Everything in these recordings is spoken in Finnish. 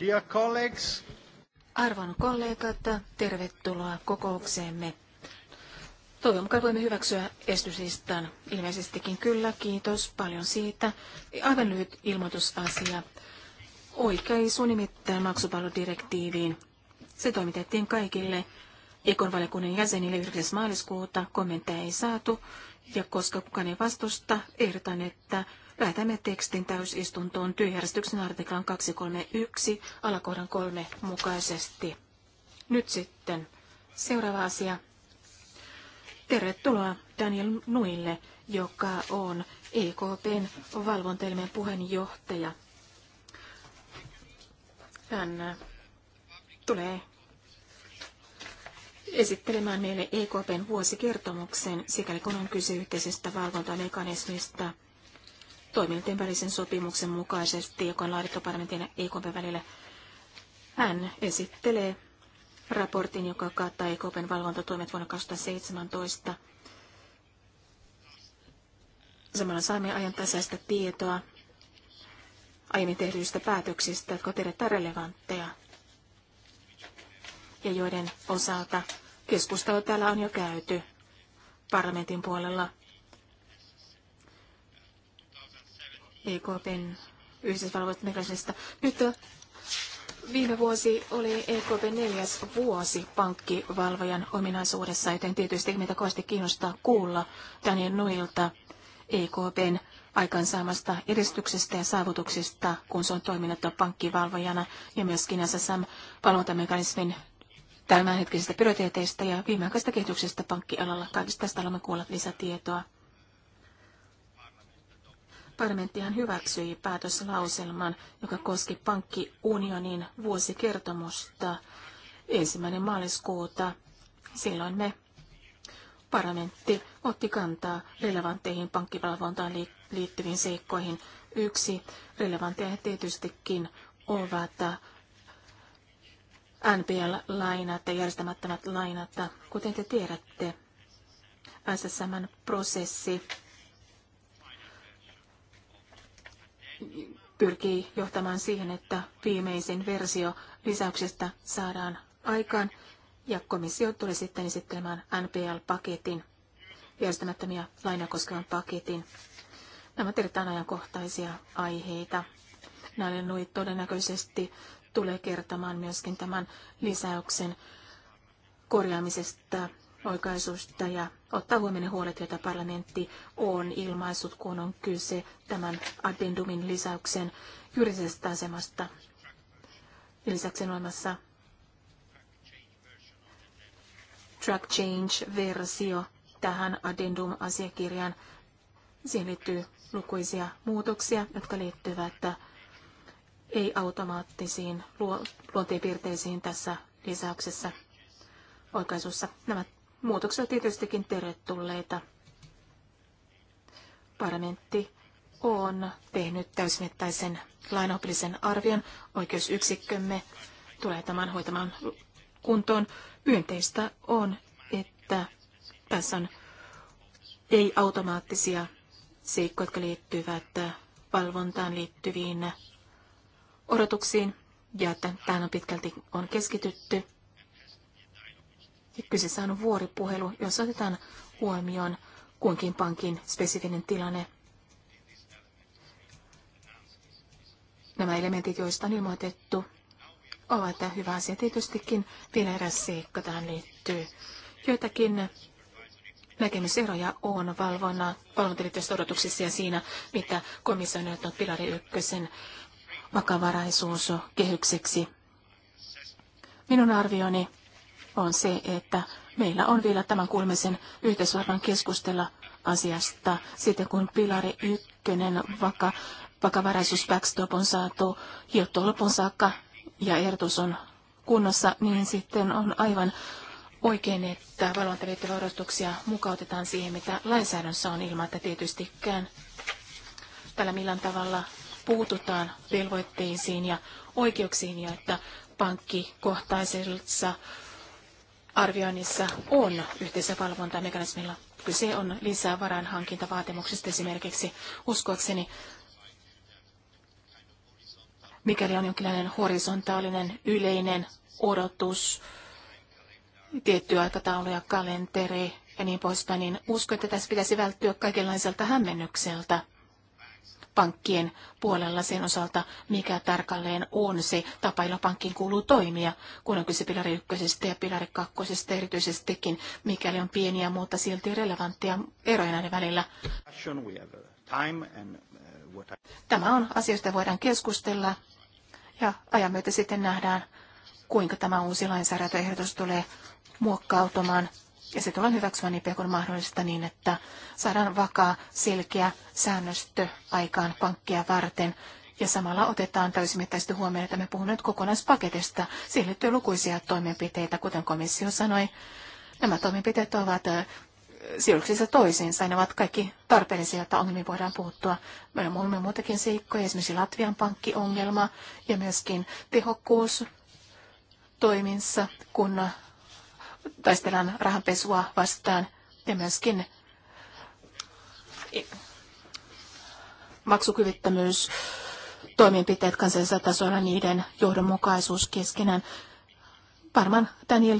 Dear colleagues. Arvon kollegat, tervetuloa kokoukseemme. Toivon mukaan voimme hyväksyä esityslistan. Ilmeisestikin kyllä, kiitos paljon siitä. Aivan lyhyt ilmoitusasia. Oikaisu nimittäin maksupalveludirektiiviin. Se toimitettiin kaikille Ekon valiokunnan jäsenille 9. maaliskuuta. Kommentteja ei saatu, ja koska kukaan ei vastusta, ehdotan, että Päätämme tekstin täysistuntoon työjärjestyksen artiklan 231 alakohdan 3 mukaisesti. Nyt sitten seuraava asia. Tervetuloa Daniel Nuille, joka on EKPn valvontelmien puheenjohtaja. Hän äh, tulee esittelemään meille EKPn vuosikertomuksen, sikäli kun on kyse yhteisestä valvontamekanismista – toimintojen välisen sopimuksen mukaisesti, joka on laadittu parlamentin ja EKP välillä. Hän esittelee raportin, joka kattaa EKPn valvontatoimet vuonna 2017. Samalla saamme ajantasaista tietoa aiemmin tehdyistä päätöksistä, jotka ovat erittäin relevantteja ja joiden osalta keskustelu täällä on jo käyty parlamentin puolella EKPn yhteisvalvontamekanismista. Nyt viime vuosi oli EKP neljäs vuosi pankkivalvojan ominaisuudessa, joten tietysti meitä kovasti kiinnostaa kuulla Daniel Nuilta EKPn aikaansaamasta edistyksestä ja saavutuksista, kun se on toiminut pankkivalvojana ja myöskin SSM-valvontamekanismin tämänhetkisistä prioriteeteista ja viimeaikaisesta kehityksestä pankkialalla. Kaikista tästä haluamme kuulla lisätietoa. Parlamenttihan hyväksyi päätöslauselman, joka koski pankkiunionin vuosikertomusta ensimmäinen maaliskuuta. Silloin me parlamentti otti kantaa relevantteihin pankkivalvontaan liittyviin seikkoihin. Yksi relevantteja tietystikin ovat NPL-lainat ja järjestämättömät lainat. Kuten te tiedätte, ssm prosessi pyrkii johtamaan siihen, että viimeisin versio lisäyksestä saadaan aikaan ja komissio tuli sitten esittelemään NPL-paketin, järjestämättömiä lainaa koskevan paketin. Nämä ovat erittäin ajankohtaisia aiheita. Näille nui todennäköisesti tulee kertomaan myöskin tämän lisäyksen korjaamisesta oikaisusta ja ottaa huomioon huolet, joita parlamentti on ilmaissut, kun on kyse tämän addendumin lisäyksen juridisesta asemasta. Lisäksi on olemassa track change-versio tähän addendum-asiakirjaan. Siihen liittyy lukuisia muutoksia, jotka liittyvät ei-automaattisiin luonteenpiirteisiin tässä lisäyksessä oikaisussa. Nämä Muutokset tietystikin tervetulleita. Parlamentti on tehnyt täysimittaisen lainopillisen arvion. Oikeusyksikkömme tulee tämän hoitamaan kuntoon. Myönteistä on, että tässä on ei-automaattisia seikkoja, jotka liittyvät valvontaan liittyviin odotuksiin ja että tähän on pitkälti on keskitytty. Kyseessä on vuoripuhelu, jossa otetaan huomioon kunkin pankin spesifinen tilanne. Nämä elementit, joista on ilmoitettu, ovat hyvä asia. Tietystikin vielä eräs seikka tähän liittyy. Joitakin näkemyseroja on valvonna valvontaliittojen odotuksissa ja siinä, mitä komissio on ottanut Pilari Ykkösen vakavaraisuuskehykseksi. Minun arvioni on se, että meillä on vielä tämän kuulemisen yhteisvarman keskustella asiasta sitten, kun pilari ykkönen vaka, vakavaraisuus backstop on saatu hiottua lopun saakka ja ehdotus on kunnossa, niin sitten on aivan oikein, että valvontaliittovarustuksia mukautetaan siihen, mitä lainsäädännössä on ilman, että tietystikään tällä millään tavalla puututaan velvoitteisiin ja oikeuksiin ja että pankkikohtaisessa arvioinnissa on yhteisen valvontamekanismilla. Kyse on lisää varainhankintavaatimuksista esimerkiksi uskoakseni, mikäli on jonkinlainen horisontaalinen yleinen odotus, tietty aikataulu ja kalenteri ja niin poispäin, niin uskon, että tässä pitäisi välttyä kaikenlaiselta hämmennykseltä pankkien puolella sen osalta, mikä tarkalleen on se tapa, jolla pankkiin kuuluu toimia, kun on kyse pilari ykkösestä ja pilari kakkosesta erityisestikin, mikäli on pieniä, mutta silti relevanttia eroja näiden välillä. Tämä on asioista voidaan keskustella ja ajan myötä sitten nähdään, kuinka tämä uusi lainsäädäntöehdotus tulee muokkautumaan ja se tullaan hyväksyä niin pian kuin mahdollista niin, että saadaan vakaa, selkeä säännöstö aikaan pankkia varten. Ja samalla otetaan täysimittaisesti huomioon, että me puhumme nyt kokonaispaketista. Siihen liittyy lukuisia toimenpiteitä, kuten komissio sanoi. Nämä toimenpiteet ovat sijoituksissa toisiinsa. Ne ovat kaikki tarpeellisia, että ongelmiin voidaan puuttua. Meillä on muutakin seikkoja, esimerkiksi Latvian pankkiongelma ja myöskin tehokkuus toiminsa, kun taistellaan rahanpesua vastaan ja myöskin maksukyvyttömyys toimenpiteet kansallisella tasolla, niiden johdonmukaisuus keskenään. Varmaan Daniel,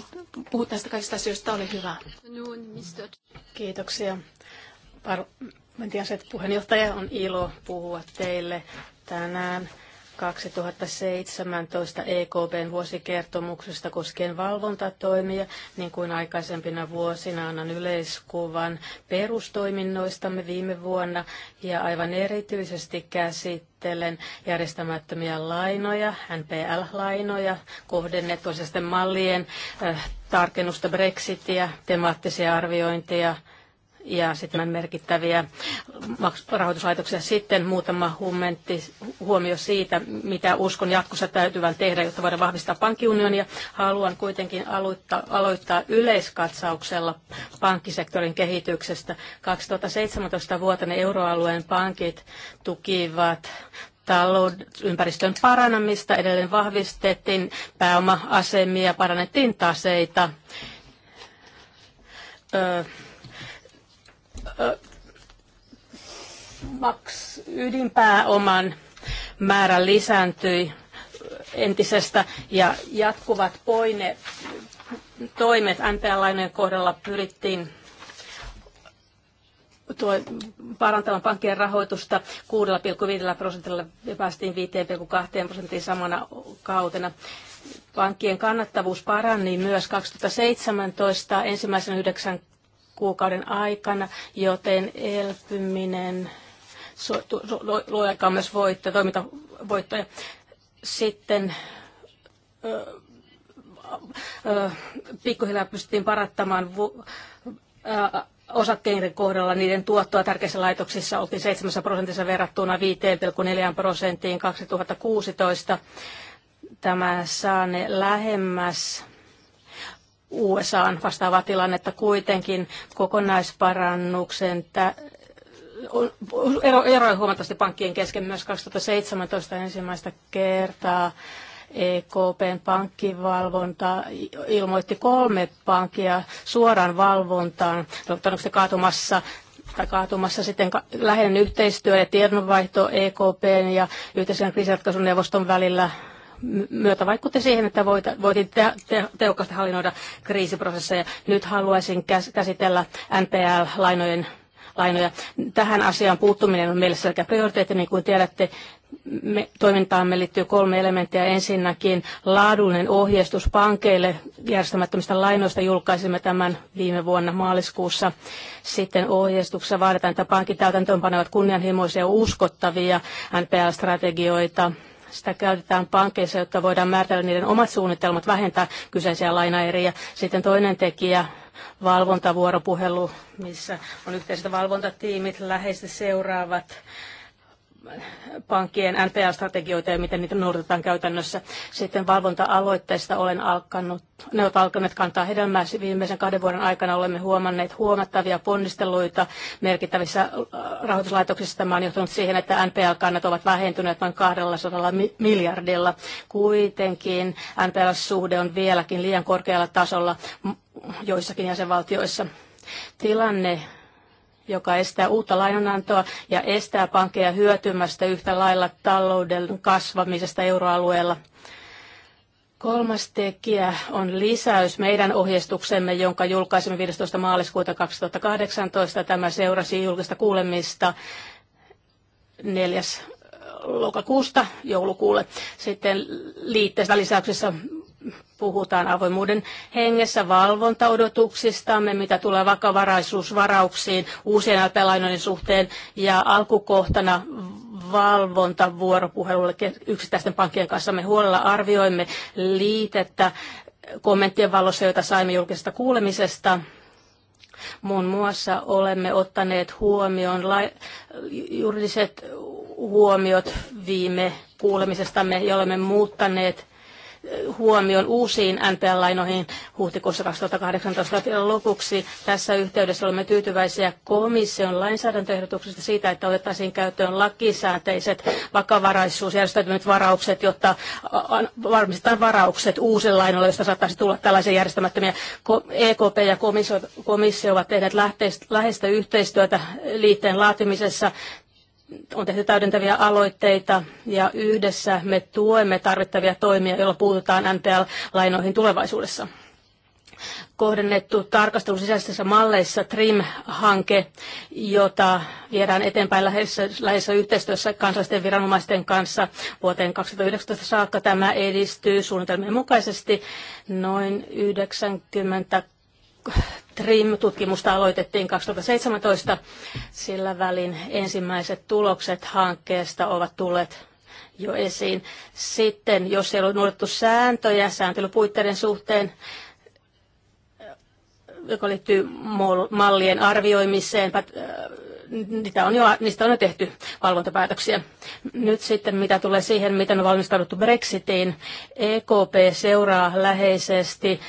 puhut näistä kaikista asioista, oli hyvä. Kiitoksia. että puheenjohtaja on ilo puhua teille tänään 2017 EKPn vuosikertomuksesta koskien valvontatoimia, niin kuin aikaisempina vuosina annan yleiskuvan perustoiminnoistamme viime vuonna ja aivan erityisesti käsittelen järjestämättömiä lainoja, NPL-lainoja, kohdennettuisesti mallien äh, tarkennusta Brexitia, temaattisia arviointeja, ja sitten merkittäviä rahoituslaitoksia. Sitten muutama huomentti, huomio siitä, mitä uskon jatkossa täytyvän tehdä, jotta voidaan vahvistaa pankkiunionia. Haluan kuitenkin aloittaa, aloittaa yleiskatsauksella pankkisektorin kehityksestä. 2017 vuotena euroalueen pankit tukivat talousympäristön paranamista, edelleen vahvistettiin pääoma-asemia, parannettiin taseita. Öö, maks, ydinpääoman määrä lisääntyi entisestä ja jatkuvat poine toimet NPL-lainojen kohdalla pyrittiin parantamaan pankkien rahoitusta 6,5 prosentilla ja päästiin 5,2 prosenttiin samana kautena. Pankkien kannattavuus parani myös 2017 ensimmäisen yhdeksän kuukauden aikana, joten elpyminen luo aikaa myös voittoja, toimintavoittoja. Sitten ö, ö, pikkuhiljaa pystyttiin parattamaan vu, ö, osakkeiden kohdalla niiden tuottoa tärkeissä laitoksissa oltiin 7 prosentissa verrattuna 5,4 prosenttiin 2016. Tämä ne lähemmäs USAan vastaavaa tilannetta kuitenkin kokonaisparannuksen on, ero, on huomattavasti pankkien kesken myös 2017 ensimmäistä kertaa. EKPn pankkivalvonta ilmoitti kolme pankkia suoraan valvontaan. Onko se kaatumassa tai kaatumassa sitten läheinen yhteistyö ja tiedonvaihto EKPn ja yhteisen kriisinratkaisun neuvoston välillä myötä vaikutti siihen, että voitiin te, te, tehokkaasti hallinnoida kriisiprosesseja. Nyt haluaisin käsitellä NPL-lainojen lainoja. Tähän asiaan puuttuminen on meille selkeä prioriteetti, niin kuin tiedätte, me, toimintaamme liittyy kolme elementtiä. Ensinnäkin laadullinen ohjeistus pankeille järjestämättömistä lainoista julkaisimme tämän viime vuonna maaliskuussa. Sitten ohjeistuksessa vaaditaan, että pankit täytäntöönpanevat kunnianhimoisia ja uskottavia NPL-strategioita sitä käytetään pankeissa, jotta voidaan määritellä niiden omat suunnitelmat vähentää kyseisiä lainaeriä. Sitten toinen tekijä, valvontavuoropuhelu, missä on yhteiset valvontatiimit, läheisesti seuraavat pankkien NPL-strategioita ja miten niitä noudatetaan käytännössä. Sitten valvonta-aloitteista olen alkanut, ne ovat alkaneet kantaa hedelmää. Viimeisen kahden vuoden aikana olemme huomanneet huomattavia ponnisteluita merkittävissä äh, rahoituslaitoksissa. Tämä on johtanut siihen, että NPL-kannat ovat vähentyneet noin 200 miljardilla. Kuitenkin NPL-suhde on vieläkin liian korkealla tasolla joissakin jäsenvaltioissa. Tilanne joka estää uutta lainanantoa ja estää pankkeja hyötymästä yhtä lailla talouden kasvamisesta euroalueella. Kolmas tekijä on lisäys meidän ohjeistuksemme, jonka julkaisimme 15. maaliskuuta 2018. Tämä seurasi julkista kuulemista 4. lokakuusta joulukuulle. Sitten liitteessä lisäyksessä puhutaan avoimuuden hengessä valvontaodotuksistamme, mitä tulee vakavaraisuusvarauksiin uusien lainojen suhteen ja alkukohtana valvontavuoropuhelulle yksittäisten pankkien kanssa. Me huolella arvioimme liitettä kommenttien valossa, joita saimme julkisesta kuulemisesta. Muun muassa olemme ottaneet huomioon lai- juridiset huomiot viime kuulemisestamme ja olemme muuttaneet huomion uusiin NPL-lainoihin huhtikuussa 2018 lopuksi. Tässä yhteydessä olemme tyytyväisiä komission lainsäädäntöehdotuksesta siitä, että otettaisiin käyttöön lakisääteiset vakavaraisuus- varaukset, jotta varmistetaan varaukset uusilla lainoilla, joista saattaisi tulla tällaisia järjestämättömiä. EKP ja komissio, komissio ovat tehneet läheistä yhteistyötä liitteen laatimisessa on tehty täydentäviä aloitteita ja yhdessä me tuemme tarvittavia toimia, joilla puututaan NPL-lainoihin tulevaisuudessa. Kohdennettu tarkastelu sisäisissä malleissa TRIM-hanke, jota viedään eteenpäin läheisessä, läheisessä yhteistyössä kansallisten viranomaisten kanssa vuoteen 2019 saakka. Tämä edistyy suunnitelmien mukaisesti noin 90 TRIM-tutkimusta aloitettiin 2017. Sillä välin ensimmäiset tulokset hankkeesta ovat tulleet jo esiin. Sitten, jos ei ole noudattu sääntöjä sääntelypuitteiden suhteen, joka liittyy mallien arvioimiseen, niitä on jo, niistä on jo tehty valvontapäätöksiä. Nyt sitten mitä tulee siihen, miten on valmistauduttu Brexitiin, EKP seuraa läheisesti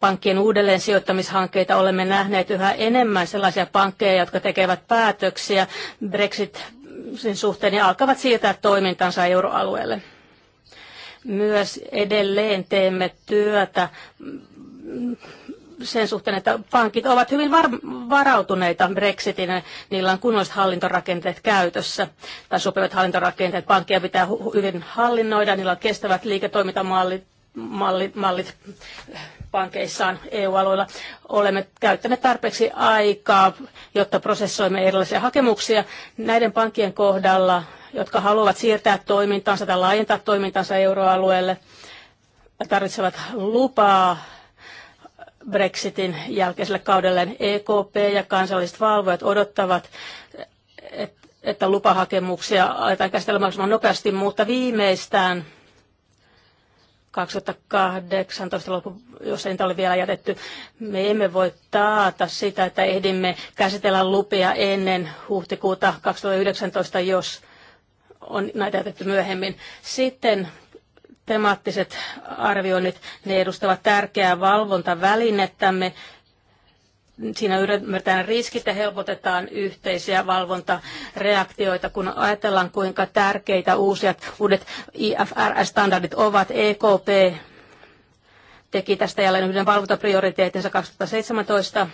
pankkien uudelleen sijoittamishankkeita. Olemme nähneet yhä enemmän sellaisia pankkeja, jotka tekevät päätöksiä Brexit sen suhteen ja alkavat siirtää toimintansa euroalueelle. Myös edelleen teemme työtä sen suhteen, että pankit ovat hyvin var- varautuneita Brexitin, niillä on kunnolliset hallintorakenteet käytössä, tai sopivat hallintorakenteet, pankkia pitää hu- hyvin hallinnoida, niillä on kestävät liiketoimintamallit, mallit, mallit pankeissaan EU-alueilla. Olemme käyttäneet tarpeeksi aikaa, jotta prosessoimme erilaisia hakemuksia. Näiden pankkien kohdalla, jotka haluavat siirtää toimintansa tai laajentaa toimintansa euroalueelle, tarvitsevat lupaa Brexitin jälkeiselle kaudelle. EKP ja kansalliset valvojat odottavat, että lupahakemuksia aletaan käsitellä mahdollisimman nopeasti, mutta viimeistään 2018 loppu, jos ei niitä ole vielä jätetty, me emme voi taata sitä, että ehdimme käsitellä lupia ennen huhtikuuta 2019, jos on näitä jätetty myöhemmin. Sitten temaattiset arvioinnit, ne edustavat tärkeää valvontavälinettämme. Siinä ymmärretään riskit ja helpotetaan yhteisiä valvontareaktioita, kun ajatellaan, kuinka tärkeitä uusiat uudet IFRS-standardit ovat. EKP teki tästä jälleen yhden valvontaprioriteetinsa 2017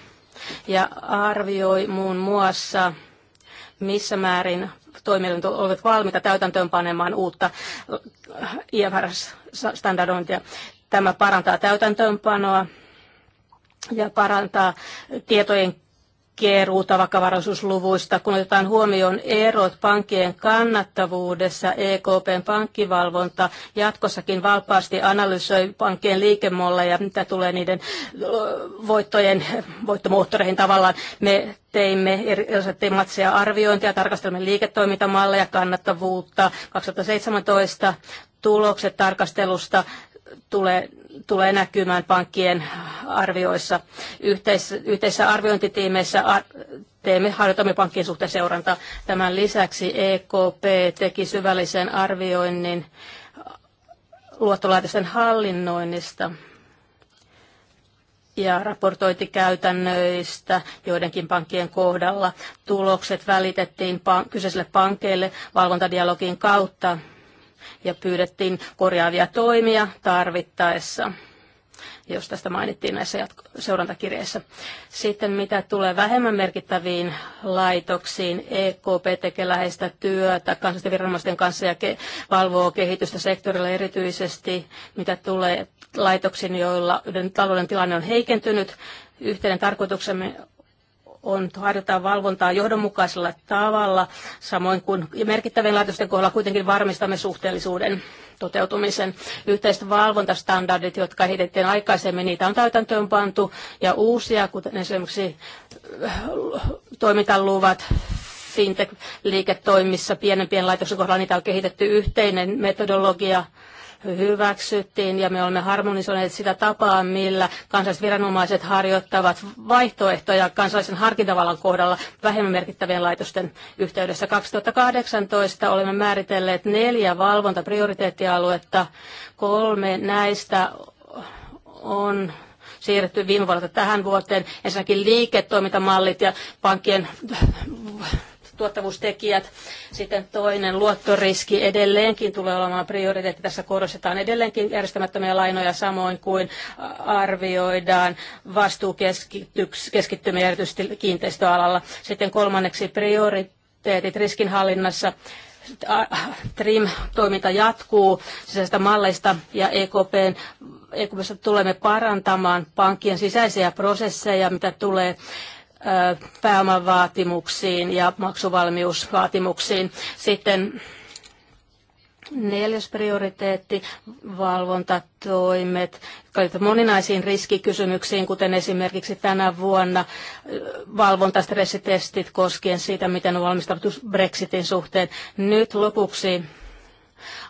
ja arvioi muun muassa missä määrin toimielimet olivat valmiita täytäntöönpanemaan uutta äh, IFRS-standardointia. Tämä parantaa täytäntöönpanoa ja parantaa tietojen keruuta vakavaraisuusluvuista, kun otetaan huomioon erot pankkien kannattavuudessa, EKPn pankkivalvonta jatkossakin valpaasti analysoi pankkien liikemolla ja mitä tulee niiden voittojen, voittomuuttoreihin tavallaan. Me teimme erilaisia matseja arviointia, tarkastelimme liiketoimintamalleja, kannattavuutta 2017, tulokset tarkastelusta tulee tulee näkymään pankkien arvioissa. Yhteis- yhteisissä arviointitiimeissä ar- teemme, harjoitamme pankkien suhteen seurantaa. Tämän lisäksi EKP teki syvällisen arvioinnin luottolaitosten hallinnoinnista ja käytännöistä joidenkin pankkien kohdalla. Tulokset välitettiin pan- kyseisille pankeille valvontadialogin kautta ja pyydettiin korjaavia toimia tarvittaessa jos tästä mainittiin näissä seurantakirjeissä. Sitten mitä tulee vähemmän merkittäviin laitoksiin, EKP tekee läheistä työtä kansallisten viranomaisten kanssa ja ke- valvoo kehitystä sektorilla erityisesti, mitä tulee laitoksiin, joilla talouden tilanne on heikentynyt. Yhteinen tarkoituksemme on harjoittaa valvontaa johdonmukaisella tavalla, samoin kuin merkittävien laitosten kohdalla kuitenkin varmistamme suhteellisuuden toteutumisen. Yhteiset valvontastandardit, jotka heitettiin aikaisemmin, niitä on täytäntöön pantu ja uusia, kuten esimerkiksi äh, toimintaluvat, fintech-liiketoimissa, pienempien laitosten kohdalla niitä on kehitetty yhteinen metodologia, hyväksyttiin ja me olemme harmonisoineet sitä tapaa, millä viranomaiset harjoittavat vaihtoehtoja kansallisen harkintavallan kohdalla vähemmän merkittävien laitosten yhteydessä. 2018 olemme määritelleet neljä valvontaprioriteettialuetta. Kolme näistä on siirretty viime vuodelta tähän vuoteen. Ensinnäkin liiketoimintamallit ja pankkien tuottavuustekijät. Sitten toinen luottoriski edelleenkin tulee olemaan prioriteetti. Tässä korostetaan edelleenkin järjestämättömiä lainoja samoin kuin arvioidaan vastuukeskittymiä erityisesti kiinteistöalalla. Sitten kolmanneksi prioriteetit riskinhallinnassa TRIM-toiminta jatkuu sisäisistä malleista ja EKPn EKPssä tulemme parantamaan pankkien sisäisiä prosesseja, mitä tulee pääomavaatimuksiin ja maksuvalmiusvaatimuksiin. Sitten Neljäs prioriteetti, valvontatoimet, jotka moninaisiin riskikysymyksiin, kuten esimerkiksi tänä vuonna valvontastressitestit koskien siitä, miten on valmistautu Brexitin suhteen. Nyt lopuksi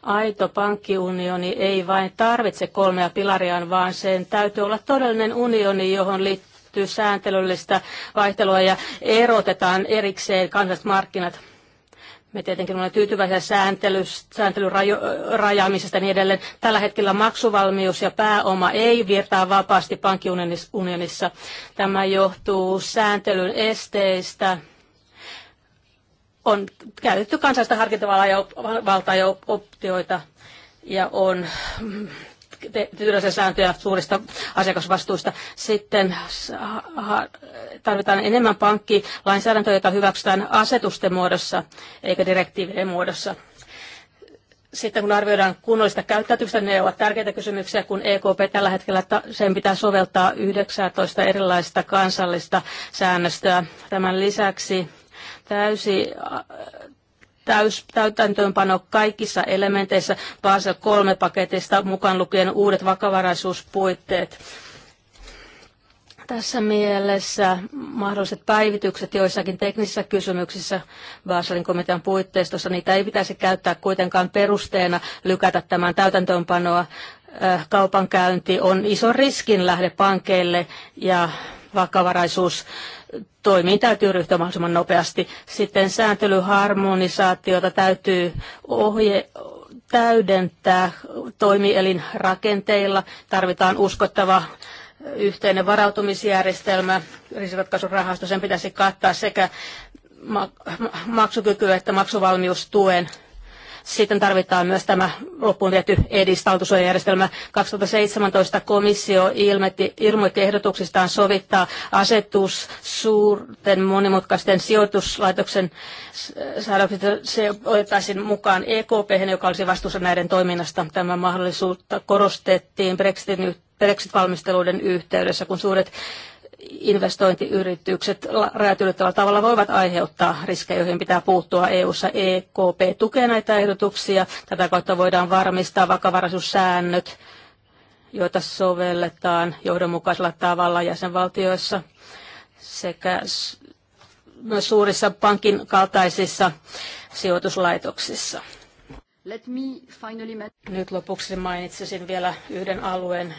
aito pankkiunioni ei vain tarvitse kolmea pilariaan, vaan sen täytyy olla todellinen unioni, johon liittyy välttyy sääntelyllistä vaihtelua ja erotetaan erikseen kansalliset markkinat. Me tietenkin olemme tyytyväisiä sääntelyn rajaamisesta ja niin edelleen. Tällä hetkellä maksuvalmius ja pääoma ei virtaa vapaasti pankkiunionissa. Tämä johtuu sääntelyn esteistä. On käytetty kansallista harkintavaltaa ja optioita ja on mm, työllisiä sääntöjä suurista asiakasvastuista. Sitten tarvitaan enemmän pankkilainsäädäntöä, jota hyväksytään asetusten muodossa eikä direktiivien muodossa. Sitten kun arvioidaan kunnollista käyttäytymistä, ne ovat tärkeitä kysymyksiä, kun EKP tällä hetkellä sen pitää soveltaa 19 erilaista kansallista säännöstöä. Tämän lisäksi täysi täys, täytäntöönpano kaikissa elementeissä Basel 3-paketista mukaan lukien uudet vakavaraisuuspuitteet. Tässä mielessä mahdolliset päivitykset joissakin teknisissä kysymyksissä Baselin komitean puitteistossa, niitä ei pitäisi käyttää kuitenkaan perusteena lykätä tämän täytäntöönpanoa. Äh, kaupankäynti on iso riskin lähde pankeille ja vakavaraisuus toimiin täytyy ryhtyä mahdollisimman nopeasti. Sitten sääntelyharmonisaatiota täytyy ohje, täydentää toimielinrakenteilla. Tarvitaan uskottava yhteinen varautumisjärjestelmä, riisiratkaisurahasto, sen pitäisi kattaa sekä maksukykyä että maksuvalmiustuen sitten tarvitaan myös tämä loppuun viety edistautusuojajärjestelmä. 2017 komissio ilmoitti, ilmoitti ehdotuksistaan sovittaa asetus suurten monimutkaisten sijoituslaitoksen säädökset. Se otettaisiin mukaan EKP, joka olisi vastuussa näiden toiminnasta. Tämä mahdollisuutta korostettiin Brexitin Brexit-valmisteluiden yhteydessä, kun suuret investointiyritykset rajat tavalla voivat aiheuttaa riskejä, joihin pitää puuttua EU-ssa. EKP tukee näitä ehdotuksia. Tätä kautta voidaan varmistaa vakavaraisuussäännöt, joita sovelletaan johdonmukaisella tavalla jäsenvaltioissa sekä myös suurissa pankin kaltaisissa sijoituslaitoksissa. Nyt lopuksi mainitsisin vielä yhden alueen,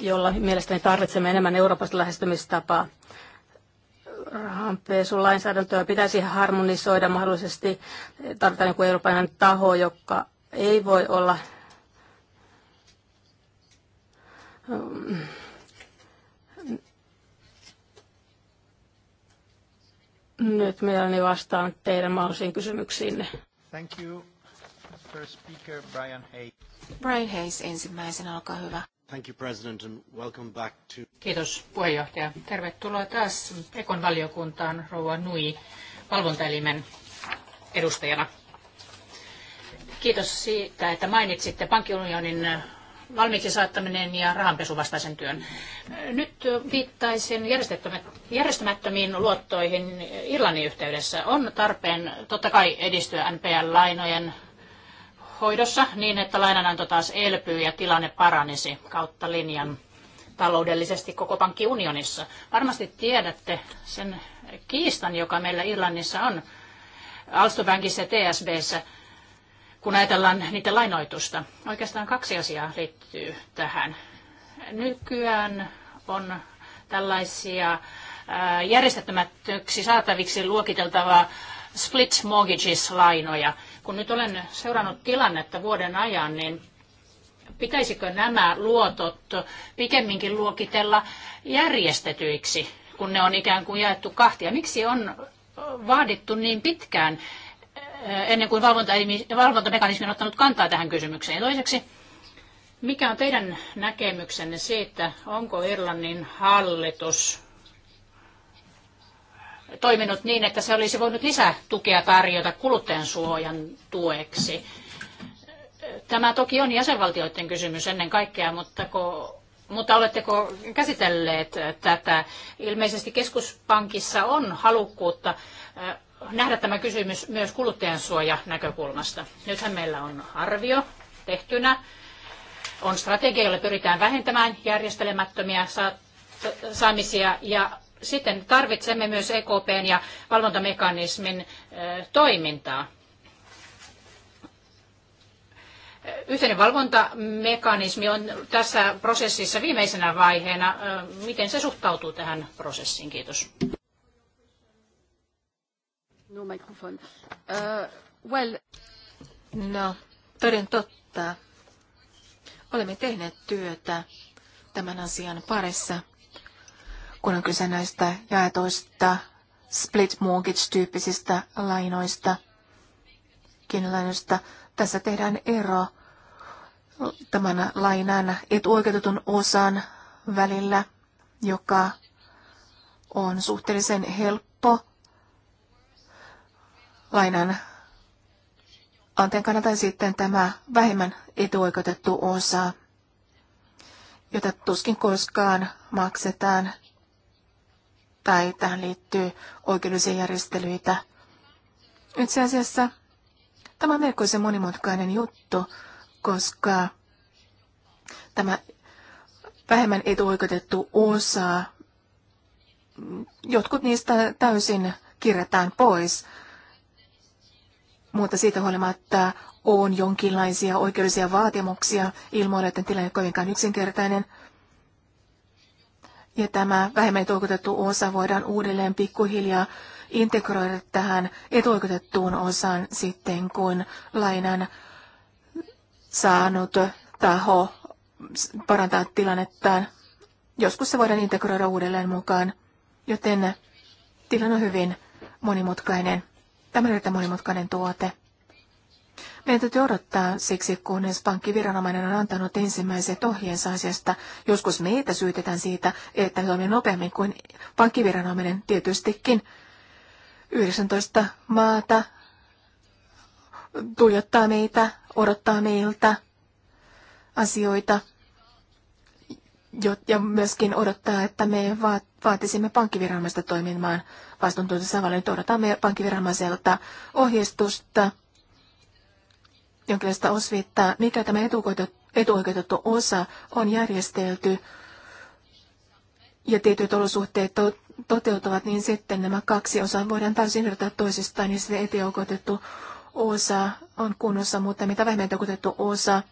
jolla mielestäni tarvitsemme enemmän Euroopasta lähestymistapaa. lainsäädäntöä pitäisi harmonisoida mahdollisesti. Tarvitaan joku eurooppalainen taho, joka ei voi olla mm, nyt mielelläni vastaan teidän mahdollisiin kysymyksiinne. Thank you first speaker, Brian Hayes. Brian Hayes ensimmäisenä, olkaa hyvä. Thank you, President, and welcome back to... Kiitos puheenjohtaja. Tervetuloa taas Ekon valiokuntaan Rouva Nui valvontaelimen edustajana. Kiitos siitä, että mainitsitte pankkiunionin valmiiksi saattaminen ja rahanpesuvastaisen työn. Nyt viittaisin järjestämättömiin luottoihin Irlannin yhteydessä. On tarpeen totta kai edistyä NPL-lainojen hoidossa niin, että lainananto taas elpyy ja tilanne paranisi kautta linjan taloudellisesti koko pankkiunionissa. Varmasti tiedätte sen kiistan, joka meillä Irlannissa on Alstobankissa ja TSBssä, kun ajatellaan niiden lainoitusta. Oikeastaan kaksi asiaa liittyy tähän. Nykyään on tällaisia järjestettömättöksi saataviksi luokiteltavaa split mortgages-lainoja – kun nyt olen seurannut tilannetta vuoden ajan, niin pitäisikö nämä luotot pikemminkin luokitella järjestetyiksi, kun ne on ikään kuin jaettu kahtia? Miksi on vaadittu niin pitkään eh, ennen kuin valvontamekanismi on ottanut kantaa tähän kysymykseen? Toiseksi, mikä on teidän näkemyksenne siitä, onko Irlannin hallitus toiminut niin, että se olisi voinut lisätukea tarjota kuluttajan suojan tueksi. Tämä toki on jäsenvaltioiden kysymys ennen kaikkea, mutta, ko, mutta oletteko käsitelleet tätä? Ilmeisesti keskuspankissa on halukkuutta eh, nähdä tämä kysymys myös kuluttajan suoja näkökulmasta. Nythän meillä on arvio tehtynä. On strategia, jolla pyritään vähentämään järjestelemättömiä saamisia ja sitten tarvitsemme myös EKPn ja valvontamekanismin toimintaa. Yhteinen valvontamekanismi on tässä prosessissa viimeisenä vaiheena. Miten se suhtautuu tähän prosessiin? Kiitos. No microphone. Uh, well. No, toden totta. Olemme tehneet työtä tämän asian parissa kun on kyse näistä jaetoista split mortgage-tyyppisistä lainoista, kiinalainoista. Tässä tehdään ero tämän lainan etuoikeutetun osan välillä, joka on suhteellisen helppo lainan anteen kannalta sitten tämä vähemmän etuoikeutettu osa, jota tuskin koskaan maksetaan tai tähän liittyy oikeudellisia järjestelyitä. Itse asiassa tämä on melkoisen monimutkainen juttu, koska tämä vähemmän etuoikeutettu osa, jotkut niistä täysin kirjataan pois, mutta siitä huolimatta on jonkinlaisia oikeudellisia vaatimuksia ilmoille, että tilanne kovinkaan yksinkertainen – ja tämä vähemmän etuoikeutettu osa voidaan uudelleen pikkuhiljaa integroida tähän etuoikeutettuun osaan sitten, kun lainan saanut taho parantaa tilannettaan. Joskus se voidaan integroida uudelleen mukaan, joten tilanne on hyvin monimutkainen. Tämä on monimutkainen tuote. Meidän täytyy odottaa siksi, kunnes pankkiviranomainen on antanut ensimmäiset ohjeensa asiasta. Joskus meitä syytetään siitä, että me toimii nopeammin kuin pankkiviranomainen tietystikin. 19 maata tuijottaa meitä, odottaa meiltä asioita ja myöskin odottaa, että me vaatisimme pankkiviranomaista toimimaan vastuuntuntoisessa Nyt odotamme pankkiviranomaiselta ohjeistusta jonkinlaista osvittaa, mikä tämä etuoikeutettu osa on järjestelty ja tietyt olosuhteet to- toteutuvat, niin sitten nämä kaksi osaa voidaan täysin irrottaa toisistaan, niin se etuoikeutettu osa on kunnossa, mutta mitä vähemmän etuoikeutettu osa,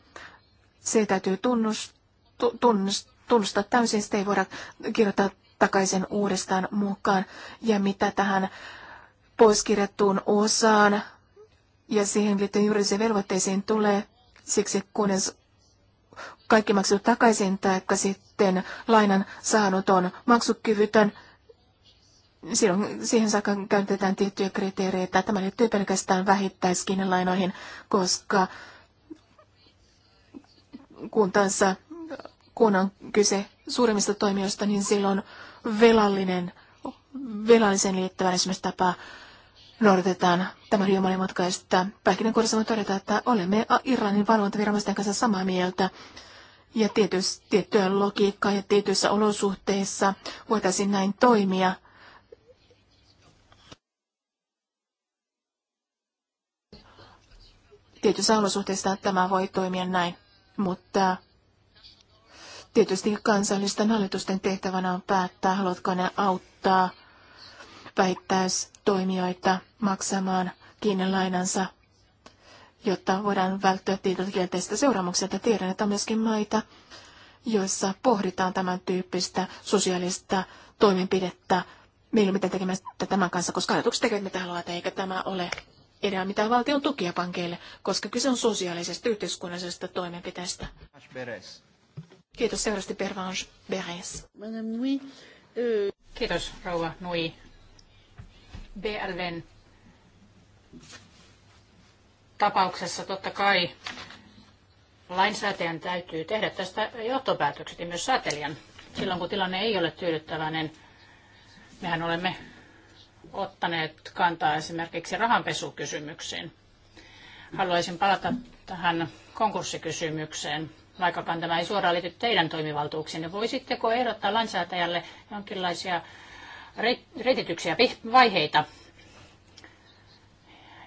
se täytyy tunnus, tu- tunnus, tunnustaa täysin, sitä ei voida kirjoittaa takaisin uudestaan mukaan. Ja mitä tähän poiskirjattuun osaan ja siihen liittyen se velvoitteisiin tulee siksi, kunnes kaikki maksut takaisin, tai sitten lainan saanut on maksukyvytön. Silloin siihen saakka käytetään tiettyjä kriteereitä. Tämä liittyy pelkästään lainoihin, koska kun taas kun on kyse suurimmista toimijoista, niin silloin velallinen, velallisen liittyvä esimerkiksi tapa noudatetaan. Tämä on hyvin monimutkaista. Pähkinänkuoressa voi todeta, että olemme Iranin valvontaviranomaisten kanssa samaa mieltä. Ja tietysti, tiettyä logiikkaa ja tietyissä olosuhteissa voitaisiin näin toimia. Tietyissä olosuhteissa tämä voi toimia näin, mutta tietysti kansallisten hallitusten tehtävänä on päättää, haluatko ne auttaa väittäisi toimijoita maksamaan kiinni lainansa, jotta voidaan välttyä tietyiltä kielteistä seuraamuksilta. Tiedän, että on myöskin maita, joissa pohditaan tämän tyyppistä sosiaalista toimenpidettä. Meillä ei mitään tekemistä tämän kanssa, koska ajatukset tekevät mitä haluaa, eikä tämä ole edellä mitään valtion tukia pankeille, koska kyse on sosiaalisesta yhteiskunnallisesta toimenpiteestä. Kiitos seuraavasti, Pervange Beres. Euh- Kiitos rouva Nui BRVn tapauksessa totta kai lainsäätäjän täytyy tehdä tästä johtopäätökset ja myös säätelijän. Silloin kun tilanne ei ole niin mehän olemme ottaneet kantaa esimerkiksi rahanpesukysymyksiin. Haluaisin palata tähän konkurssikysymykseen, vaikkakaan tämä ei suoraan liity teidän niin Voisitteko ehdottaa lainsäätäjälle jonkinlaisia reitityksiä vaiheita.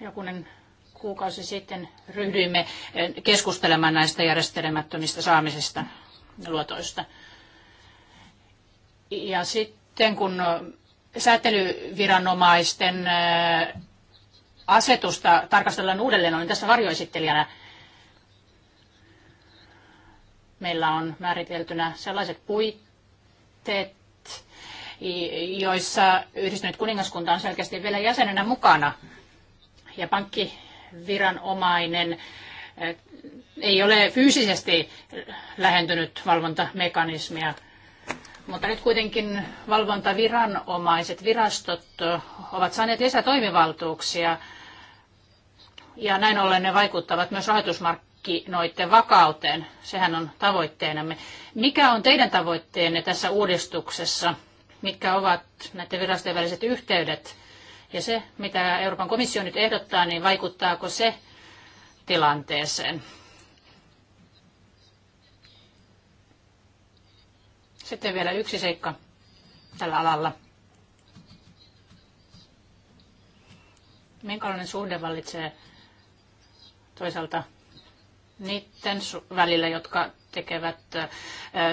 Jokunen kuukausi sitten ryhdyimme eh, keskustelemaan näistä järjestelemättömistä saamisista luotoista. Ja sitten kun eh, säätelyviranomaisten eh, asetusta tarkastellaan uudelleen, olin tässä varjoesittelijänä. Meillä on määriteltynä sellaiset puitteet, joissa yhdistynyt kuningaskunta on selkeästi vielä jäsenenä mukana. Ja pankkiviranomainen eh, ei ole fyysisesti lähentynyt valvontamekanismia, mutta nyt kuitenkin valvontaviranomaiset, virastot eh, ovat saaneet toimivaltuuksia ja näin ollen ne vaikuttavat myös rahoitusmarkkinoiden vakauteen. Sehän on tavoitteenamme. Mikä on teidän tavoitteenne tässä uudistuksessa? mitkä ovat näiden virastojen väliset yhteydet. Ja se, mitä Euroopan komissio nyt ehdottaa, niin vaikuttaako se tilanteeseen? Sitten vielä yksi seikka tällä alalla. Minkälainen suhde vallitsee toisaalta niiden välillä, jotka tekevät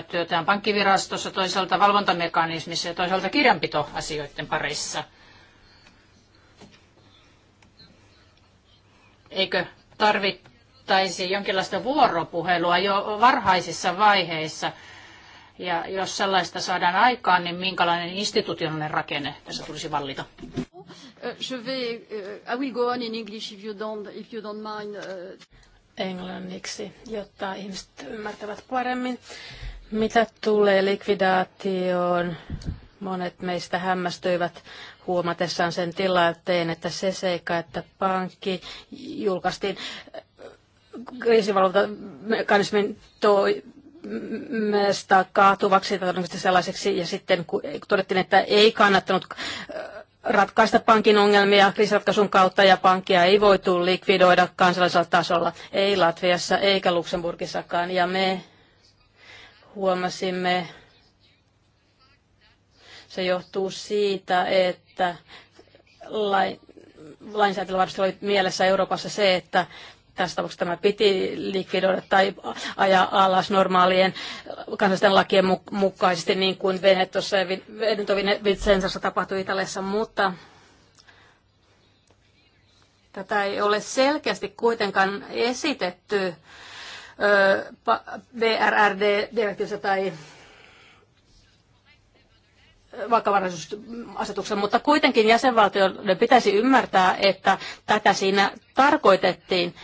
työtään pankkivirastossa, toisaalta valvontamekanismissa ja toisaalta kirjanpitoasioiden parissa. Eikö tarvittaisi jonkinlaista vuoropuhelua jo varhaisissa vaiheissa? Ja jos sellaista saadaan aikaan, niin minkälainen institutionaalinen rakenne tässä tulisi vallita? Je vais, uh, I will go on in English if you don't, if you don't mind. Uh englanniksi, jotta ihmiset ymmärtävät paremmin. Mitä tulee likvidaatioon, monet meistä hämmästyivät huomatessaan sen tilanteen, että se seikka, että pankki julkaistiin äh, kriisivalvontamekanismin toi, mesta kaatuvaksi tai todennäköisesti sellaiseksi, ja sitten kun todettiin, että ei kannattanut äh, ratkaista pankin ongelmia kriisiratkaisun kautta ja pankkia ei voitu likvidoida kansallisella tasolla, ei Latviassa eikä Luxemburgissakaan. Ja me huomasimme, se johtuu siitä, että lain, oli mielessä Euroopassa se, että tässä tapauksessa tämä piti likvidoida tai ajaa alas normaalien kansallisten lakien mukaisesti, niin kuin Venetossa ja Vicenzassa tapahtui Italiassa, mutta tätä ei ole selkeästi kuitenkaan esitetty BRRD-direktiivissä tai vakavaraisuusasetuksen, mutta kuitenkin jäsenvaltioiden pitäisi ymmärtää, että tätä siinä tarkoitettiin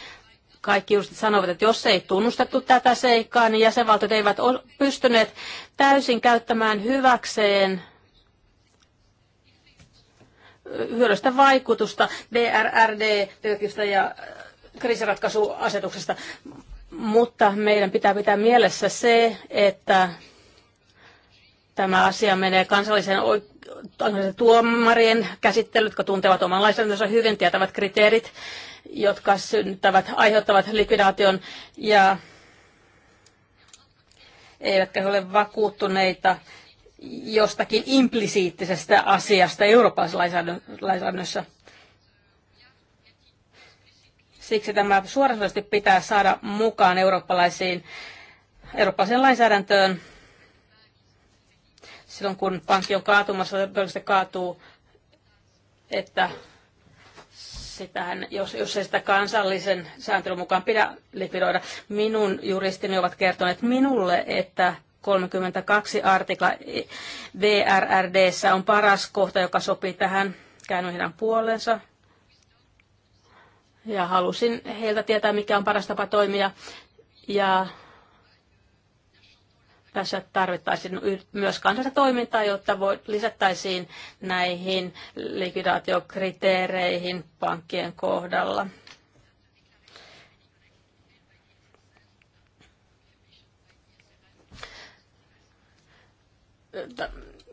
kaikki just sanovat, että jos ei tunnustettu tätä seikkaa, niin jäsenvaltiot eivät ole pystyneet täysin käyttämään hyväkseen hyödyllistä vaikutusta DRRD-työkystä ja äh, kriisiratkaisuasetuksesta. Mutta meidän pitää pitää mielessä se, että tämä asia menee kansallisen tuomarien käsittelyyn, jotka tuntevat oman lainsäädäntönsä hyvin, tietävät kriteerit jotka synnyttävät, aiheuttavat likvidaation ja eivätkä ole vakuuttuneita jostakin implisiittisestä asiasta Euroopan lainsäädännössä. Siksi tämä suorasti pitää saada mukaan eurooppalaisiin, eurooppalaiseen lainsäädäntöön. Silloin kun pankki on kaatumassa, todennäköisesti kaatuu, että sitähän, jos, jos ei sitä kansallisen sääntelyn mukaan pidä likvidoida. Minun juristini ovat kertoneet minulle, että 32 artikla VRRD on paras kohta, joka sopii tähän käännöhinnan puolensa. Ja halusin heiltä tietää, mikä on paras tapa toimia. Ja tässä tarvittaisiin myös kansallista toimintaa, jotta voi, lisättäisiin näihin likvidaatiokriteereihin pankkien kohdalla.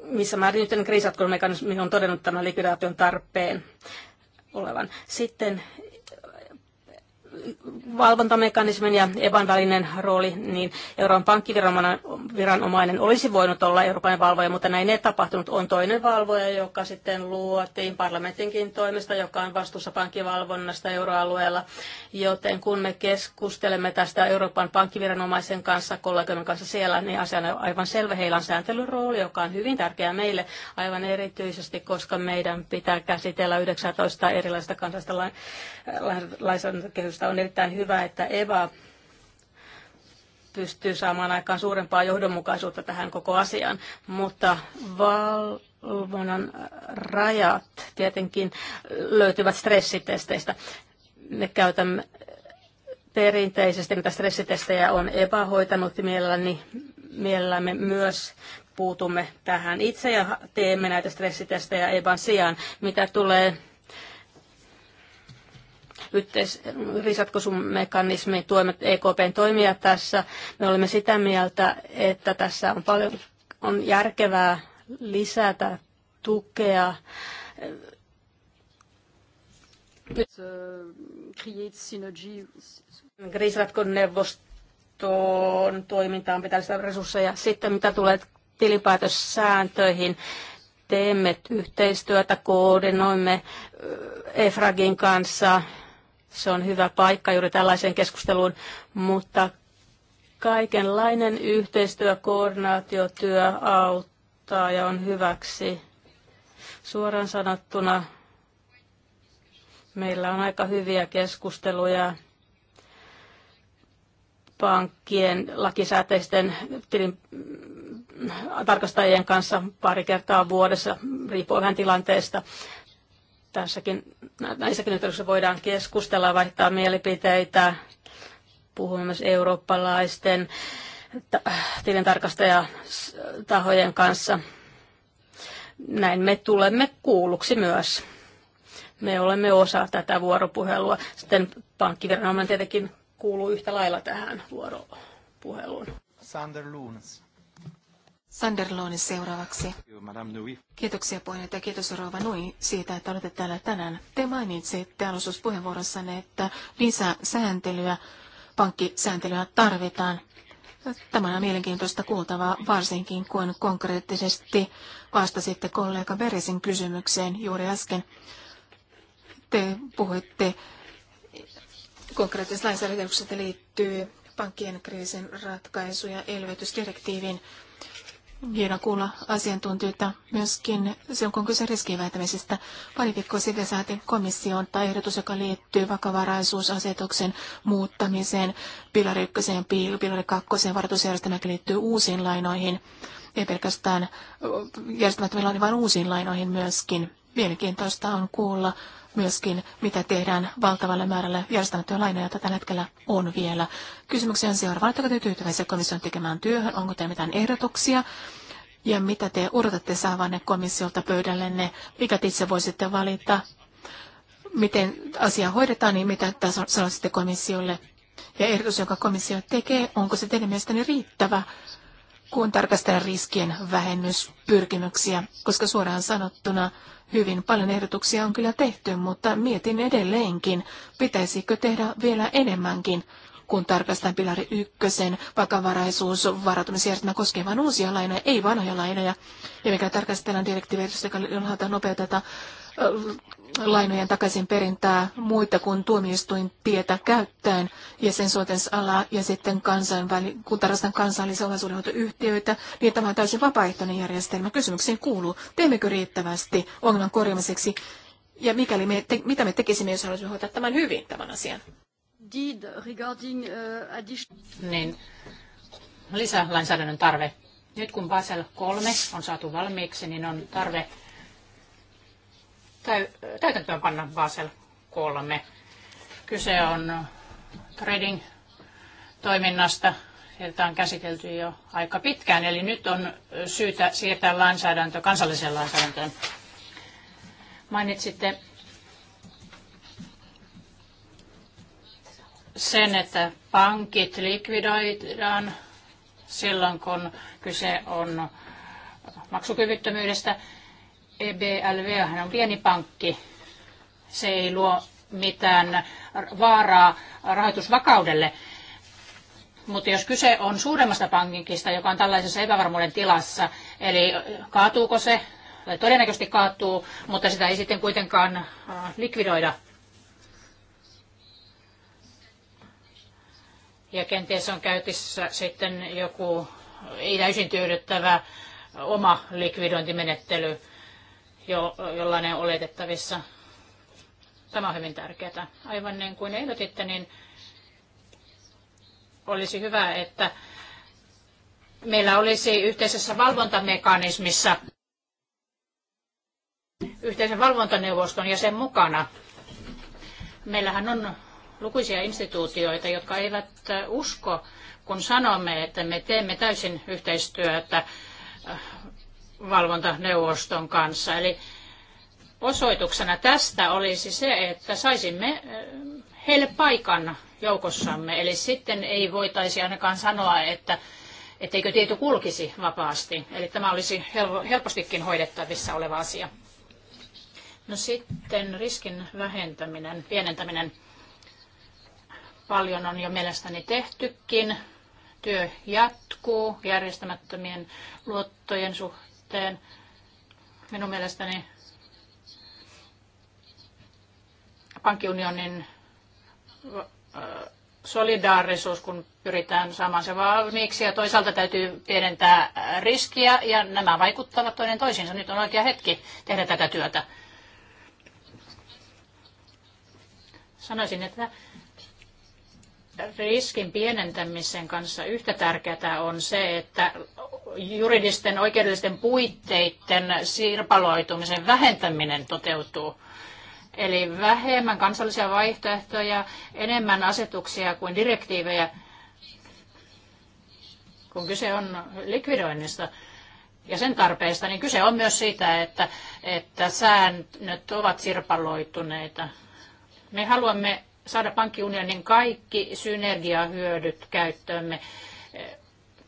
missä määrin yhteinen kriisatkolmekanismi on todennut tämän likvidaation tarpeen olevan. Sitten valvontamekanismin ja EBAN välinen rooli, niin Euroopan pankkiviranomainen olisi voinut olla Euroopan valvoja, mutta näin ei tapahtunut. On toinen valvoja, joka sitten luotiin parlamentinkin toimesta, joka on vastuussa pankkivalvonnasta euroalueella. Joten kun me keskustelemme tästä Euroopan pankkiviranomaisen kanssa, kollegojen kanssa siellä, niin asia on aivan selvä. Heillä on sääntelyrooli, joka on hyvin tärkeä meille aivan erityisesti, koska meidän pitää käsitellä 19 erilaista kansallista lainsäädäntökehystä on erittäin hyvä, että Eva pystyy saamaan aikaan suurempaa johdonmukaisuutta tähän koko asiaan, mutta valvonnan rajat tietenkin löytyvät stressitesteistä. Me käytämme perinteisesti, mitä stressitestejä on epähoitanut mielelläni, mielellämme myös puutumme tähän itse ja teemme näitä stressitestejä Evan sijaan. Mitä tulee yhteisriskatkaisumekanismi, tuemme EKPn toimia tässä. Me olemme sitä mieltä, että tässä on paljon on järkevää lisätä tukea Kriisiratkon toimintaan pitää lisätä resursseja. Sitten mitä tulee tilinpäätössääntöihin, teemme yhteistyötä, koordinoimme EFRAGin kanssa se on hyvä paikka juuri tällaiseen keskusteluun, mutta kaikenlainen yhteistyö, koordinaatiotyö auttaa ja on hyväksi. Suoraan sanottuna meillä on aika hyviä keskusteluja pankkien lakisääteisten tilin mm, tarkastajien kanssa pari kertaa vuodessa, riippuen vähän tilanteesta tässäkin, näissäkin yhteyksissä voidaan keskustella, vaihtaa mielipiteitä. Puhumme myös eurooppalaisten tilintarkastajatahojen kanssa. Näin me tulemme kuulluksi myös. Me olemme osa tätä vuoropuhelua. Sitten pankkiviranomainen tietenkin kuuluu yhtä lailla tähän vuoropuheluun. Sander Lunds. Sanderloonin seuraavaksi. Kiitoksia puheenjohtaja, kiitos Rova Nui siitä, että olette täällä tänään. Te mainitsitte alustuspuheenvuorossanne, että lisäsääntelyä, pankkisääntelyä tarvitaan. Tämä on mielenkiintoista kuultavaa, varsinkin kun konkreettisesti vastasitte kollega Beresin kysymykseen juuri äsken. Te puhuitte konkreettisesta lainsäädännöstä liittyy pankkien kriisin ratkaisu- ja hieno kuulla asiantuntijoita myöskin silloin, kun kyse riskien Pari viikkoa sitten saatiin komission tai ehdotus, joka liittyy vakavaraisuusasetuksen muuttamiseen, pilari 1, pilari 2, varoitusjärjestelmä liittyy uusiin lainoihin, ei pelkästään järjestelmättömiin lainoihin, vaan uusiin lainoihin myöskin. Mielenkiintoista on kuulla myöskin, mitä tehdään valtavalle määrälle järjestämättöjä lainoja, joita tällä hetkellä on vielä. Kysymyksiä on seuraava. Oletteko te tyytyväisiä komission tekemään työhön? Onko teillä mitään ehdotuksia? Ja mitä te odotatte saavanne komissiolta pöydällenne? Mikä te itse voisitte valita? Miten asia hoidetaan, niin mitä tässä sanoisitte komissiolle? Ja ehdotus, jonka komissio tekee, onko se teidän mielestäni riittävä? kun tarkastellaan riskien vähennyspyrkimyksiä, koska suoraan sanottuna hyvin paljon ehdotuksia on kyllä tehty, mutta mietin edelleenkin, pitäisikö tehdä vielä enemmänkin, kun tarkastan pilari ykkösen vakavaraisuus varautumisjärjestelmä koskee vain uusia lainoja, ei vanhoja lainoja. Ja mikä tarkastellaan direktiiviä, joka nopeuteta lainojen takaisin perintää muita kuin tuomioistuin tietä käyttäen ja sen soitensalaa ja sitten kansainväli, kun tarvitaan kansallisia omaisuudenhoitoyhtiöitä, niin tämä on täysin vapaaehtoinen järjestelmä. Kysymykseen kuuluu, teemmekö riittävästi ongelman korjaamiseksi ja mikäli me te, mitä me tekisimme, jos haluaisimme hoitaa tämän hyvin, tämän asian? Did regarding, uh, addition... Niin, lisälainsäädännön tarve. Nyt kun Basel 3 on saatu valmiiksi, niin on tarve täytäntöön panna Basel 3. Kyse on trading-toiminnasta, jota on käsitelty jo aika pitkään, eli nyt on syytä siirtää lainsäädäntö kansalliseen lainsäädäntöön. Mainitsitte sen, että pankit likvidoidaan silloin, kun kyse on maksukyvyttömyydestä. EBLV hän on pieni pankki. Se ei luo mitään vaaraa rahoitusvakaudelle. Mutta jos kyse on suuremmasta pankinkista, joka on tällaisessa epävarmuuden tilassa, eli kaatuuko se, tai todennäköisesti kaatuu, mutta sitä ei sitten kuitenkaan äh, likvidoida. Ja kenties on käytössä sitten joku ei täysin tyydyttävä oma likvidointimenettely jo, jollainen oletettavissa. Tämä on hyvin tärkeää. Aivan niin kuin ehdotitte, niin olisi hyvä, että meillä olisi yhteisessä valvontamekanismissa yhteisen valvontaneuvoston jäsen mukana. Meillähän on lukuisia instituutioita, jotka eivät usko, kun sanomme, että me teemme täysin yhteistyötä valvontaneuvoston kanssa. Eli osoituksena tästä olisi se, että saisimme heille paikan joukossamme. Eli sitten ei voitaisi ainakaan sanoa, että etteikö tieto kulkisi vapaasti. Eli tämä olisi helpostikin hoidettavissa oleva asia. No sitten riskin vähentäminen, pienentäminen. Paljon on jo mielestäni tehtykin. Työ jatkuu järjestämättömien luottojen suhteen suhteen. Minun mielestäni pankkiunionin solidaarisuus, kun pyritään saamaan se valmiiksi ja toisaalta täytyy pienentää riskiä ja nämä vaikuttavat toinen toisiinsa. Nyt on oikea hetki tehdä tätä työtä. Sanoisin, että riskin pienentämisen kanssa yhtä tärkeää on se, että juridisten oikeudellisten puitteiden sirpaloitumisen vähentäminen toteutuu. Eli vähemmän kansallisia vaihtoehtoja, enemmän asetuksia kuin direktiivejä, kun kyse on likvidoinnista ja sen tarpeesta. niin kyse on myös siitä, että, että säännöt ovat sirpaloituneita. Me haluamme saada pankkiunionin kaikki synergiahyödyt käyttöömme.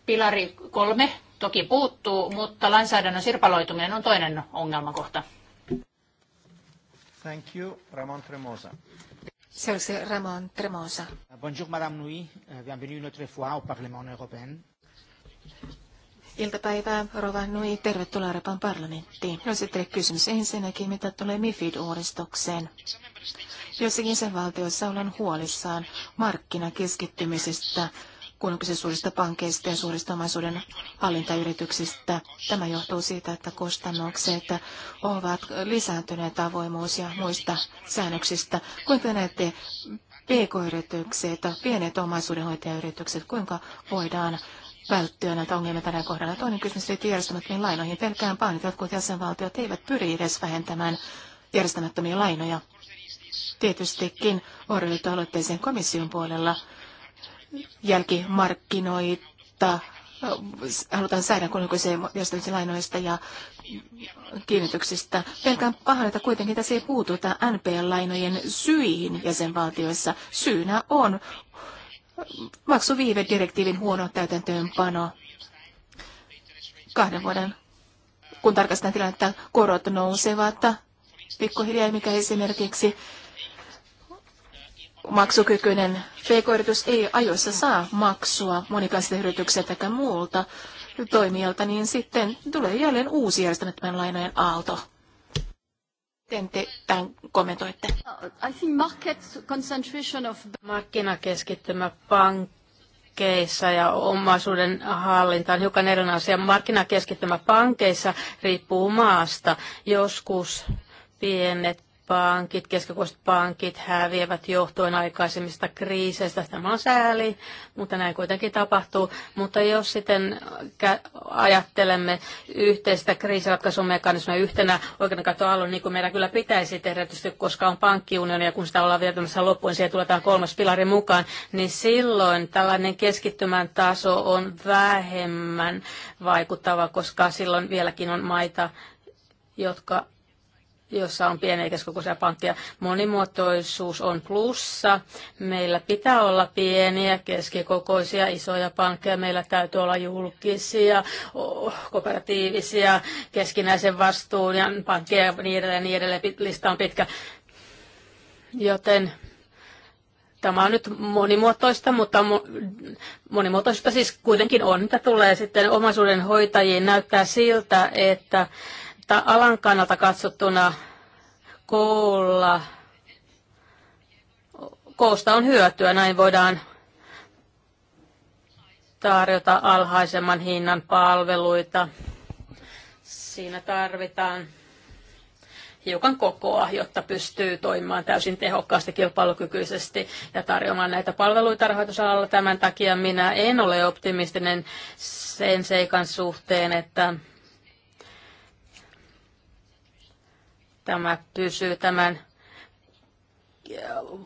Pilari kolme toki puuttuu, mutta lainsäädännön sirpaloituminen on toinen ongelmakohta. Thank you, Ramon Tremosa. Seuraavaksi Ramon Tremosa. Bonjour Madame Nui, bienvenue une autre fois au Parlement européen. Iltapäivää, Rova Nui. Tervetuloa Repan parlamenttiin. Jos kysymys ensinnäkin, mitä tulee MIFID-uudistukseen. Jossakin sen valtioissa ollaan huolissaan markkinakeskittymisestä, kun on kyse suurista pankeista ja suurista omaisuuden hallintayrityksistä. Tämä johtuu siitä, että kustannukset ovat lisääntyneet avoimuus ja muista säännöksistä. Kuinka näette PK-yritykset, pienet omaisuudenhoitajayritykset, kuinka voidaan välttyä näitä ongelmia tänä kohdalla. Toinen kysymys liittyy järjestämättömiin lainoihin. Pelkään pahin, että jotkut jäsenvaltiot eivät pyri edes vähentämään järjestämättömiä lainoja. Tietystikin on aloitteeseen komission puolella jälkimarkkinoita halutaan säädä kolmikoiseen järjestämisen lainoista ja kiinnityksistä. Pelkään pahan, että kuitenkin tässä ei puututa NPL-lainojen syihin jäsenvaltioissa. Syynä on maksuviivedirektiivin huono täytäntöönpano kahden vuoden, kun tarkastetaan tilannetta, korot nousevat pikkuhiljaa, mikä esimerkiksi maksukykyinen pk-yritys ei ajoissa saa maksua monikalaisilta yrityksiltä tai muulta toimijalta, niin sitten tulee jälleen uusi järjestelmä tämän lainojen aalto. Miten te tämän kommentoitte? I think market concentration of... Markkinakeskittymä pankeissa ja omaisuuden hallinta on hiukan erilainen asia. Markkinakeskittymä pankeissa riippuu maasta. Joskus pienet pankit, keskikokoiset pankit häviävät johtuen aikaisemmista kriiseistä. Tämä on sääli, mutta näin kuitenkin tapahtuu. Mutta jos sitten ajattelemme yhteistä kriisiratkaisumekanismia yhtenä oikeana katoalla, niin kuin meidän kyllä pitäisi tehdä, tietysti, koska on pankkiunioni ja kun sitä ollaan vietämässä loppuun, siihen tuletaan kolmas pilari mukaan, niin silloin tällainen keskittymän taso on vähemmän vaikuttava, koska silloin vieläkin on maita, jotka jossa on pieniä keskokoisia pankkeja. Monimuotoisuus on plussa. Meillä pitää olla pieniä, keskikokoisia, isoja pankkeja. Meillä täytyy olla julkisia, oh, kooperatiivisia, keskinäisen vastuun ja pankkeja ja niin edelleen. Niin edelleen. Lista on pitkä. Joten tämä on nyt monimuotoista, mutta monimuotoista siis kuitenkin on, mitä tulee sitten omaisuuden hoitajiin. Näyttää siltä, että ta- alan kannalta katsottuna koolla, koosta on hyötyä. Näin voidaan tarjota alhaisemman hinnan palveluita. Siinä tarvitaan hiukan kokoa, jotta pystyy toimimaan täysin tehokkaasti kilpailukykyisesti ja tarjoamaan näitä palveluita rahoitusalalla. Tämän takia minä en ole optimistinen sen seikan suhteen, että Tämä pysyy tämän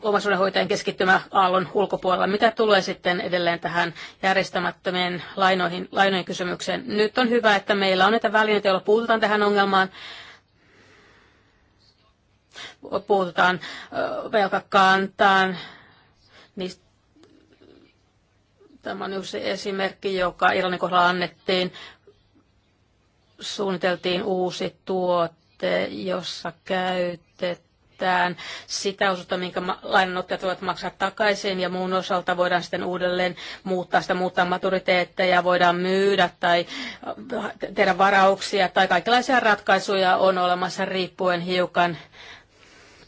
omaisuudenhoitajan keskittymä aallon ulkopuolella. Mitä tulee sitten edelleen tähän järjestämättömien lainoihin, lainojen kysymykseen? Nyt on hyvä, että meillä on näitä välineitä, joilla puututaan tähän ongelmaan. Puututaan velkakantaan. Niistä Tämä on yksi esimerkki, joka Irlannin kohdalla annettiin. Suunniteltiin uusi tuote aloite, jossa käytetään sitä osuutta, minkä lainanottajat voivat maksaa takaisin ja muun osalta voidaan sitten uudelleen muuttaa sitä, muuttaa maturiteetteja, voidaan myydä tai äh, tehdä varauksia tai kaikenlaisia ratkaisuja on olemassa riippuen hiukan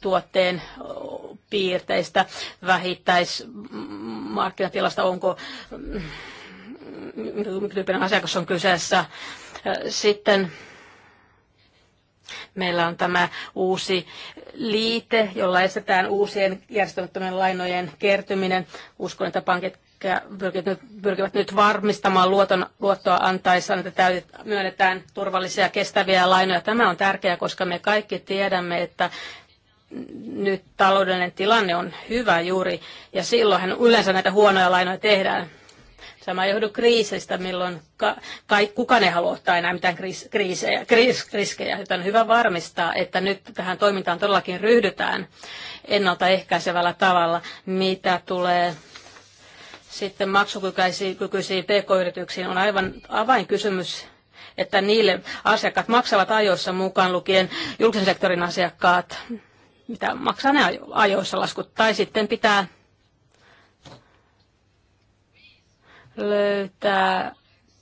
tuotteen piirteistä, vähittäismarkkinatilasta, onko mm, mm, mm, tyyppinen asiakas on kyseessä. Äh, sitten Meillä on tämä uusi liite, jolla estetään uusien järjestämättömien lainojen kertyminen. Uskon, että pankit pyrkivät nyt varmistamaan luoton, luottoa antaessaan, että täytet, myönnetään turvallisia ja kestäviä lainoja. Tämä on tärkeää, koska me kaikki tiedämme, että nyt taloudellinen tilanne on hyvä juuri, ja silloinhan yleensä näitä huonoja lainoja tehdään. Sama johdu kriisistä, milloin ka, ka, kukaan ei halua ottaa enää mitään kriis, kriisejä, kriis, riskejä. Joten on hyvä varmistaa, että nyt tähän toimintaan todellakin ryhdytään ennaltaehkäisevällä tavalla, mitä tulee sitten maksukykyisiin pk-yrityksiin. On aivan avainkysymys että niille asiakkaat maksavat ajoissa mukaan lukien julkisen sektorin asiakkaat, mitä maksaa ne ajoissa laskut, tai sitten pitää löytää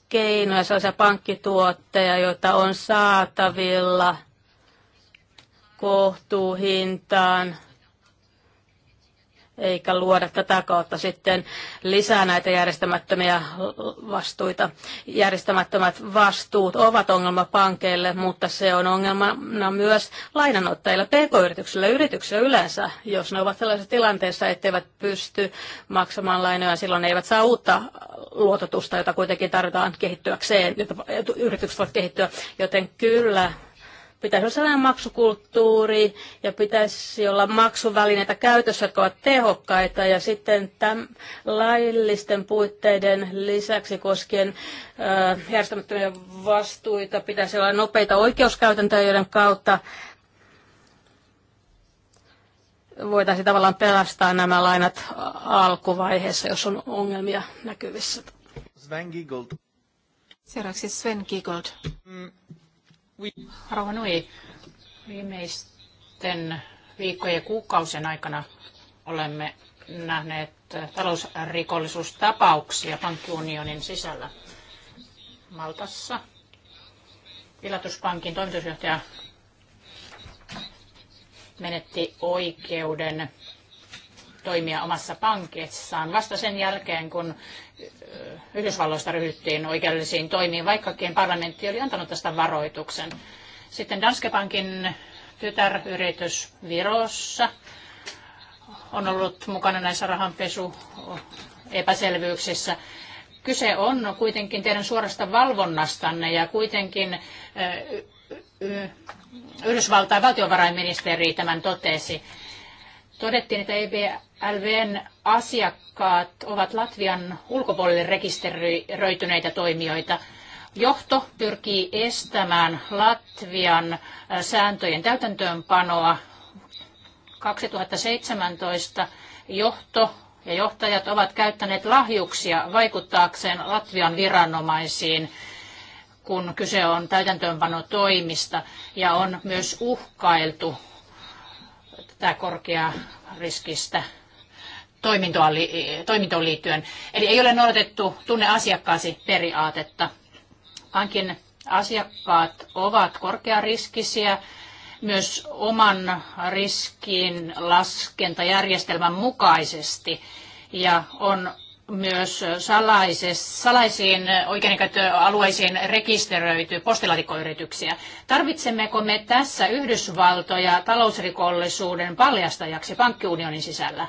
keinoja, sellaisia pankkituotteja, joita on saatavilla kohtuuhintaan eikä luoda tätä kautta sitten lisää näitä järjestämättömiä vastuita. Järjestämättömät vastuut ovat ongelma pankeille, mutta se on ongelmana myös lainanottajille, pk-yrityksille, yrityksille yleensä, jos ne ovat sellaisessa tilanteessa, etteivät pysty maksamaan lainoja, silloin ne eivät saa uutta luototusta, jota kuitenkin tarvitaan kehittyäkseen, jotta yritykset voivat kehittyä, joten kyllä Pitäisi olla sellainen maksukulttuuri ja pitäisi olla maksuvälineitä käytössä, jotka ovat tehokkaita. Ja sitten tämän laillisten puitteiden lisäksi koskien järjestämättömiä vastuita pitäisi olla nopeita oikeuskäytäntöjä, joiden kautta voitaisiin tavallaan pelastaa nämä lainat alkuvaiheessa, jos on ongelmia näkyvissä. Sven Giegold. Seuraavaksi Sven Giegold. Mm, Rauha Nui, viimeisten viikkojen ja kuukausien aikana olemme nähneet talousrikollisuustapauksia pankkiunionin sisällä Maltassa. Pilatuspankin toimitusjohtaja menetti oikeuden toimia omassa pankissaan vasta sen jälkeen, kun Yhdysvalloista ryhdyttiin oikeudellisiin toimiin, vaikkakin parlamentti oli antanut tästä varoituksen. Sitten Danske Bankin tytäryritys Virossa on ollut mukana näissä rahanpesu epäselvyyksissä. Kyse on kuitenkin teidän suorasta valvonnastanne ja kuitenkin Yhdysvaltain valtiovarainministeri tämän totesi todettiin, että EBLVn asiakkaat ovat Latvian ulkopuolelle rekisteröityneitä toimijoita. Johto pyrkii estämään Latvian sääntöjen täytäntöönpanoa. 2017 johto ja johtajat ovat käyttäneet lahjuksia vaikuttaakseen Latvian viranomaisiin, kun kyse on täytäntöönpanotoimista ja on myös uhkailtu tämä korkea riskistä toimintoon liittyen. Eli ei ole noudatettu tunne asiakkaasi periaatetta. Pankin asiakkaat ovat korkeariskisiä myös oman riskin laskentajärjestelmän mukaisesti ja on myös salaisiin oikeudenkäyttöalueisiin rekisteröity postilaatikkoyrityksiä. Tarvitsemmeko me tässä Yhdysvaltoja talousrikollisuuden paljastajaksi pankkiunionin sisällä?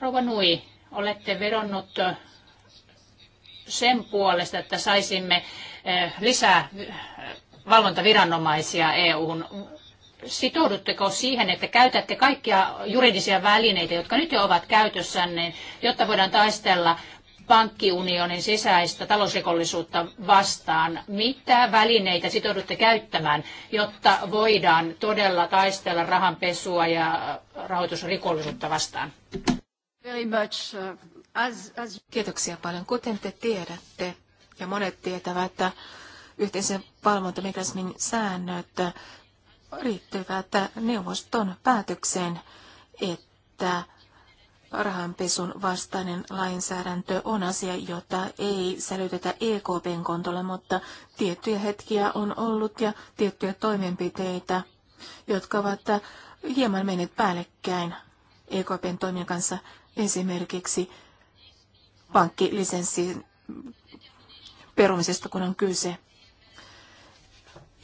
Rouva Nui, olette vedonnut sen puolesta, että saisimme eh, lisää valvontaviranomaisia EUn sitoudutteko siihen, että käytätte kaikkia juridisia välineitä, jotka nyt jo ovat käytössänne, jotta voidaan taistella pankkiunionin sisäistä talousrikollisuutta vastaan. Mitä välineitä sitoudutte käyttämään, jotta voidaan todella taistella rahanpesua ja rahoitusrikollisuutta vastaan? Very much. Uh, as, as... Kiitoksia paljon. Kuten te tiedätte, ja monet tietävät, että yhteisen valvontamekanismin säännöt riittyvät neuvoston päätökseen, että rahanpesun vastainen lainsäädäntö on asia, jota ei sälytetä EKPn kontolle, mutta tiettyjä hetkiä on ollut ja tiettyjä toimenpiteitä, jotka ovat hieman menneet päällekkäin EKPn toimien kanssa. Esimerkiksi pankkilisenssin perumisesta, kun on kyse.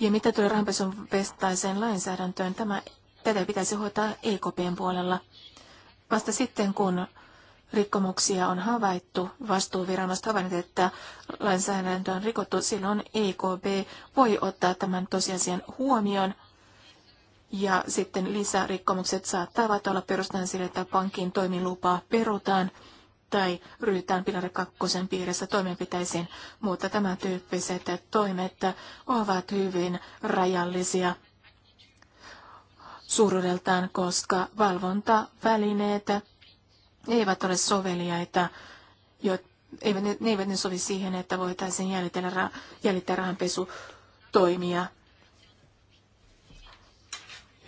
Ja mitä tulee rahanpesun vestaiseen lainsäädäntöön, tämä, tätä pitäisi hoitaa EKPn puolella. Vasta sitten, kun rikkomuksia on havaittu, vastuuviranomaiset havainnut, että lainsäädäntö on rikottu, silloin EKP voi ottaa tämän tosiasian huomioon. Ja sitten lisärikkomukset saattavat olla perustan sille, että pankin toimilupaa perutaan – tai ryhdytään pilari kakkosen piirissä toimenpiteisiin, mutta tämän tyyppiset toimet ovat hyvin rajallisia suuruudeltaan, koska valvontavälineet eivät ole soveliaita, jo, eivät, ne, ne eivät ne sovi siihen, että voitaisiin jäljitellä, jäljitellä rahanpesutoimia. rahanpesu toimia.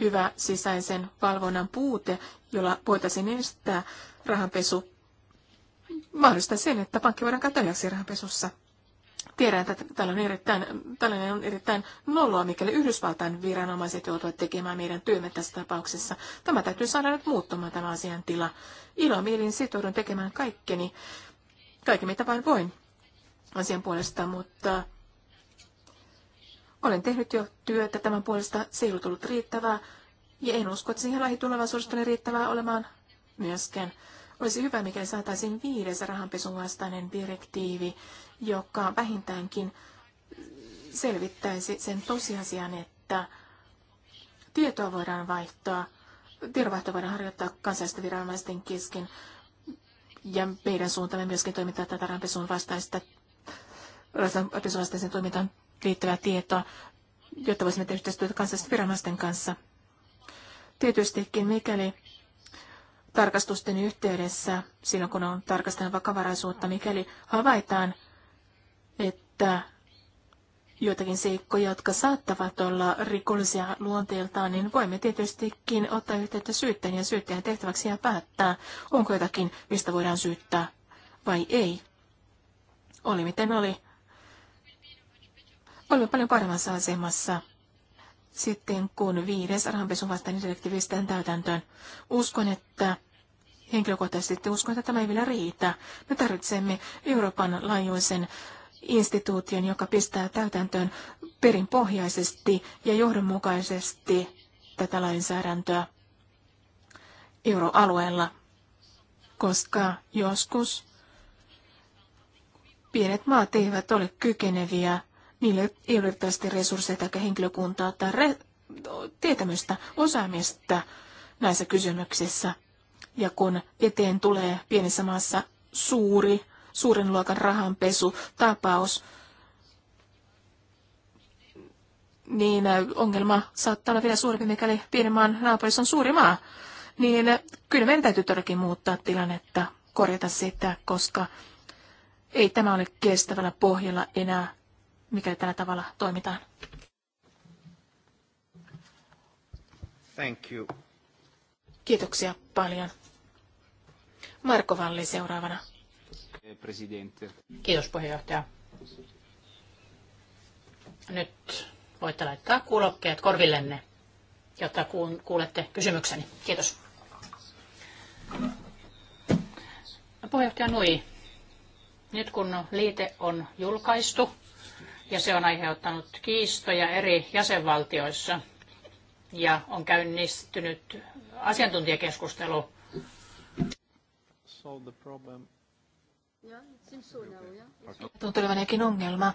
Hyvä sisäisen valvonnan puute, jolla voitaisiin estää rahanpesu mahdollista sen, että pankki voidaan käyttää hyväksi Tiedän, että tällainen on erittäin, tällainen on erittäin noloa, mikäli Yhdysvaltain viranomaiset joutuvat tekemään meidän työmme tässä tapauksessa. Tämä täytyy saada nyt muuttumaan tämä asian tila. mielin, sitoudun tekemään kaikkeni, kaikki mitä vain voin asian puolesta, mutta olen tehnyt jo työtä tämän puolesta. Se ei ollut, ollut riittävää ja en usko, että siihen lähitulevaisuudesta oli riittävää olemaan myöskään. Olisi hyvä, mikäli saataisiin viides rahanpesun vastainen direktiivi, joka vähintäänkin selvittäisi sen tosiasian, että tietoa voidaan vaihtaa, tiedonvaihtoa voidaan harjoittaa kansallisten viranomaisten kesken, ja meidän suuntamme myöskin toimittaa tätä rahanpesun vastaista rahanpesun vastaisen toimintaan liittyvää tietoa, jotta voisimme tehdä yhteistyötä kansallisten viranomaisten kanssa. Tietystikin, mikäli tarkastusten yhteydessä, silloin kun on tarkastanut vakavaraisuutta, mikäli havaitaan, että joitakin seikkoja, jotka saattavat olla rikollisia luonteeltaan, niin voimme tietystikin ottaa yhteyttä syyttäjän ja syyttäjän tehtäväksi ja päättää, onko jotakin, mistä voidaan syyttää vai ei. Oli miten oli. Olimme paljon paremmassa asemassa sitten, kun viides rahanpesun vastainen direktiivi täytäntöön. Uskon, että henkilökohtaisesti uskon, että tämä ei vielä riitä. Me tarvitsemme Euroopan laajuisen instituution, joka pistää täytäntöön perinpohjaisesti ja johdonmukaisesti tätä lainsäädäntöä euroalueella, koska joskus pienet maat eivät ole kykeneviä Niille ei ole tästä resursseja tai henkilökuntaa tai re- tietämystä, osaamista näissä kysymyksissä. Ja kun eteen tulee pienessä maassa suuri, suuren luokan rahanpesu, tapaus, niin ongelma saattaa olla vielä suurempi, mikäli pienen maan naapurissa on suuri maa. Niin kyllä meidän täytyy todellakin muuttaa tilannetta, korjata sitä, koska ei tämä ole kestävällä pohjalla enää mikäli tällä tavalla toimitaan. Thank you. Kiitoksia paljon. Marko Valli seuraavana. Presidente. Kiitos puheenjohtaja. Nyt voitte laittaa kuulokkeet korvillenne, jotta kuulette kysymykseni. Kiitos. Puheenjohtaja Nui, nyt kun liite on julkaistu, ja se on aiheuttanut kiistoja eri jäsenvaltioissa ja on käynnistynyt asiantuntijakeskustelu. Tuntuu olevan jokin ongelma.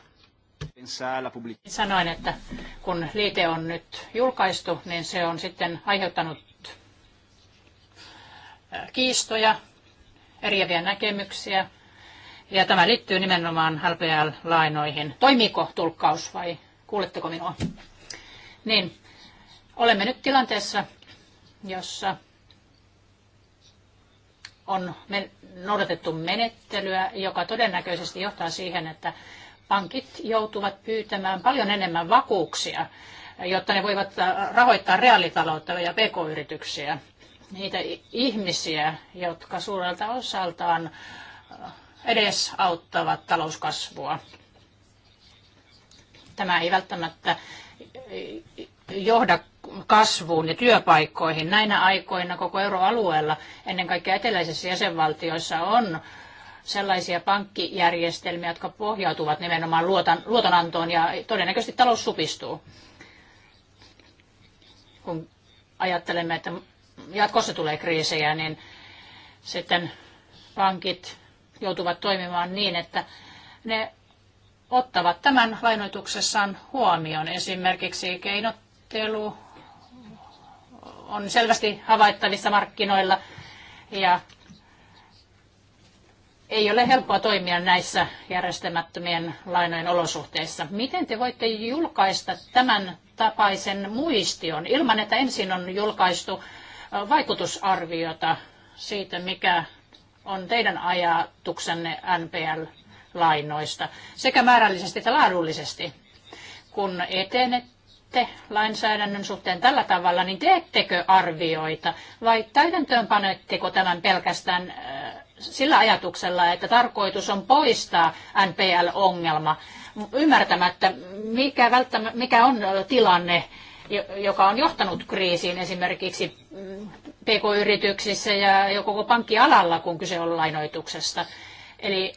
Sanoin, että kun liite on nyt julkaistu, niin se on sitten aiheuttanut äh, kiistoja, eriäviä näkemyksiä ja tämä liittyy nimenomaan LPL-lainoihin. Toimiiko tulkkaus vai kuuletteko minua? Niin, olemme nyt tilanteessa, jossa on men- noudatettu menettelyä, joka todennäköisesti johtaa siihen, että pankit joutuvat pyytämään paljon enemmän vakuuksia, jotta ne voivat äh, rahoittaa reaalitaloutta ja pk-yrityksiä, niitä ihmisiä, jotka suurelta osaltaan edes auttavat talouskasvua. Tämä ei välttämättä johda kasvuun ja työpaikkoihin. Näinä aikoina koko euroalueella, ennen kaikkea eteläisissä jäsenvaltioissa, on sellaisia pankkijärjestelmiä, jotka pohjautuvat nimenomaan luotan, luotonantoon ja todennäköisesti talous supistuu. Kun ajattelemme, että jatkossa tulee kriisejä, niin sitten pankit joutuvat toimimaan niin, että ne ottavat tämän lainoituksessaan huomioon. Esimerkiksi keinottelu on selvästi havaittavissa markkinoilla ja ei ole helppoa toimia näissä järjestämättömien lainojen olosuhteissa. Miten te voitte julkaista tämän tapaisen muistion ilman, että ensin on julkaistu vaikutusarviota siitä, mikä on teidän ajatuksenne NPL-lainoista sekä määrällisesti että laadullisesti? Kun etenette lainsäädännön suhteen tällä tavalla, niin teettekö arvioita vai panetteko tämän pelkästään äh, sillä ajatuksella, että tarkoitus on poistaa NPL-ongelma ymmärtämättä, mikä, mikä on tilanne joka on johtanut kriisiin esimerkiksi mm, pk-yrityksissä ja koko pankkialalla, kun kyse on lainoituksesta. Eli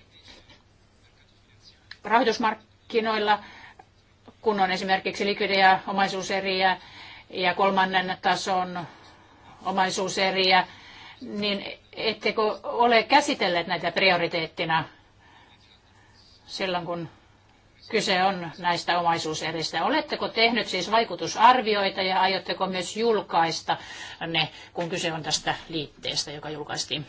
rahoitusmarkkinoilla, kun on esimerkiksi likvidejä omaisuuseriä ja kolmannen tason omaisuuseriä, niin ettekö ole käsitelleet näitä prioriteettina silloin, kun kyse on näistä omaisuuseristä. Oletteko tehnyt siis vaikutusarvioita ja aiotteko myös julkaista ne, kun kyse on tästä liitteestä, joka julkaistiin?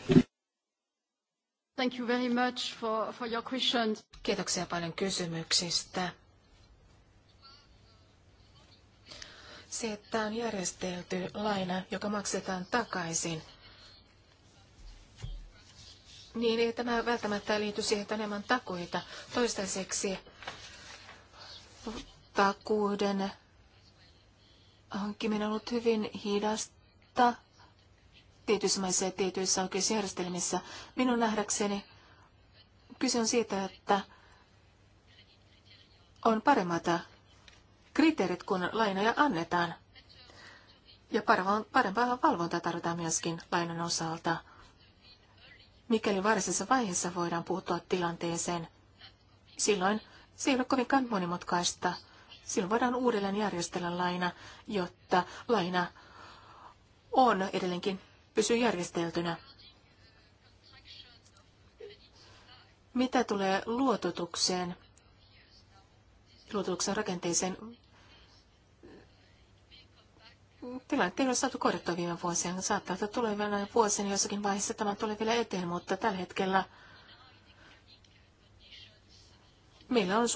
Thank you very much for, for your questions. Kiitoksia paljon kysymyksistä. Se, että on järjestelty laina, joka maksetaan takaisin, niin ei tämä välttämättä liity siihen, että enemmän takuita. Toistaiseksi vakuuden hankkiminen on ollut hyvin hidasta tietyissä maissa ja tietyissä oikeusjärjestelmissä. Minun nähdäkseni kyse on siitä, että on paremmat kriteerit, kun lainoja annetaan. Ja parempaa valvontaa tarvitaan myöskin lainan osalta. Mikäli varsinaisessa vaiheessa voidaan puuttua tilanteeseen, silloin se ei ole kovinkaan monimutkaista. Silloin voidaan uudelleen järjestellä laina, jotta laina on edelleenkin pysyy järjesteltynä. Mitä tulee luototukseen, luototuksen rakenteeseen, tilanteet ei ole saatu korjattua viime vuosien, Saattaa, että tulevina vuosina jossakin vaiheessa tämä tulee vielä eteen, mutta tällä hetkellä – Meillä on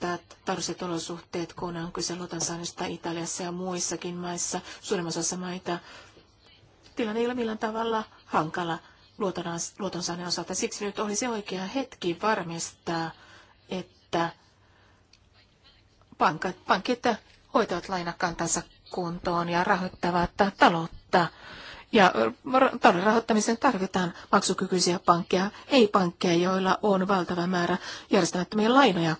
tämä tarviset olosuhteet, kun on kyse luotansaannista Italiassa ja muissakin maissa, suurimmassa osassa maita. Tilanne ei ole millään tavalla hankala luotonsaannin osalta. Siksi nyt olisi oikea hetki varmistaa, että pankit, pankit hoitavat lainakantansa kuntoon ja rahoittavat taloutta ja talouden rahoittamiseen tarvitaan maksukykyisiä pankkeja, ei pankkeja, joilla on valtava määrä järjestämättömiä lainoja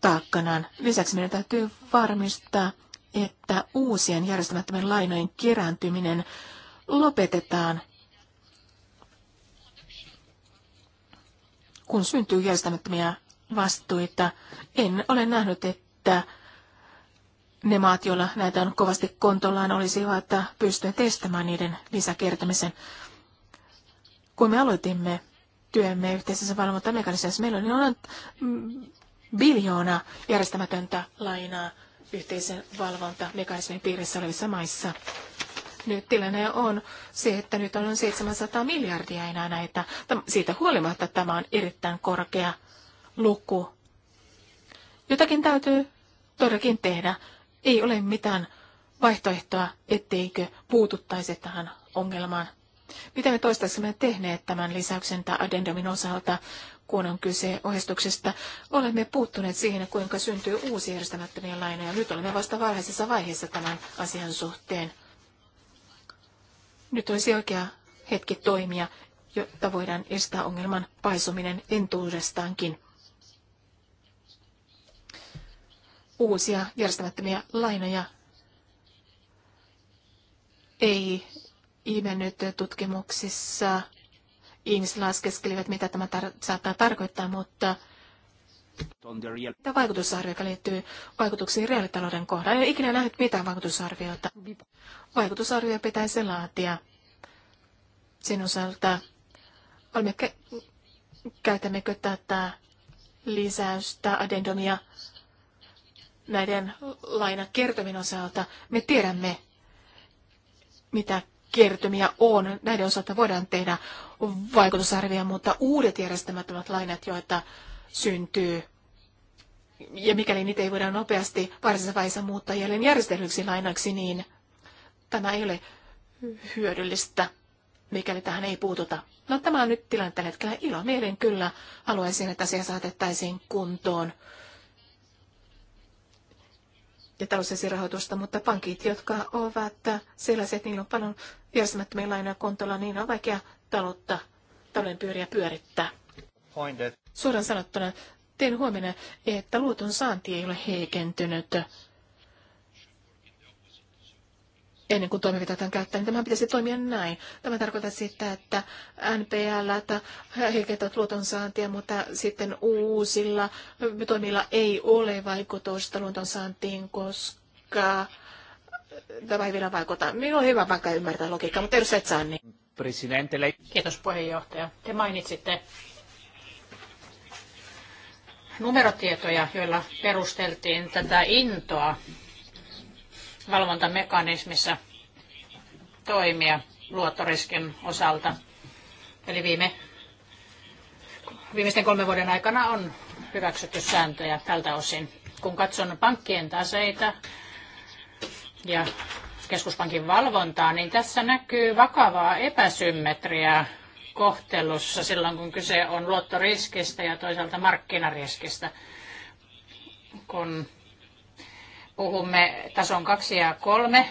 taakkanaan. Lisäksi meidän täytyy varmistaa, että uusien järjestämättömien lainojen kerääntyminen lopetetaan, kun syntyy järjestämättömiä vastuita. En ole nähnyt, että ne maat, joilla näitä on kovasti kontollaan, olisivat pystyneet estämään niiden lisäkertomisen. Kun me aloitimme työmme yhteisessä valvontamekanismissa, meillä oli noin mm, biljoona järjestämätöntä lainaa yhteisen valvontamekanismin piirissä olevissa maissa. Nyt tilanne on se, että nyt on noin 700 miljardia enää näitä. Siitä huolimatta tämä on erittäin korkea luku. Jotakin täytyy todellakin tehdä. Ei ole mitään vaihtoehtoa, etteikö puututtaisi tähän ongelmaan. Mitä me toistaiseksi tehneet tämän lisäyksen tai addendumin osalta, kun on kyse ohjeistuksesta? Olemme puuttuneet siihen, kuinka syntyy uusi järjestämättömiä lainoja. Nyt olemme vasta varhaisessa vaiheessa tämän asian suhteen. Nyt olisi oikea hetki toimia, jotta voidaan estää ongelman paisuminen entuudestaankin. uusia järjestämättömiä lainoja ei ilmennyt tutkimuksissa. Ihmiset laskeskelivat, mitä tämä tar- saattaa tarkoittaa, mutta tämä vaikutusarvio, joka liittyy vaikutuksiin reaalitalouden kohdalla? Ei ikinä nähnyt mitään vaikutusarviota. Vaikutusarvio pitäisi laatia sen osalta. Olemme käytämmekö tätä lisäystä, addendumia näiden lainakertomien osalta me tiedämme, mitä kertymiä on. Näiden osalta voidaan tehdä vaikutusarvia, mutta uudet järjestämättömät lainat, joita syntyy, ja mikäli niitä ei voida nopeasti varsinaisessa vaiheessa muuttaa jälleen järjestelyksi lainaksi, niin tämä ei ole hyödyllistä, mikäli tähän ei puututa. No tämä on nyt tilanne tällä hetkellä. Ilo mielen kyllä haluaisin, että asia saatettaisiin kuntoon ja rahoitusta, mutta pankit, jotka ovat sellaiset, niillä on paljon järjestämättömiä lainoja kontolla, niin on vaikea taloutta, talouden pyöriä pyörittää. Suoraan sanottuna, teen huomenna, että luoton saanti ei ole heikentynyt ennen kuin toimivaltaan käyttää, niin tämä pitäisi toimia näin. Tämä tarkoittaa sitä, että NPL äh, heikentävät luotonsaantia, mutta sitten uusilla äh, toimilla ei ole vaikutusta luotonsaantiin, koska äh, tämä ei vielä vaikuta. Minulla on hyvä vaikka ymmärtää logiikkaa, mutta edustaja saa Presidentille. Kiitos puheenjohtaja. Te mainitsitte numerotietoja, joilla perusteltiin tätä intoa valvontamekanismissa toimia luottoriskin osalta. Eli viime, viimeisten kolmen vuoden aikana on hyväksytty sääntöjä tältä osin. Kun katson pankkien taseita ja keskuspankin valvontaa, niin tässä näkyy vakavaa epäsymmetriaa kohtelussa silloin, kun kyse on luottoriskistä ja toisaalta markkinariskistä. Kun Puhumme tason kaksi ja kolme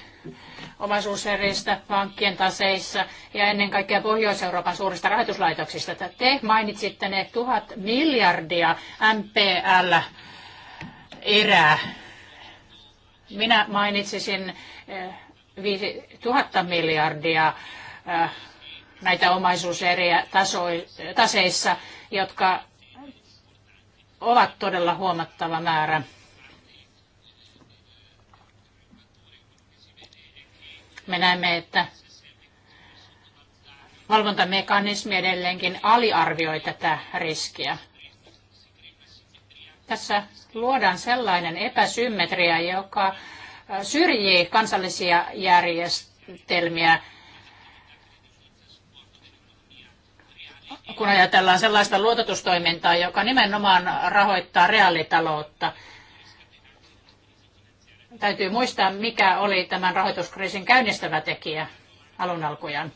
omaisuuseristä pankkien taseissa ja ennen kaikkea Pohjois-Euroopan suurista rahoituslaitoksista. Te mainitsitte ne tuhat miljardia MPL-erää. Minä mainitsisin eh, viisi tuhatta miljardia eh, näitä omaisuuseriä taseissa, jotka ovat todella huomattava määrä. Me näemme, että valvontamekanismi edelleenkin aliarvioi tätä riskiä. Tässä luodaan sellainen epäsymmetria, joka syrjii kansallisia järjestelmiä, kun ajatellaan sellaista luototustoimintaa, joka nimenomaan rahoittaa reaalitaloutta – Täytyy muistaa, mikä oli tämän rahoituskriisin käynnistävä tekijä alun alkujaan.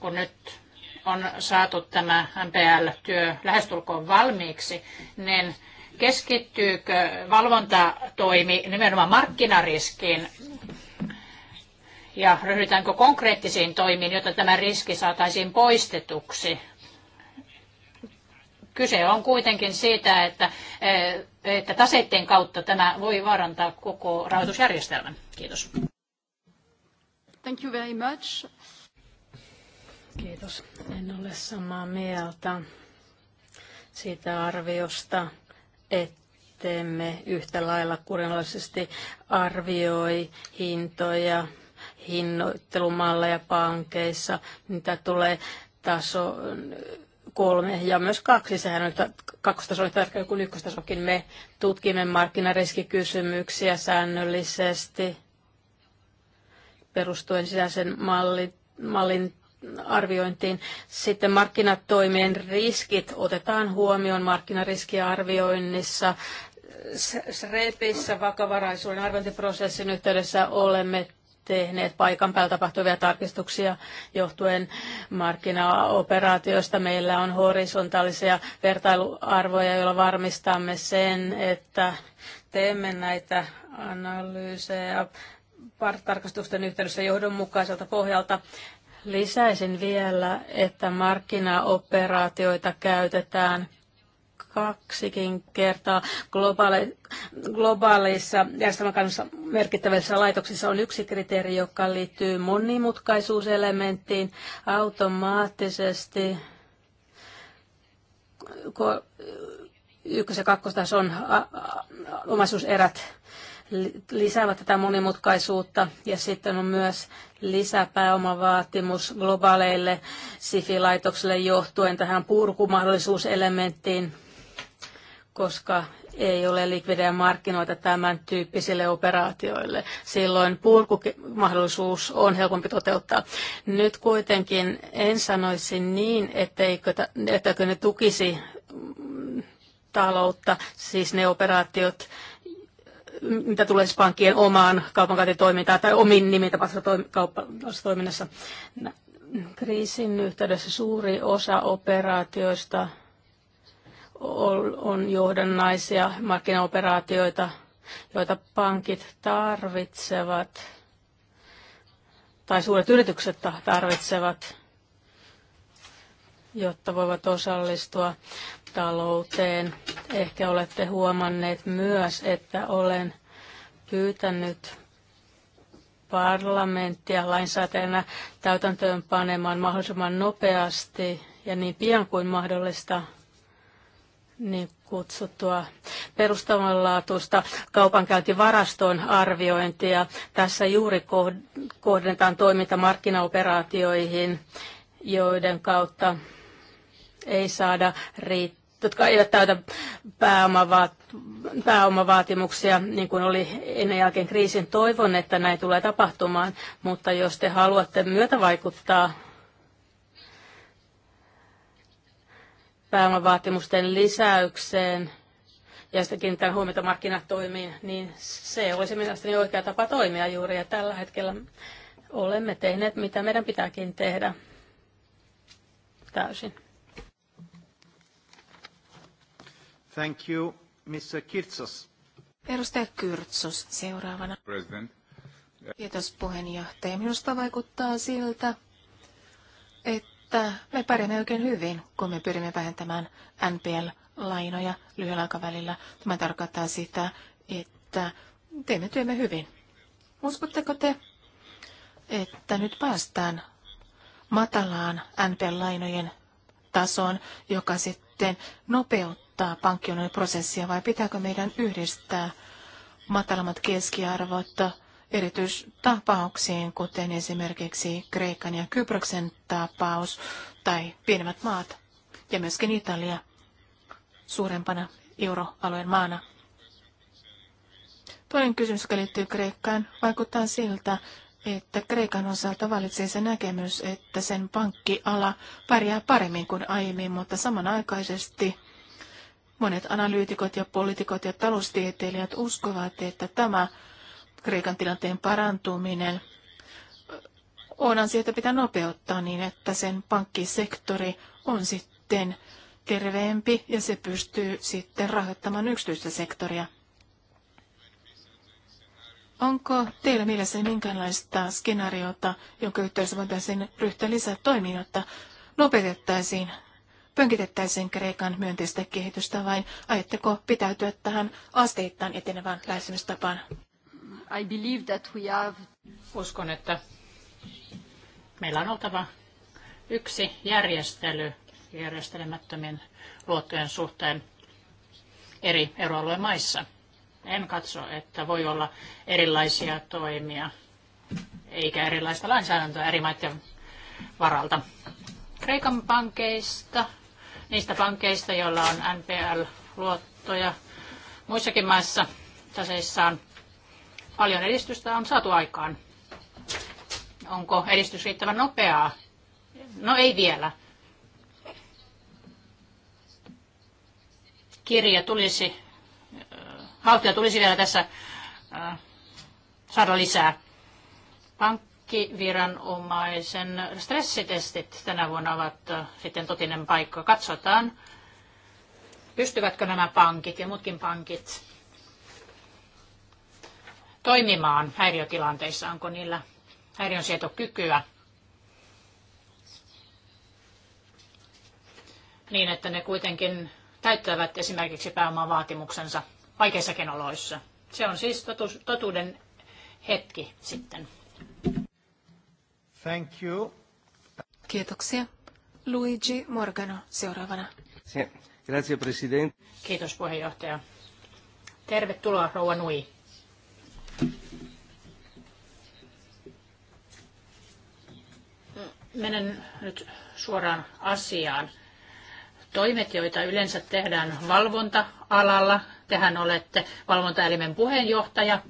Kun nyt on saatu tämä MPL-työ lähestulkoon valmiiksi, niin keskittyykö valvontatoimi nimenomaan markkinariskiin ja ryhdytäänkö konkreettisiin toimiin, jotta tämä riski saataisiin poistetuksi kyse on kuitenkin siitä, että, eh, että taseiden kautta tämä voi vaarantaa koko rahoitusjärjestelmän. Kiitos. Thank you very much. Kiitos. En ole samaa mieltä siitä arviosta, ettemme yhtä lailla kurinalaisesti arvioi hintoja, hinnoittelumalleja pankeissa, mitä tulee taso kolme ja myös kaksi on Kakkostaso oli ehkä kuin ykköstasokin. Me tutkimme markkinariskikysymyksiä säännöllisesti perustuen sisäisen malli, mallin arviointiin. Sitten markkinatoimien riskit otetaan huomioon markkinariskiarvioinnissa. SREPissä vakavaraisuuden arviointiprosessin yhteydessä olemme tehneet paikan päällä tapahtuvia tarkistuksia johtuen markkinaoperaatioista. Meillä on horisontaalisia vertailuarvoja, joilla varmistamme sen, että teemme näitä analyysejä tarkastusten yhteydessä johdonmukaiselta pohjalta. Lisäisin vielä, että markkinaoperaatioita käytetään – kaksikin kertaa globaali, globaalissa järjestelmäkannassa merkittävissä laitoksissa on yksi kriteeri, joka liittyy monimutkaisuuselementtiin automaattisesti. Ykkös- ja kakkostason omaisuuserät lisäävät tätä monimutkaisuutta ja sitten on myös lisäpääomavaatimus globaaleille SIFI-laitoksille johtuen tähän purkumahdollisuuselementtiin koska ei ole likvidejä markkinoita tämän tyyppisille operaatioille. Silloin purkumahdollisuus on helpompi toteuttaa. Nyt kuitenkin en sanoisi niin, etteikö, etteikö ne tukisi mm, taloutta, siis ne operaatiot, mitä tulee siis pankkien omaan kaupankäyntitoimintaan tai omin nimiin tapahtuvassa toiminnassa. Kriisin yhteydessä suuri osa operaatioista – on johdannaisia markkinaoperaatioita, joita pankit tarvitsevat tai suuret yritykset tarvitsevat, jotta voivat osallistua talouteen. Ehkä olette huomanneet myös, että olen pyytänyt parlamenttia lainsäätäjänä täytäntöön panemaan mahdollisimman nopeasti ja niin pian kuin mahdollista niin kutsuttua perustavanlaatuista kaupankäyntivaraston arviointia. Tässä juuri kohdentaan toiminta markkinaoperaatioihin, joiden kautta ei saada riittää jotka eivät täytä pääomavaatimuksia, niin kuin oli ennen jälkeen kriisin. Toivon, että näin tulee tapahtumaan, mutta jos te haluatte myötävaikuttaa pääomavaatimusten lisäykseen ja sitten kiinnittää huomiota markkinatoimiin, niin se olisi mielestäni oikea tapa toimia juuri. Ja tällä hetkellä olemme tehneet, mitä meidän pitääkin tehdä täysin. Thank you, Mr. Kirtsos. Edustaja Kyrtsos seuraavana. President. Kiitos puheenjohtaja. Minusta vaikuttaa siltä, että että me pärjäämme oikein hyvin, kun me pyrimme vähentämään NPL-lainoja lyhyellä aikavälillä. Tämä tarkoittaa sitä, että teemme työmme hyvin. Uskotteko te, että nyt päästään matalaan NPL-lainojen tasoon, joka sitten nopeuttaa pankkiunionin prosessia, vai pitääkö meidän yhdistää matalammat keskiarvot erityistapauksiin, kuten esimerkiksi Kreikan ja Kyproksen tapaus tai pienemmät maat ja myöskin Italia suurempana euroalueen maana. Toinen kysymys, joka liittyy Kreikkaan, vaikuttaa siltä, että Kreikan osalta valitsee se näkemys, että sen pankkiala pärjää paremmin kuin aiemmin, mutta samanaikaisesti monet analyytikot ja poliitikot ja taloustieteilijät uskovat, että tämä Kreikan tilanteen parantuminen on asioita pitää nopeuttaa niin, että sen pankkisektori on sitten terveempi ja se pystyy sitten rahoittamaan yksityistä sektoria. Onko teillä mielessä minkäänlaista skenaariota, jonka yhteydessä voitaisiin ryhtyä lisää toimiin, jotta nopeutettaisiin, pönkitettäisiin Kreikan myönteistä kehitystä vai ajatteko pitäytyä tähän asteittain etenevään lähestymistapaan? I believe that we have... Uskon, että meillä on oltava yksi järjestely järjestelemättömien luottojen suhteen eri euroalueen maissa. En katso, että voi olla erilaisia toimia eikä erilaista lainsäädäntöä eri maiden varalta. Kreikan pankeista, niistä pankeista, joilla on NPL-luottoja muissakin maissa taseissaan, Paljon edistystä on saatu aikaan. Onko edistys riittävän nopeaa? No ei vielä. Kirja tulisi, äh, haltia tulisi vielä tässä äh, saada lisää. Pankkiviranomaisen stressitestit tänä vuonna ovat äh, sitten totinen paikka. Katsotaan, pystyvätkö nämä pankit ja muutkin pankit toimimaan häiriötilanteissa? Onko niillä häiriönsietokykyä? Niin, että ne kuitenkin täyttävät esimerkiksi pääomavaatimuksensa vaikeissakin oloissa. Se on siis totu- totuuden hetki sitten. Thank you. Kiitoksia. Luigi Morgano seuraavana. Grazie, Presidente. Kiitos puheenjohtaja. Tervetuloa Rouva Nui. Menen nyt suoraan asiaan. Toimet, joita yleensä tehdään valvonta-alalla, tehän olette valvontaelimen puheenjohtaja.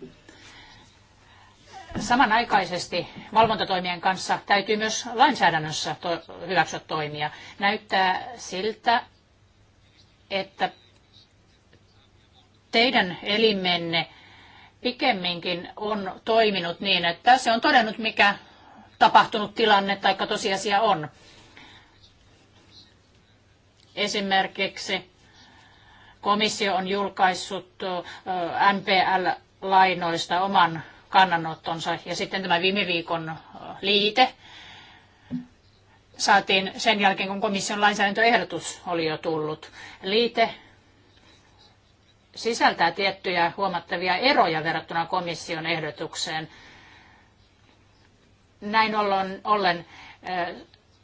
Samanaikaisesti valvontatoimien kanssa täytyy myös lainsäädännössä hyväksyä toimia. Näyttää siltä, että teidän elimenne pikemminkin on toiminut niin, että se on todennut, mikä tapahtunut tilanne tai tosiasia on. Esimerkiksi komissio on julkaissut NPL-lainoista oman kannanottonsa ja sitten tämä viime viikon liite saatiin sen jälkeen, kun komission lainsäädäntöehdotus oli jo tullut. Liite sisältää tiettyjä huomattavia eroja verrattuna komission ehdotukseen. Näin ollen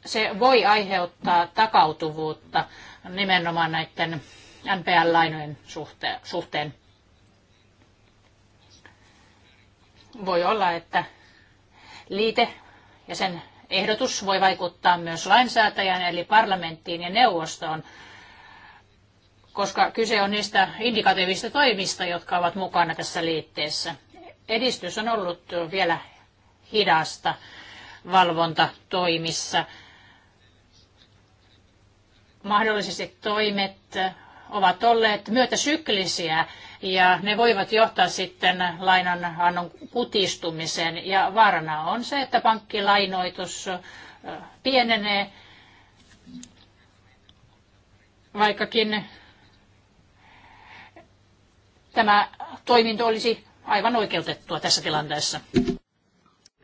se voi aiheuttaa takautuvuutta nimenomaan näiden NPL-lainojen suhteen. Voi olla, että liite ja sen ehdotus voi vaikuttaa myös lainsäätäjän eli parlamenttiin ja neuvostoon koska kyse on niistä indikatiivisista toimista, jotka ovat mukana tässä liitteessä. Edistys on ollut vielä hidasta valvontatoimissa. Mahdollisesti toimet ovat olleet myötäsyklisiä ja ne voivat johtaa sitten lainanannon kutistumiseen. Ja vaarana on se, että pankkilainoitus pienenee, vaikkakin tämä toiminto olisi aivan oikeutettua tässä tilanteessa.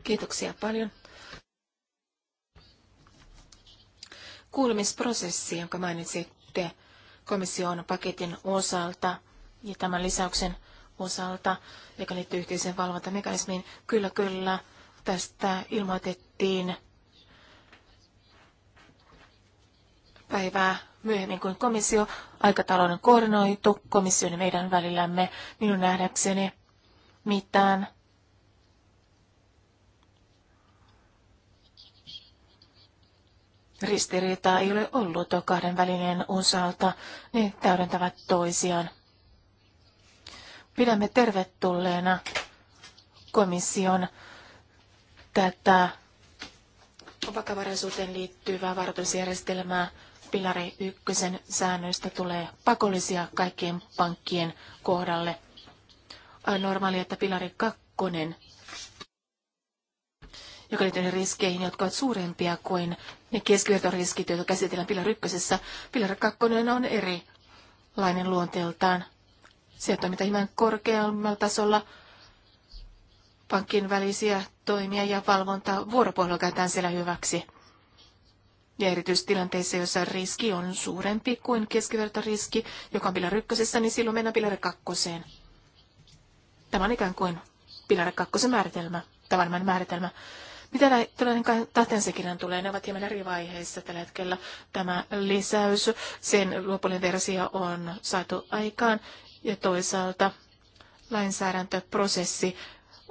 Kiitoksia paljon. Kuulemisprosessi, jonka mainitsitte komission paketin osalta ja tämän lisäyksen osalta, joka liittyy yhteiseen valvontamekanismiin, kyllä kyllä tästä ilmoitettiin päivää myöhemmin kuin komissio. on koordinoitu komission ja meidän välillämme minun nähdäkseni mitään Ristiriitaa ei ole ollut kahden välinen osalta, ne täydentävät toisiaan. Pidämme tervetulleena komission tätä vakavaraisuuteen liittyvää varoitusjärjestelmää pilari ykkösen säännöistä tulee pakollisia kaikkien pankkien kohdalle. On normaali, että pilari kakkonen, joka liittyy riskeihin, jotka ovat suurempia kuin ne keskivertoriskit, joita käsitellään pilari ykkösessä. Pilari kakkonen on erilainen luonteeltaan. Sieltä toimitaan hieman korkeammalla tasolla pankkien välisiä toimia ja valvontaa vuoropuhelua käytetään siellä hyväksi. Ja erityistilanteissa, joissa riski on suurempi kuin keskivertoriski, joka on pilari ykkösessä, niin silloin mennään pilari kakkoseen. Tämä on ikään kuin pilari kakkosen määritelmä, tavallinen määritelmä. Mitä näiden tahtensekirjan tulee, ne ovat hieman eri vaiheissa tällä hetkellä. Tämä lisäys, sen lopullinen versio on saatu aikaan ja toisaalta lainsäädäntöprosessi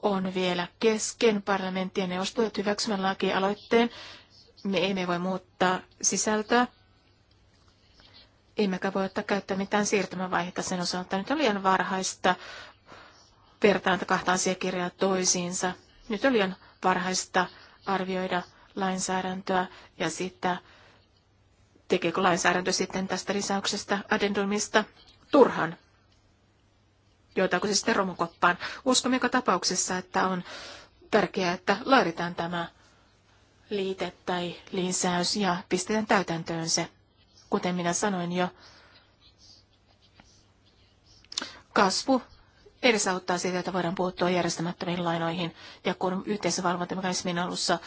on vielä kesken parlamenttien neuvostojen hyväksymän lakialoitteen, me emme voi muuttaa sisältöä, emmekä voi ottaa käyttöön mitään siirtymävaihetta sen osalta. Nyt on liian varhaista vertaan kahta asiakirjaa toisiinsa. Nyt on liian varhaista arvioida lainsäädäntöä ja sitä, tekeekö lainsäädäntö sitten tästä lisäyksestä addendumista turhan. Joitaanko se sitten romukoppaan? Uskomme joka tapauksessa, että on tärkeää, että laaditaan tämä liite tai lisäys ja pistetään täytäntöön se. Kuten minä sanoin jo, kasvu edesauttaa sitä, että voidaan puuttua järjestämättömiin lainoihin. Ja kun yhteisövalvontamekanismin alussa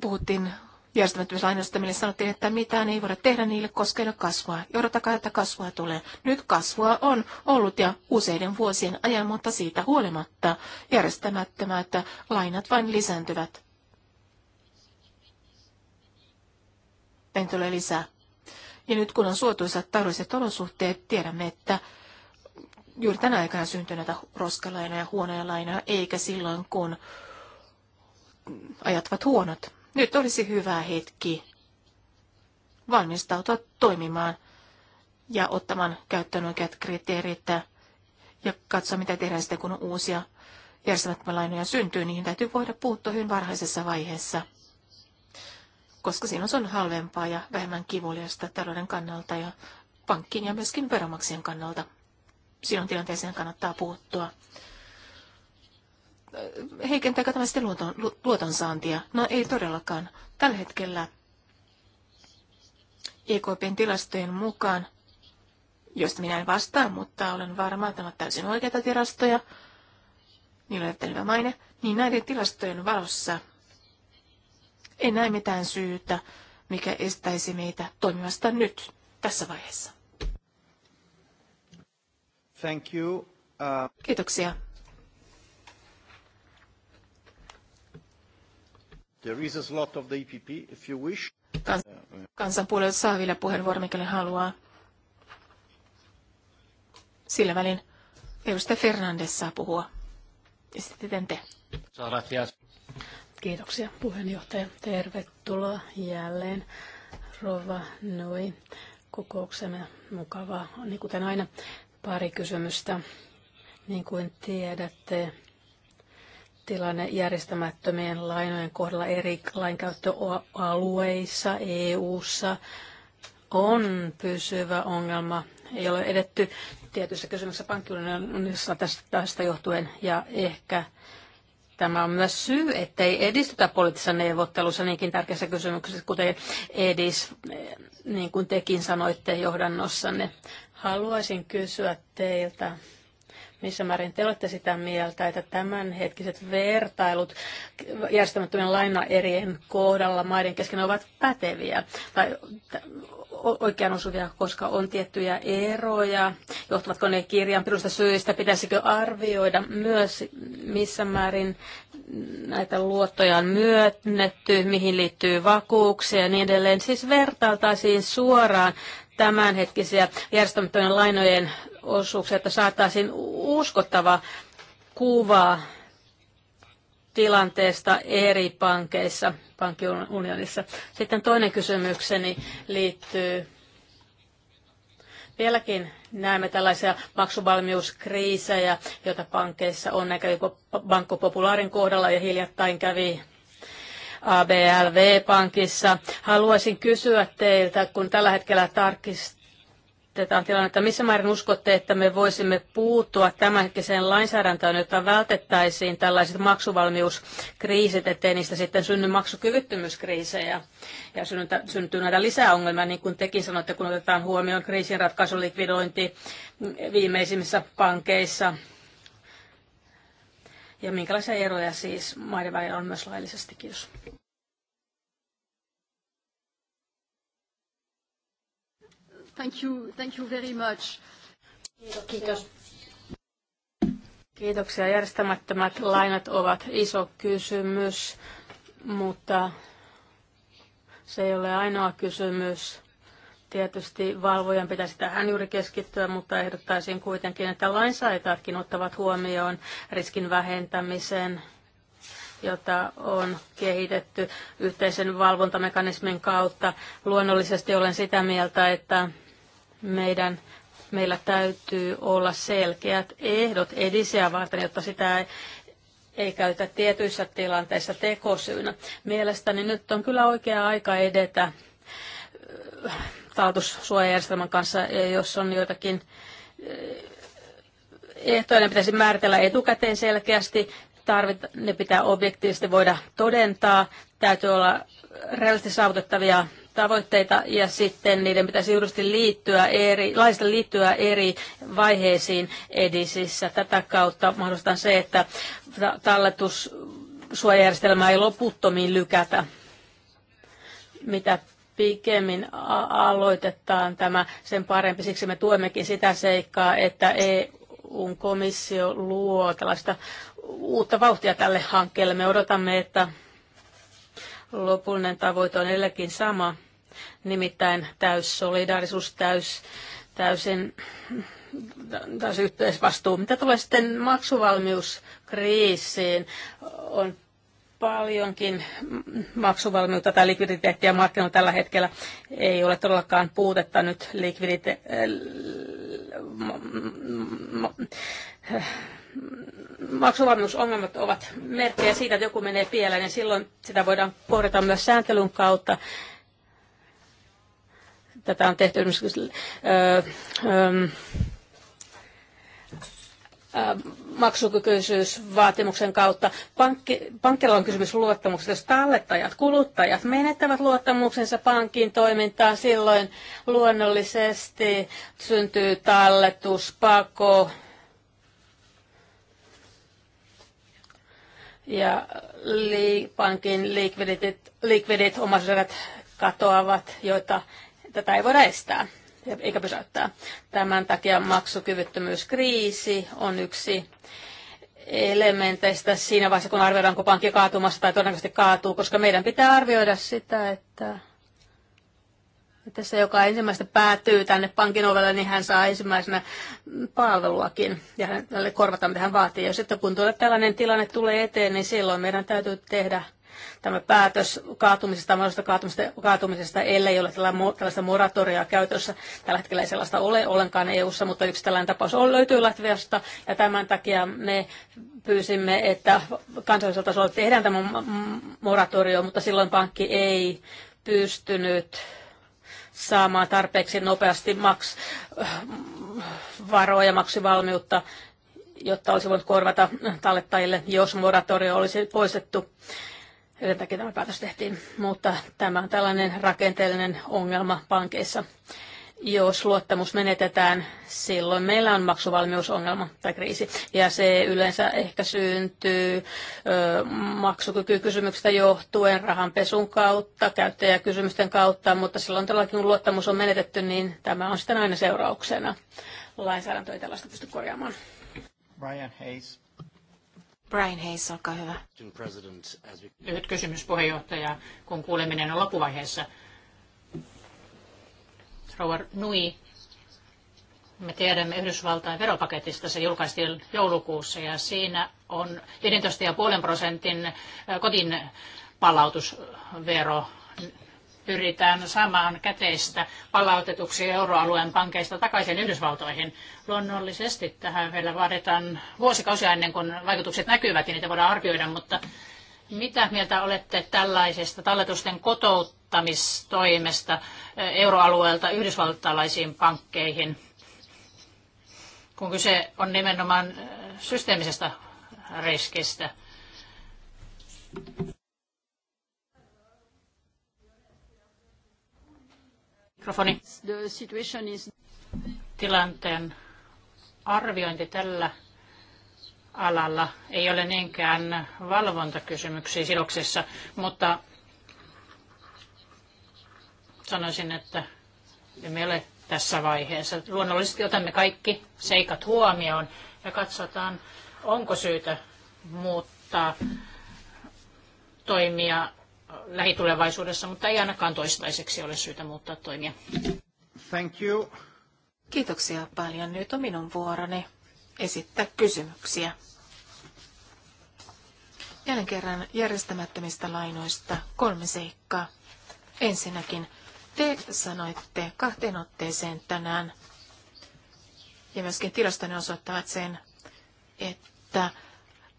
puhuttiin järjestämättömistä lainoista, mille sanottiin, että mitään ei voida tehdä niille, koska ei ole kasvua. Ja että kasvua tulee. Nyt kasvua on ollut ja useiden vuosien ajan, mutta siitä huolimatta järjestämättömät lainat vain lisääntyvät. sitten tulee lisää. Ja nyt kun on suotuisat taloudelliset olosuhteet, tiedämme, että juuri tänä aikana syntyy näitä roskalainoja ja huonoja lainoja, eikä silloin, kun ajat ovat huonot. Nyt olisi hyvä hetki valmistautua toimimaan ja ottamaan käyttöön oikeat kriteerit ja katsoa, mitä tehdään sitten, kun on uusia järjestelmät lainoja syntyy. Niihin täytyy voida puuttua hyvin varhaisessa vaiheessa koska sinun se on halvempaa ja vähemmän kivuliasta talouden kannalta ja pankkin ja myöskin veromaksien kannalta. sinun tilanteeseen kannattaa puuttua. Heikentääkö tämä sitten luoton, luotonsaantia? No ei todellakaan. Tällä hetkellä EKPn tilastojen mukaan, joista minä en vastaa, mutta olen varma, että ovat täysin oikeita tilastoja, niillä on maine, niin näiden tilastojen valossa – en näe mitään syytä, mikä estäisi meitä toimimasta nyt tässä vaiheessa. Thank you. Uh... Kiitoksia. There is a slot of the EPP, if you wish. Kans- kansanpuolelta saa vielä puheenvuoron, mikäli haluaa. Sillä välin edustaja Fernandes saa puhua. Ja sitten te. Gracias. Kiitoksia puheenjohtaja. Tervetuloa jälleen Rova Noi kokouksemme. Mukavaa, niin kuten aina, pari kysymystä. Niin kuin tiedätte, tilanne järjestämättömien lainojen kohdalla eri lainkäyttöalueissa, EU-ssa on pysyvä ongelma. Ei ole edetty tietyissä kysymyksissä pankkiunionissa tästä, tästä johtuen ja ehkä tämä on myös syy, ettei edistytä poliittisessa neuvottelussa niinkin tärkeässä kysymyksessä, kuten edis, niin kuin tekin sanoitte johdannossanne. Haluaisin kysyä teiltä, missä määrin te olette sitä mieltä, että tämänhetkiset vertailut järjestämättömien lainaerien kohdalla maiden kesken ovat päteviä? Tai oikean osuvia, koska on tiettyjä eroja. Johtuvatko ne kirjan perusta syistä? Pitäisikö arvioida myös, missä määrin näitä luottoja on myötnetty, mihin liittyy vakuuksia ja niin edelleen. Siis vertailtaisiin suoraan tämänhetkisiä järjestämättömien lainojen osuuksia, että saataisiin uskottava kuva tilanteesta eri pankeissa, pankkiunionissa. Sitten toinen kysymykseni liittyy vieläkin näemme tällaisia maksuvalmiuskriisejä, joita pankeissa on näkyy Banco Popularin kohdalla ja hiljattain kävi ABLV-pankissa. Haluaisin kysyä teiltä, kun tällä hetkellä tarkist tätä tilannetta. Missä määrin uskotte, että me voisimme puuttua tämänhetkiseen lainsäädäntöön, jotta vältettäisiin tällaiset maksuvalmiuskriisit, ettei niistä sitten synny maksukyvyttömyyskriisejä ja syntyy näitä lisäongelmia, niin kuin tekin sanoitte, kun otetaan huomioon kriisinratkaisulikvidointi viimeisimmissä pankeissa. Ja minkälaisia eroja siis maiden välillä on myös laillisesti? Kiitos. Thank you, thank you very much. Kiitos. Kiitoksia. Järjestämättömät lainat ovat iso kysymys, mutta se ei ole ainoa kysymys. Tietysti valvojan pitäisi tähän juuri keskittyä, mutta ehdottaisin kuitenkin, että lainsäätäjätkin ottavat huomioon riskin vähentämisen, jota on kehitetty yhteisen valvontamekanismin kautta. Luonnollisesti olen sitä mieltä, että meidän meillä täytyy olla selkeät ehdot edisiä varten, jotta sitä ei, ei käytä tietyissä tilanteissa tekosyynä. Mielestäni nyt on kyllä oikea aika edetä äh, taatussuojajärjestelmän kanssa, jos on joitakin äh, ehtoja, ne pitäisi määritellä etukäteen selkeästi, tarvita, ne pitää objektiivisesti voida todentaa, täytyy olla realistisesti saavutettavia tavoitteita ja sitten niiden pitäisi juuri liittyä eri, laista liittyä eri vaiheisiin edisissä. Tätä kautta mahdollistetaan se, että talletussuojajärjestelmää ei loputtomiin lykätä. Mitä pikemmin aloitetaan tämä, sen parempi. Siksi me tuemmekin sitä seikkaa, että EU-komissio luo tällaista uutta vauhtia tälle hankkeelle. Me odotamme, että lopullinen tavoite on edelläkin sama, nimittäin täys solidaarisuus, täys, täysin täys yhteisvastuu. Mitä tulee sitten maksuvalmiuskriisiin, on paljonkin maksuvalmiutta tai likviditeettiä markkinoilla tällä hetkellä. Ei ole todellakaan puutetta nyt likvidite- maksuvalmiusongelmat ovat merkkejä siitä, että joku menee pieleen ja silloin sitä voidaan korjata myös sääntelyn kautta Tätä on tehty esimerkiksi öö, öö, maksukykyisyysvaatimuksen kautta. Pankki, pankkilla on kysymys luottamuksesta. Jos tallettajat, kuluttajat menettävät luottamuksensa pankin toimintaan, silloin luonnollisesti syntyy talletuspako. pako ja li, pankin likvidit, likvidit omaisuudet katoavat, joita tätä ei voida estää eikä pysäyttää. Tämän takia maksukyvyttömyyskriisi on yksi elementeistä siinä vaiheessa, kun arvioidaan, kun pankki kaatumassa tai todennäköisesti kaatuu, koska meidän pitää arvioida sitä, että että se, joka ensimmäistä päätyy tänne pankin ovelle, niin hän saa ensimmäisenä palveluakin ja hänelle korvataan, mitä hän vaatii. Ja sitten kun tulee tuota tällainen tilanne tulee eteen, niin silloin meidän täytyy tehdä tämä päätös kaatumisesta, mahdollisesta kaatumisesta, kaatumisesta ellei ole tällaista moratoriaa käytössä. Tällä hetkellä ei sellaista ole ollenkaan EU-ssa, mutta yksi tällainen tapaus on, löytyy Latviasta ja tämän takia me pyysimme, että kansallisella tasolla tehdään tämä moratorio, mutta silloin pankki ei pystynyt saamaan tarpeeksi nopeasti maks, varoja, maksivalmiutta, jotta olisi voinut korvata tallettajille, jos moratorio olisi poistettu. Sen takia tämä päätös tehtiin. Mutta tämä on tällainen rakenteellinen ongelma pankeissa. Jos luottamus menetetään, silloin meillä on maksuvalmiusongelma tai kriisi. Ja se yleensä ehkä syntyy ö, maksukykykysymyksistä johtuen, rahanpesun kautta, käyttäjäkysymysten kautta, mutta silloin todellakin kun luottamus on menetetty, niin tämä on sitten aina seurauksena. Lainsäädäntö ei tällaista pysty korjaamaan. Ryan Hayes. Brian Hayes, olkaa hyvä. Lyhyt kysymys puheenjohtaja, kun kuuleminen on loppuvaiheessa. Rouva Nui, me tiedämme Yhdysvaltain veropaketista, se julkaistiin joulukuussa ja siinä on 15,5 prosentin kotin palautusvero pyritään saamaan käteistä palautetuksi euroalueen pankeista takaisin Yhdysvaltoihin. Luonnollisesti tähän vielä vaaditaan vuosikausia ennen kuin vaikutukset näkyvät ja niitä voidaan arvioida, mutta mitä mieltä olette tällaisesta talletusten kotouttamistoimesta eh, euroalueelta yhdysvaltalaisiin pankkeihin, kun kyse on nimenomaan eh, systeemisestä riskistä? Mikrofoni. The situation is... Tilanteen arviointi tällä alalla ei ole niinkään valvontakysymyksiä sidoksessa, mutta sanoisin, että emme ole tässä vaiheessa. Luonnollisesti otamme kaikki seikat huomioon ja katsotaan, onko syytä muuttaa toimia lähitulevaisuudessa, mutta ei ainakaan toistaiseksi ole syytä muuttaa toimia. Thank you. Kiitoksia paljon. Nyt on minun vuoroni esittää kysymyksiä. Jälleen kerran järjestämättömistä lainoista kolme seikkaa. Ensinnäkin te sanoitte kahteen otteeseen tänään, ja myöskin tilastoni osoittavat sen, että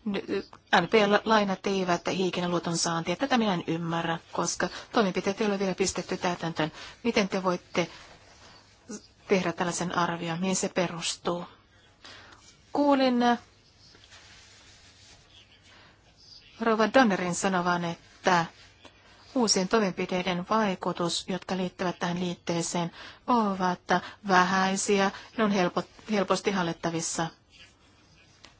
mp lainat eivät hiikinä luoton saantia. Tätä minä en ymmärrä, koska toimenpiteet ei ole vielä pistetty täytäntöön. Miten te voitte tehdä tällaisen arvion? Mihin se perustuu? Kuulin Rova Donnerin sanovan, että uusien toimenpiteiden vaikutus, jotka liittyvät tähän liitteeseen, ovat vähäisiä. Ne on helposti hallittavissa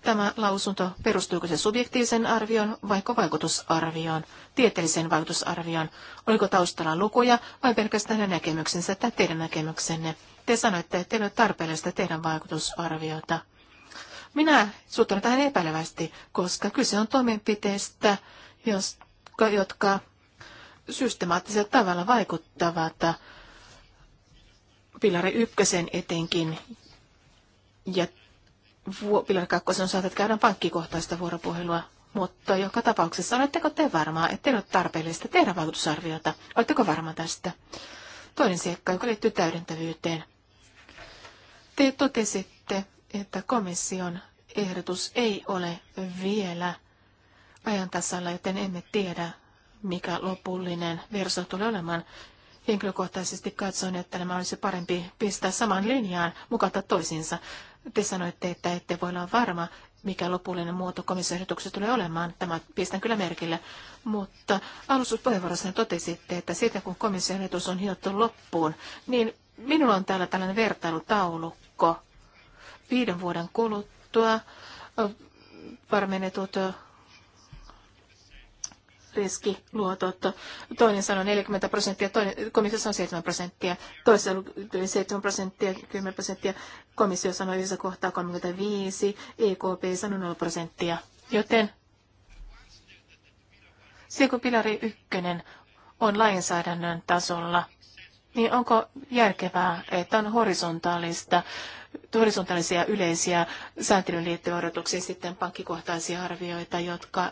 tämä lausunto, perustuuko se subjektiivisen arvioon vai vaikutusarvioon, tieteelliseen vaikutusarvioon? Oliko taustalla lukuja vai pelkästään näkemyksensä tai teidän näkemyksenne? Te sanoitte, että teillä on tarpeellista teidän vaikutusarviota. Minä suhtaudun tähän epäilevästi, koska kyse on toimenpiteistä, jotka, jotka systemaattisella tavalla vaikuttavat pilari ykkösen etenkin ja Pilar Kakkosen osalta, että käydään pankkikohtaista vuoropuhelua, mutta joka tapauksessa oletteko te varmaa, että teillä on tarpeellista tehdä vaikutusarviota? Oletteko varma tästä? Toinen seikka, joka liittyy täydentävyyteen. Te totesitte, että komission ehdotus ei ole vielä ajan tasalla, joten emme tiedä, mikä lopullinen verso tulee olemaan. Henkilökohtaisesti katsoin, että nämä olisi parempi pistää saman linjaan mukata toisiinsa. Te sanoitte, että ette voi olla varma, mikä lopullinen muoto komission tulee olemaan. Tämä pistän kyllä merkille. Mutta alustuspuheenvuorossa totesitte, että siitä kun komission on hiottu loppuun, niin minulla on täällä tällainen vertailutaulukko. Viiden vuoden kuluttua varmennetut riskiluotot. Toinen sanoi 40 prosenttia, toinen, komissio sanoi 7 prosenttia, toisessa 7 prosenttia, 10 prosenttia, komissio sanoi yhdessä kohtaa 35, EKP sanoi 0 prosenttia. Joten se, kun pilari ykkönen on lainsäädännön tasolla, niin onko järkevää, että on horisontaalista, horisontaalisia yleisiä sääntelyyn liittyviä odotuksia sitten pankkikohtaisia arvioita, jotka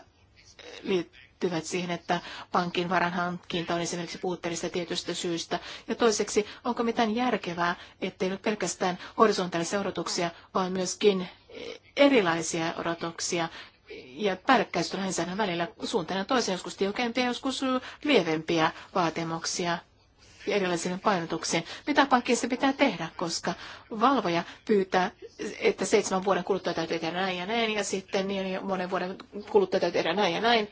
liittyvät siihen, että pankin varanhankinta on esimerkiksi puutteellista tietystä syystä? Ja toiseksi, onko mitään järkevää, ettei ole pelkästään horisontaalisia odotuksia, vaan myöskin erilaisia odotuksia ja päällekkäistä lainsäädännön välillä suuntana toiseen joskus tiukempia, joskus lievempiä vaatimuksia ja erilaisiin painotuksiin. Mitä pankissa pitää tehdä, koska valvoja pyytää, että seitsemän vuoden kuluttua täytyy tehdä näin ja näin, ja sitten niin monen vuoden kuluttua täytyy tehdä näin ja näin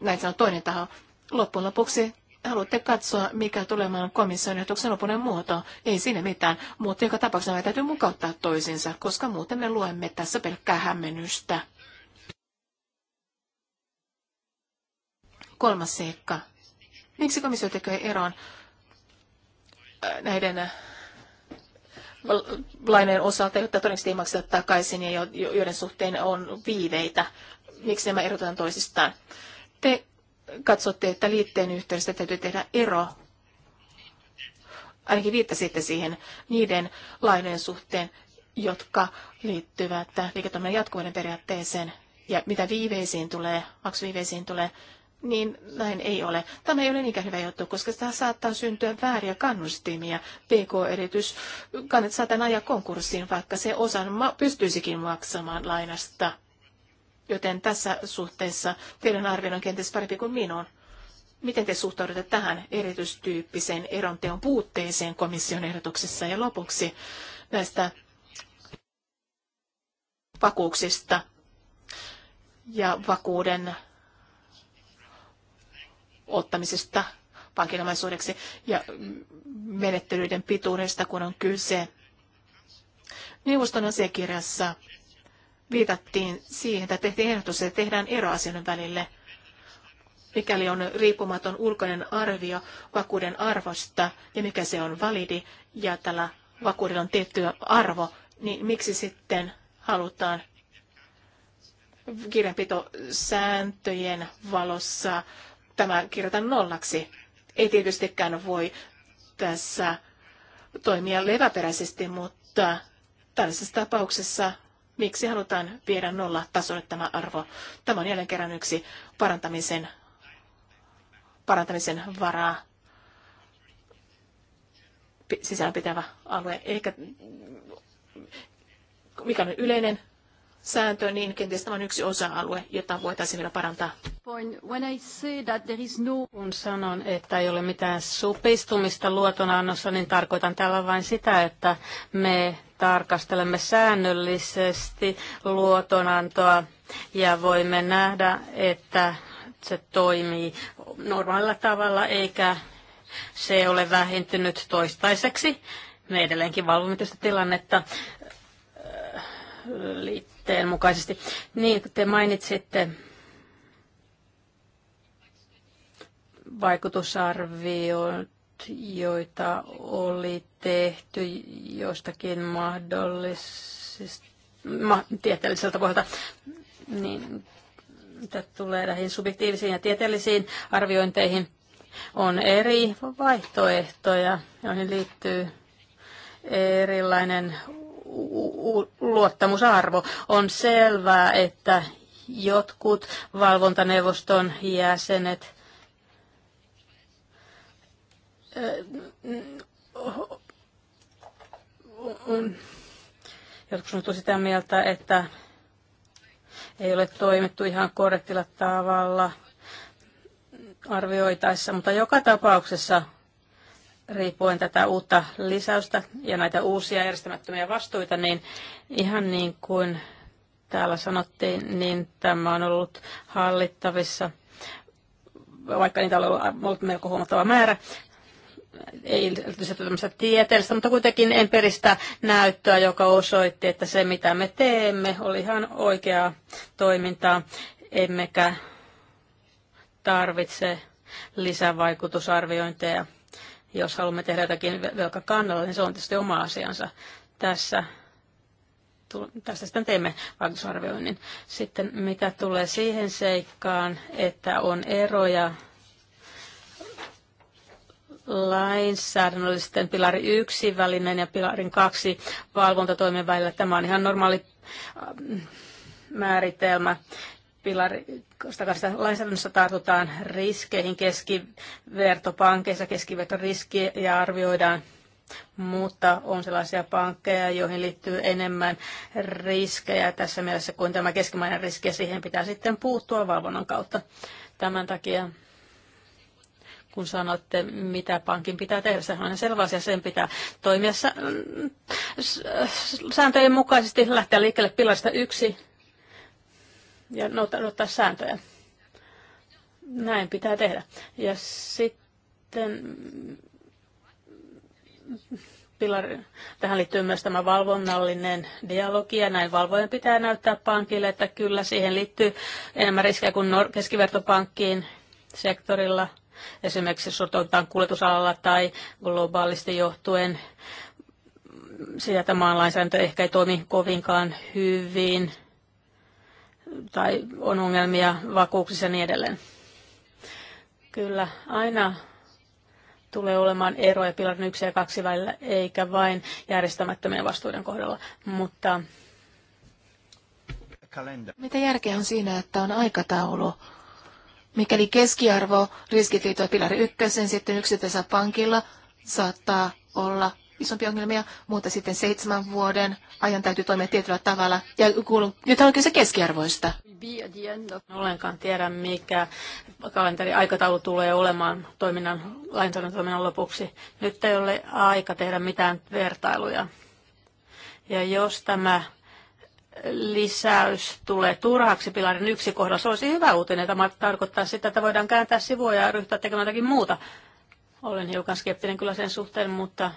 näin sanoo toinen taho. Loppujen lopuksi haluatte katsoa, mikä tulemaan komission ehdotuksen lopunen muoto. Ei siinä mitään, mutta joka tapauksessa meidän täytyy mukauttaa toisinsa, koska muuten me luemme tässä pelkkää hämmennystä. Kolmas seikka. Miksi komissio tekee eron äh, näiden äh, lainojen osalta, jotta todennäköisesti ei makseta takaisin ja joiden suhteen on viiveitä miksi nämä erotetaan toisistaan. Te katsotte, että liitteen yhteydessä täytyy tehdä ero, ainakin viittasitte siihen niiden lainojen suhteen, jotka liittyvät liiketoiminnan jatkuvuuden periaatteeseen ja mitä viiveisiin tulee, maksuviiveisiin tulee, niin näin ei ole. Tämä ei ole niinkään hyvä juttu, koska sitä saattaa syntyä vääriä kannustimia. PK-eritys kannattaa saatan ajaa konkurssiin, vaikka se osan pystyisikin maksamaan lainasta. Joten tässä suhteessa teidän arvioon on kenties parempi kuin minun. Miten te suhtaudutte tähän erityistyyppiseen eronteon puutteeseen komission ehdotuksessa? Ja lopuksi näistä vakuuksista ja vakuuden ottamisesta pankinomaisuudeksi ja menettelyiden pituudesta, kun on kyse. Neuvoston asiakirjassa viitattiin siihen, että tehtiin ehdotus, että tehdään eroasioiden välille, mikäli on riippumaton ulkoinen arvio vakuuden arvosta ja mikä se on validi ja tällä vakuudella on tietty arvo, niin miksi sitten halutaan kirjanpitosääntöjen valossa tämä kirjata nollaksi. Ei tietystikään voi tässä toimia leväperäisesti, mutta tällaisessa tapauksessa Miksi halutaan viedä nolla tasolle tämä arvo? Tämä on jälleen kerran yksi parantamisen, parantamisen varaa sisäänpitävä alue. Eikä mikä on yleinen sääntö, niin kenties tämä on yksi osa-alue, jota voitaisiin vielä parantaa. No... Kun sanon, että ei ole mitään supistumista luotonannossa, niin tarkoitan tällä vain sitä, että me tarkastelemme säännöllisesti luotonantoa ja voimme nähdä, että se toimii normaalilla tavalla eikä se ole vähentynyt toistaiseksi. Me edelleenkin valvomme tästä tilannetta liittyen äh, tavoitteen mukaisesti. Niin kuin te mainitsitte, vaikutusarviot, joita oli tehty jostakin mahdollisista ma- tieteelliseltä pohjalta, niin mitä tulee näihin subjektiivisiin ja tieteellisiin arviointeihin, on eri vaihtoehtoja, joihin liittyy erilainen luottamusarvo. On selvää, että jotkut valvontaneuvoston jäsenet jotkut ovat sitä mieltä, että ei ole toimittu ihan korrektilla tavalla arvioitaessa, mutta joka tapauksessa riippuen tätä uutta lisäystä ja näitä uusia järjestämättömiä vastuita, niin ihan niin kuin täällä sanottiin, niin tämä on ollut hallittavissa, vaikka niitä on ollut melko huomattava määrä, ei lisätty tämmöistä tieteellistä, mutta kuitenkin emperistä näyttöä, joka osoitti, että se mitä me teemme oli ihan oikeaa toimintaa, emmekä tarvitse lisävaikutusarviointeja jos haluamme tehdä jotakin velkakannalla, niin se on tietysti oma asiansa. Tässä tästä sitten teemme vaikutusarvioinnin. Sitten mitä tulee siihen seikkaan, että on eroja lainsäädännöllisten pilari 1 välinen ja pilarin 2 valvontatoimen välillä. Tämä on ihan normaali äh, määritelmä pilari, lainsäädännössä tartutaan riskeihin keskivertopankkeissa, keskiverto ja arvioidaan, mutta on sellaisia pankkeja, joihin liittyy enemmän riskejä tässä mielessä kuin tämä keskimäinen riski, ja siihen pitää sitten puuttua valvonnan kautta. Tämän takia kun sanotte, mitä pankin pitää tehdä. Se on selvä asia, sen pitää toimia sääntöjen mukaisesti, lähteä liikkeelle pilasta yksi, ja noudattaa sääntöjä. Näin pitää tehdä. Ja sitten pilari, tähän liittyy myös tämä valvonnallinen dialogi, ja näin valvojen pitää näyttää pankille, että kyllä siihen liittyy enemmän riskejä kuin keskivertopankkiin sektorilla, esimerkiksi sototaan kuljetusalalla tai globaalisti johtuen sitä, että maan lainsäädäntö ehkä ei toimi kovinkaan hyvin – tai on ongelmia vakuuksissa ja niin edelleen. Kyllä, aina tulee olemaan eroja pilarin yksi ja kaksi välillä, eikä vain järjestämättömien vastuuden kohdalla, mutta... Mitä järkeä on siinä, että on aikataulu? Mikäli keskiarvo riskit liittyvät pilari ykkösen, sitten yksityisellä pankilla saattaa olla isompia ongelmia, mutta sitten seitsemän vuoden ajan täytyy toimia tietyllä tavalla. Ja kuulun, nyt on kyse keskiarvoista. Ollenkaan tiedä, mikä aikataulu tulee olemaan toiminnan, toiminnan lopuksi. Nyt ei ole aika tehdä mitään vertailuja. Ja jos tämä lisäys tulee turhaksi pilarin yksi kohdalla, se olisi hyvä uutinen. Tämä tarkoittaa sitä, että voidaan kääntää sivuja ja ryhtyä tekemään jotakin muuta. Olen hiukan skeptinen kyllä sen suhteen, mutta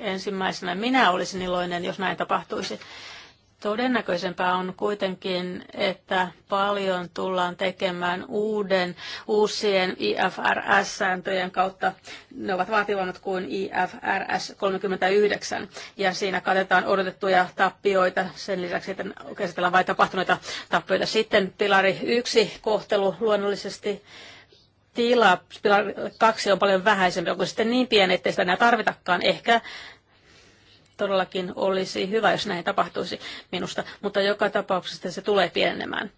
ensimmäisenä minä olisin iloinen, jos näin tapahtuisi. Todennäköisempää on kuitenkin, että paljon tullaan tekemään uuden, uusien IFRS-sääntöjen kautta. Ne ovat vaativammat kuin IFRS 39, ja siinä katetaan odotettuja tappioita. Sen lisäksi että käsitellään vain tapahtuneita tappioita. Sitten pilari 1 kohtelu luonnollisesti tila, pilar kaksi on paljon vähäisempi. Onko sitten niin pieni, ettei sitä enää tarvitakaan? Ehkä todellakin olisi hyvä, jos näin tapahtuisi minusta, mutta joka tapauksessa se tulee pienenemään.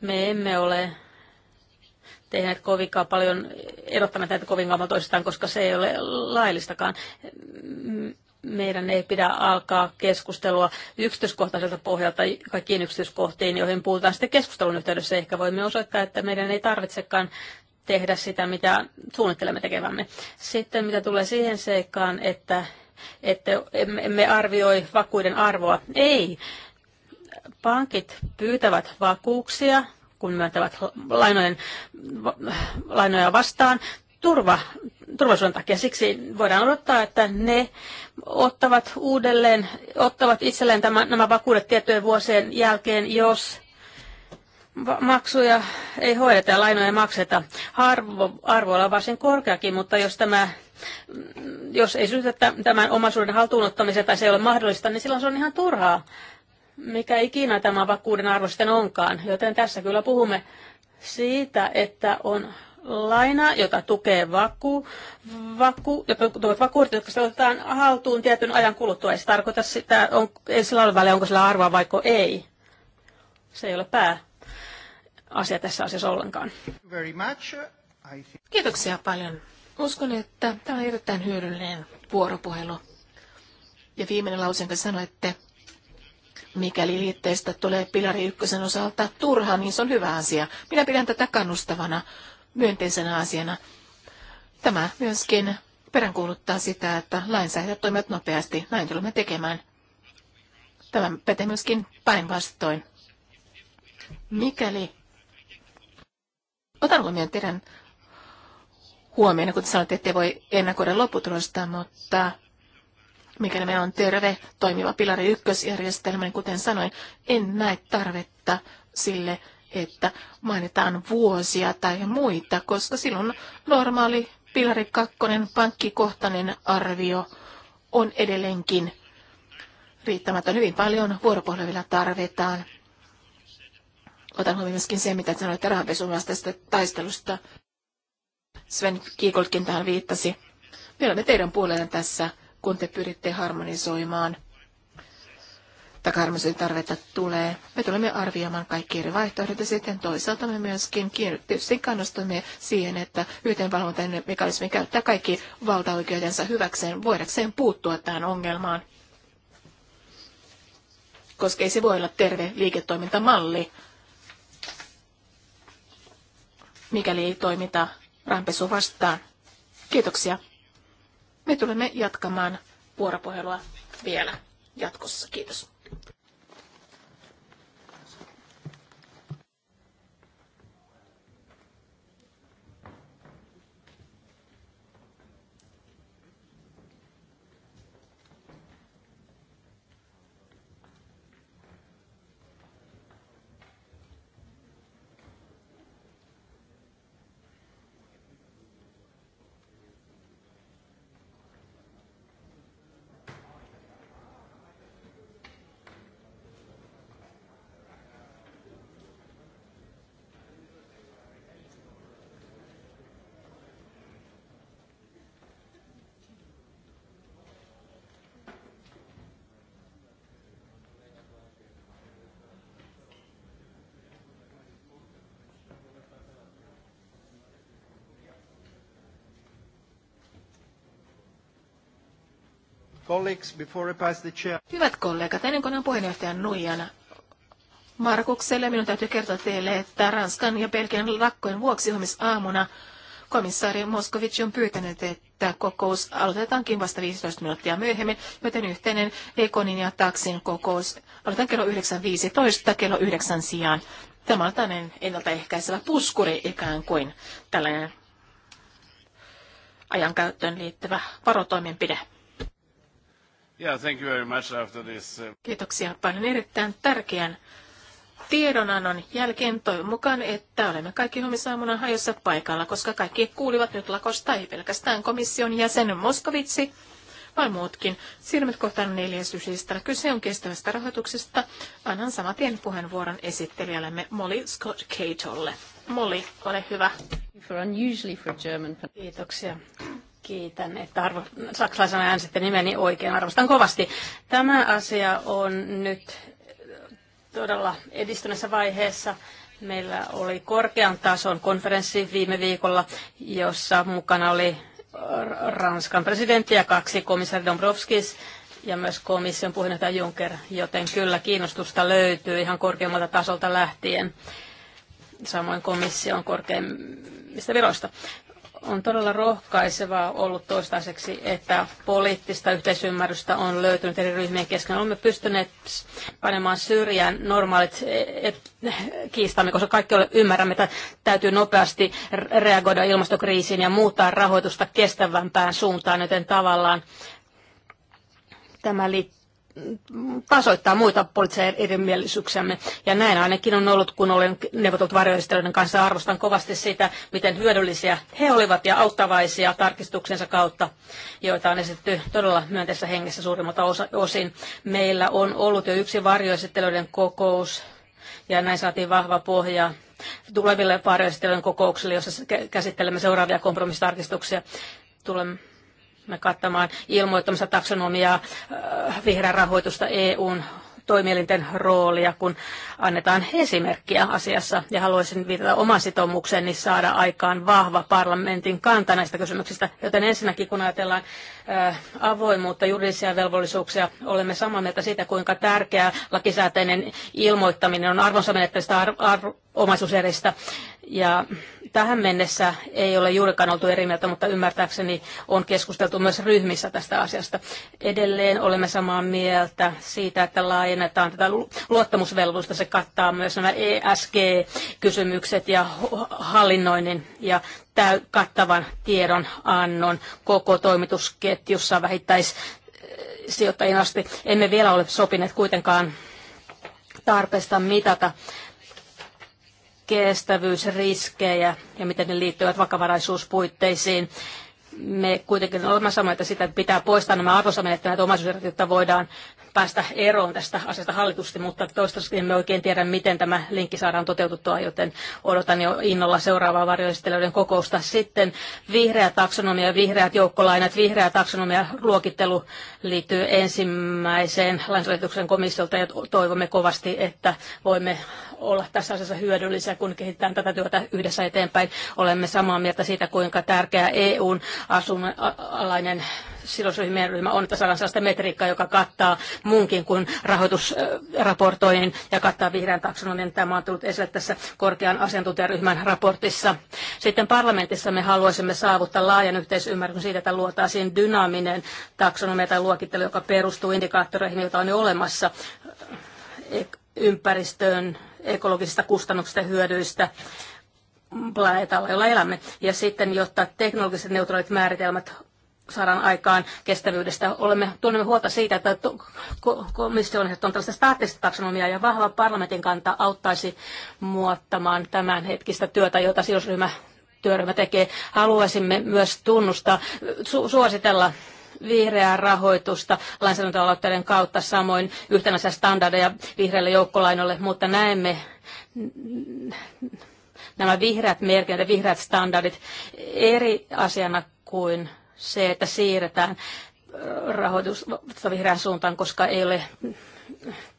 Me emme ole tehneet kovinkaan paljon, erottaneet näitä kovinkaan toisistaan, koska se ei ole laillistakaan. Meidän ei pidä alkaa keskustelua yksityiskohtaiselta pohjalta kaikkiin yksityiskohtiin, joihin puhutaan sitten keskustelun yhteydessä. Ehkä voimme osoittaa, että meidän ei tarvitsekaan tehdä sitä, mitä suunnittelemme tekevämme. Sitten mitä tulee siihen seikkaan, että, että emme arvioi vakuuden arvoa. Ei. Pankit pyytävät vakuuksia, kun myöntävät lainojen, lainoja vastaan, turva, turvallisuuden takia. Siksi voidaan odottaa, että ne ottavat uudelleen, ottavat itselleen tämän, nämä vakuudet tiettyjen vuosien jälkeen, jos maksuja ei hoideta ja lainoja makseta. Arvo, arvoilla on varsin korkeakin, mutta jos tämä mm, jos ei syytä tämän omaisuuden haltuunottamisen tai se ei ole mahdollista, niin silloin se on ihan turhaa, mikä ikinä tämä vakuuden arvo sitten onkaan. Joten tässä kyllä puhumme siitä, että on laina, jota tukee vaku, vaku, tuovat vakuudet, jotka se otetaan haltuun tietyn ajan kuluttua. Ei se tarkoita sitä, on, ei sillä ole väliä, onko sillä arvoa vai ei. Se ei ole pää asia tässä asiassa ollenkaan. Kiitoksia paljon. Uskon, että tämä on erittäin hyödyllinen vuoropuhelu. Ja viimeinen lause, jonka sanoitte, mikäli liitteestä tulee pilari ykkösen osalta turha, niin se on hyvä asia. Minä pidän tätä kannustavana, myönteisenä asiana. Tämä myöskin peräänkuuluttaa sitä, että lainsäädäntö toimivat nopeasti. Näin tulemme tekemään. Tämä pätee myöskin päinvastoin. Mikäli Otan huomioon teidän huomioon, kun te sanotte, että voi ennakoida lopputulosta, mutta mikä meillä on terve, toimiva pilari ykkösjärjestelmä, niin kuten sanoin, en näe tarvetta sille, että mainitaan vuosia tai muita, koska silloin normaali pilari kakkonen pankkikohtainen arvio on edelleenkin riittämätön. Hyvin paljon vuoropohjelmilla tarvitaan Otan huomioon myöskin se, mitä sanoitte rahanpesun vastaisesta taistelusta. Sven Kiikoltkin tähän viittasi. Me olemme teidän puolella tässä, kun te pyritte harmonisoimaan takarmaisen tarvetta tulee. Me tulemme arvioimaan kaikki eri vaihtoehdot ja sitten toisaalta me myöskin tietysti kannustamme siihen, että yhteenvalvontainen mekanismi käyttää kaikki valtaoikeutensa hyväkseen voidakseen puuttua tähän ongelmaan. Koska ei se voi olla terve liiketoimintamalli mikäli ei toimita rahanpesu vastaan. Kiitoksia. Me tulemme jatkamaan vuoropuhelua vielä jatkossa. Kiitos. Hyvät kollegat, ennen kuin on puheenjohtajan nuijan Markukselle minun täytyy kertoa teille, että Ranskan ja Belgian lakkojen vuoksi huomisaamuna komissaari Moskovic on pyytänyt, että kokous aloitetaankin vasta 15 minuuttia myöhemmin, joten yhteinen Ekonin ja Taksin kokous aloitetaan kello 9.15 kello 9 sijaan. Tämä on tämmöinen ennaltaehkäisevä puskuri ikään kuin tällainen ajankäyttöön liittyvä varotoimenpide. Uh, Kiitoksia paljon erittäin tärkeän tiedonannon jälkeen toivon mukaan, että olemme kaikki huomisaamuna hajossa paikalla, koska kaikki kuulivat nyt lakosta ei pelkästään komission jäsen Moskovitsi, vaan muutkin. Silmät kohtaan neljäsysistä. Kyse on kestävästä rahoituksesta. Annan samatien puheenvuoron esittelijällemme Molly Scott Catolle. Molly, ole hyvä. Kiitoksia. Kiitän, että arvo, saksalaisena äänsitte nimeni oikein. Arvostan kovasti. Tämä asia on nyt todella edistyneessä vaiheessa. Meillä oli korkean tason konferenssi viime viikolla, jossa mukana oli Ranskan presidentti ja kaksi komissaari Dombrovskis ja myös komission puheenjohtaja Juncker, joten kyllä kiinnostusta löytyy ihan korkeammalta tasolta lähtien, samoin komission korkeimmista viroista. On todella rohkaisevaa ollut toistaiseksi, että poliittista yhteisymmärrystä on löytynyt eri ryhmien kesken. Olemme pystyneet panemaan syrjään normaalit e, kiistamme, koska kaikki ymmärrämme, että täytyy nopeasti reagoida ilmastokriisiin ja muuttaa rahoitusta kestävämpään suuntaan, joten tavallaan tämä liittyy tasoittaa muita poliittisia erimielisyyksiämme. Ja näin ainakin on ollut, kun olen neuvotellut varjoistelijoiden kanssa. Arvostan kovasti sitä, miten hyödyllisiä he olivat ja auttavaisia tarkistuksensa kautta, joita on esitetty todella myönteisessä hengessä suurimmalta osin. Meillä on ollut jo yksi varjoistelijoiden kokous ja näin saatiin vahva pohja tuleville varjoistelijoiden kokouksille, jossa käsittelemme seuraavia kompromissitarkistuksia. Tulemme me kattamaan ilmoittamista taksonomiaa, äh, vihreän rahoitusta EUn toimielinten roolia, kun annetaan esimerkkiä asiassa. Ja haluaisin viitata oman sitoumukseni niin saada aikaan vahva parlamentin kanta näistä kysymyksistä. Joten ensinnäkin, kun ajatellaan avoimuutta, juridisia velvollisuuksia. Olemme samaa mieltä siitä, kuinka tärkeää lakisääteinen ilmoittaminen on arvonsa ar- ar- omaisuuseristä. Ja tähän mennessä ei ole juurikaan oltu eri mieltä, mutta ymmärtääkseni on keskusteltu myös ryhmissä tästä asiasta. Edelleen olemme samaa mieltä siitä, että laajennetaan tätä luottamusvelvollisuutta. Se kattaa myös nämä ESG-kysymykset ja hallinnoinnin. Ja kattavan tiedon annon koko toimitusketjussa vähittäis sijoittajien asti. Emme vielä ole sopineet kuitenkaan tarpeesta mitata kestävyysriskejä ja miten ne liittyvät vakavaraisuuspuitteisiin. Me kuitenkin olemme samaa, että sitä pitää poistaa nämä arvosamenettelyt omaisuusjärjestelmät, jotta voidaan päästä eroon tästä asiasta hallitusti, mutta toistaiseksi emme oikein tiedä, miten tämä linkki saadaan toteutettua, joten odotan jo innolla seuraavaa varjoistelijoiden kokousta. Sitten vihreä taksonomia, vihreät joukkolainat, vihreä taksonomia luokittelu liittyy ensimmäiseen lainsäädäntöksen komissiolta ja toivomme kovasti, että voimme olla tässä asiassa hyödyllisiä, kun kehitetään tätä työtä yhdessä eteenpäin. Olemme samaa mieltä siitä, kuinka tärkeä EUn asunnon alainen sidosryhmien ryhmä on, että saadaan sellaista metriikkaa, joka kattaa muunkin kuin rahoitusraportoinnin ja kattaa vihreän taksonomian. Tämä on tullut esille tässä korkean asiantuntijaryhmän raportissa. Sitten parlamentissa me haluaisimme saavuttaa laajan yhteisymmärryksen siitä, että luotaisiin dynaaminen taksonomia tai luokittelu, joka perustuu indikaattoreihin, joita on jo olemassa e-, ympäristöön, ekologisista kustannuksista ja hyödyistä planeetalla, jolla elämme. Ja sitten, jotta teknologiset neutraalit määritelmät saadaan aikaan kestävyydestä. Olemme, tunnemme huolta siitä, että komissio on tällaista staattista taksonomiaa ja vahva parlamentin kanta auttaisi muottamaan tämän hetkistä työtä, jota sidosryhmä työryhmä tekee. Haluaisimme myös tunnustaa, su- suositella vihreää rahoitusta lainsäädäntöaloitteiden kautta, samoin yhtenäisiä standardeja vihreälle joukkolainolle, mutta näemme nämä vihreät merkinnät ja vihreät standardit eri asiana kuin se, että siirretään rahoitusta vihreään suuntaan, koska ei ole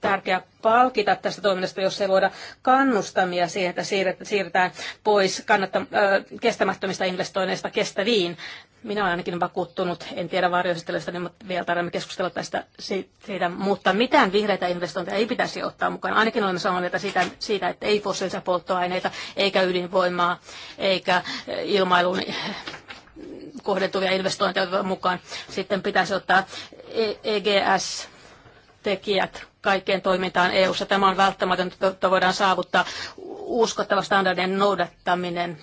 tärkeää palkita tästä toiminnasta, jos ei voida kannustamia siihen, että siirretään pois kannatta, kestämättömistä investoinneista kestäviin. Minä olen ainakin vakuuttunut, en tiedä varjoesittelystä, niin vielä tarvitsemme keskustella tästä siitä, mutta mitään vihreitä investointeja ei pitäisi ottaa mukaan. Ainakin olemme samaa mieltä siitä, siitä että ei fossiilisia polttoaineita, eikä ydinvoimaa, eikä ilmailun kohdentuvia investointeja mukaan. Sitten pitäisi ottaa EGS tekijät kaikkeen toimintaan EU-ssa. Tämä on välttämätöntä, jotta voidaan saavuttaa uskottava standardien noudattaminen.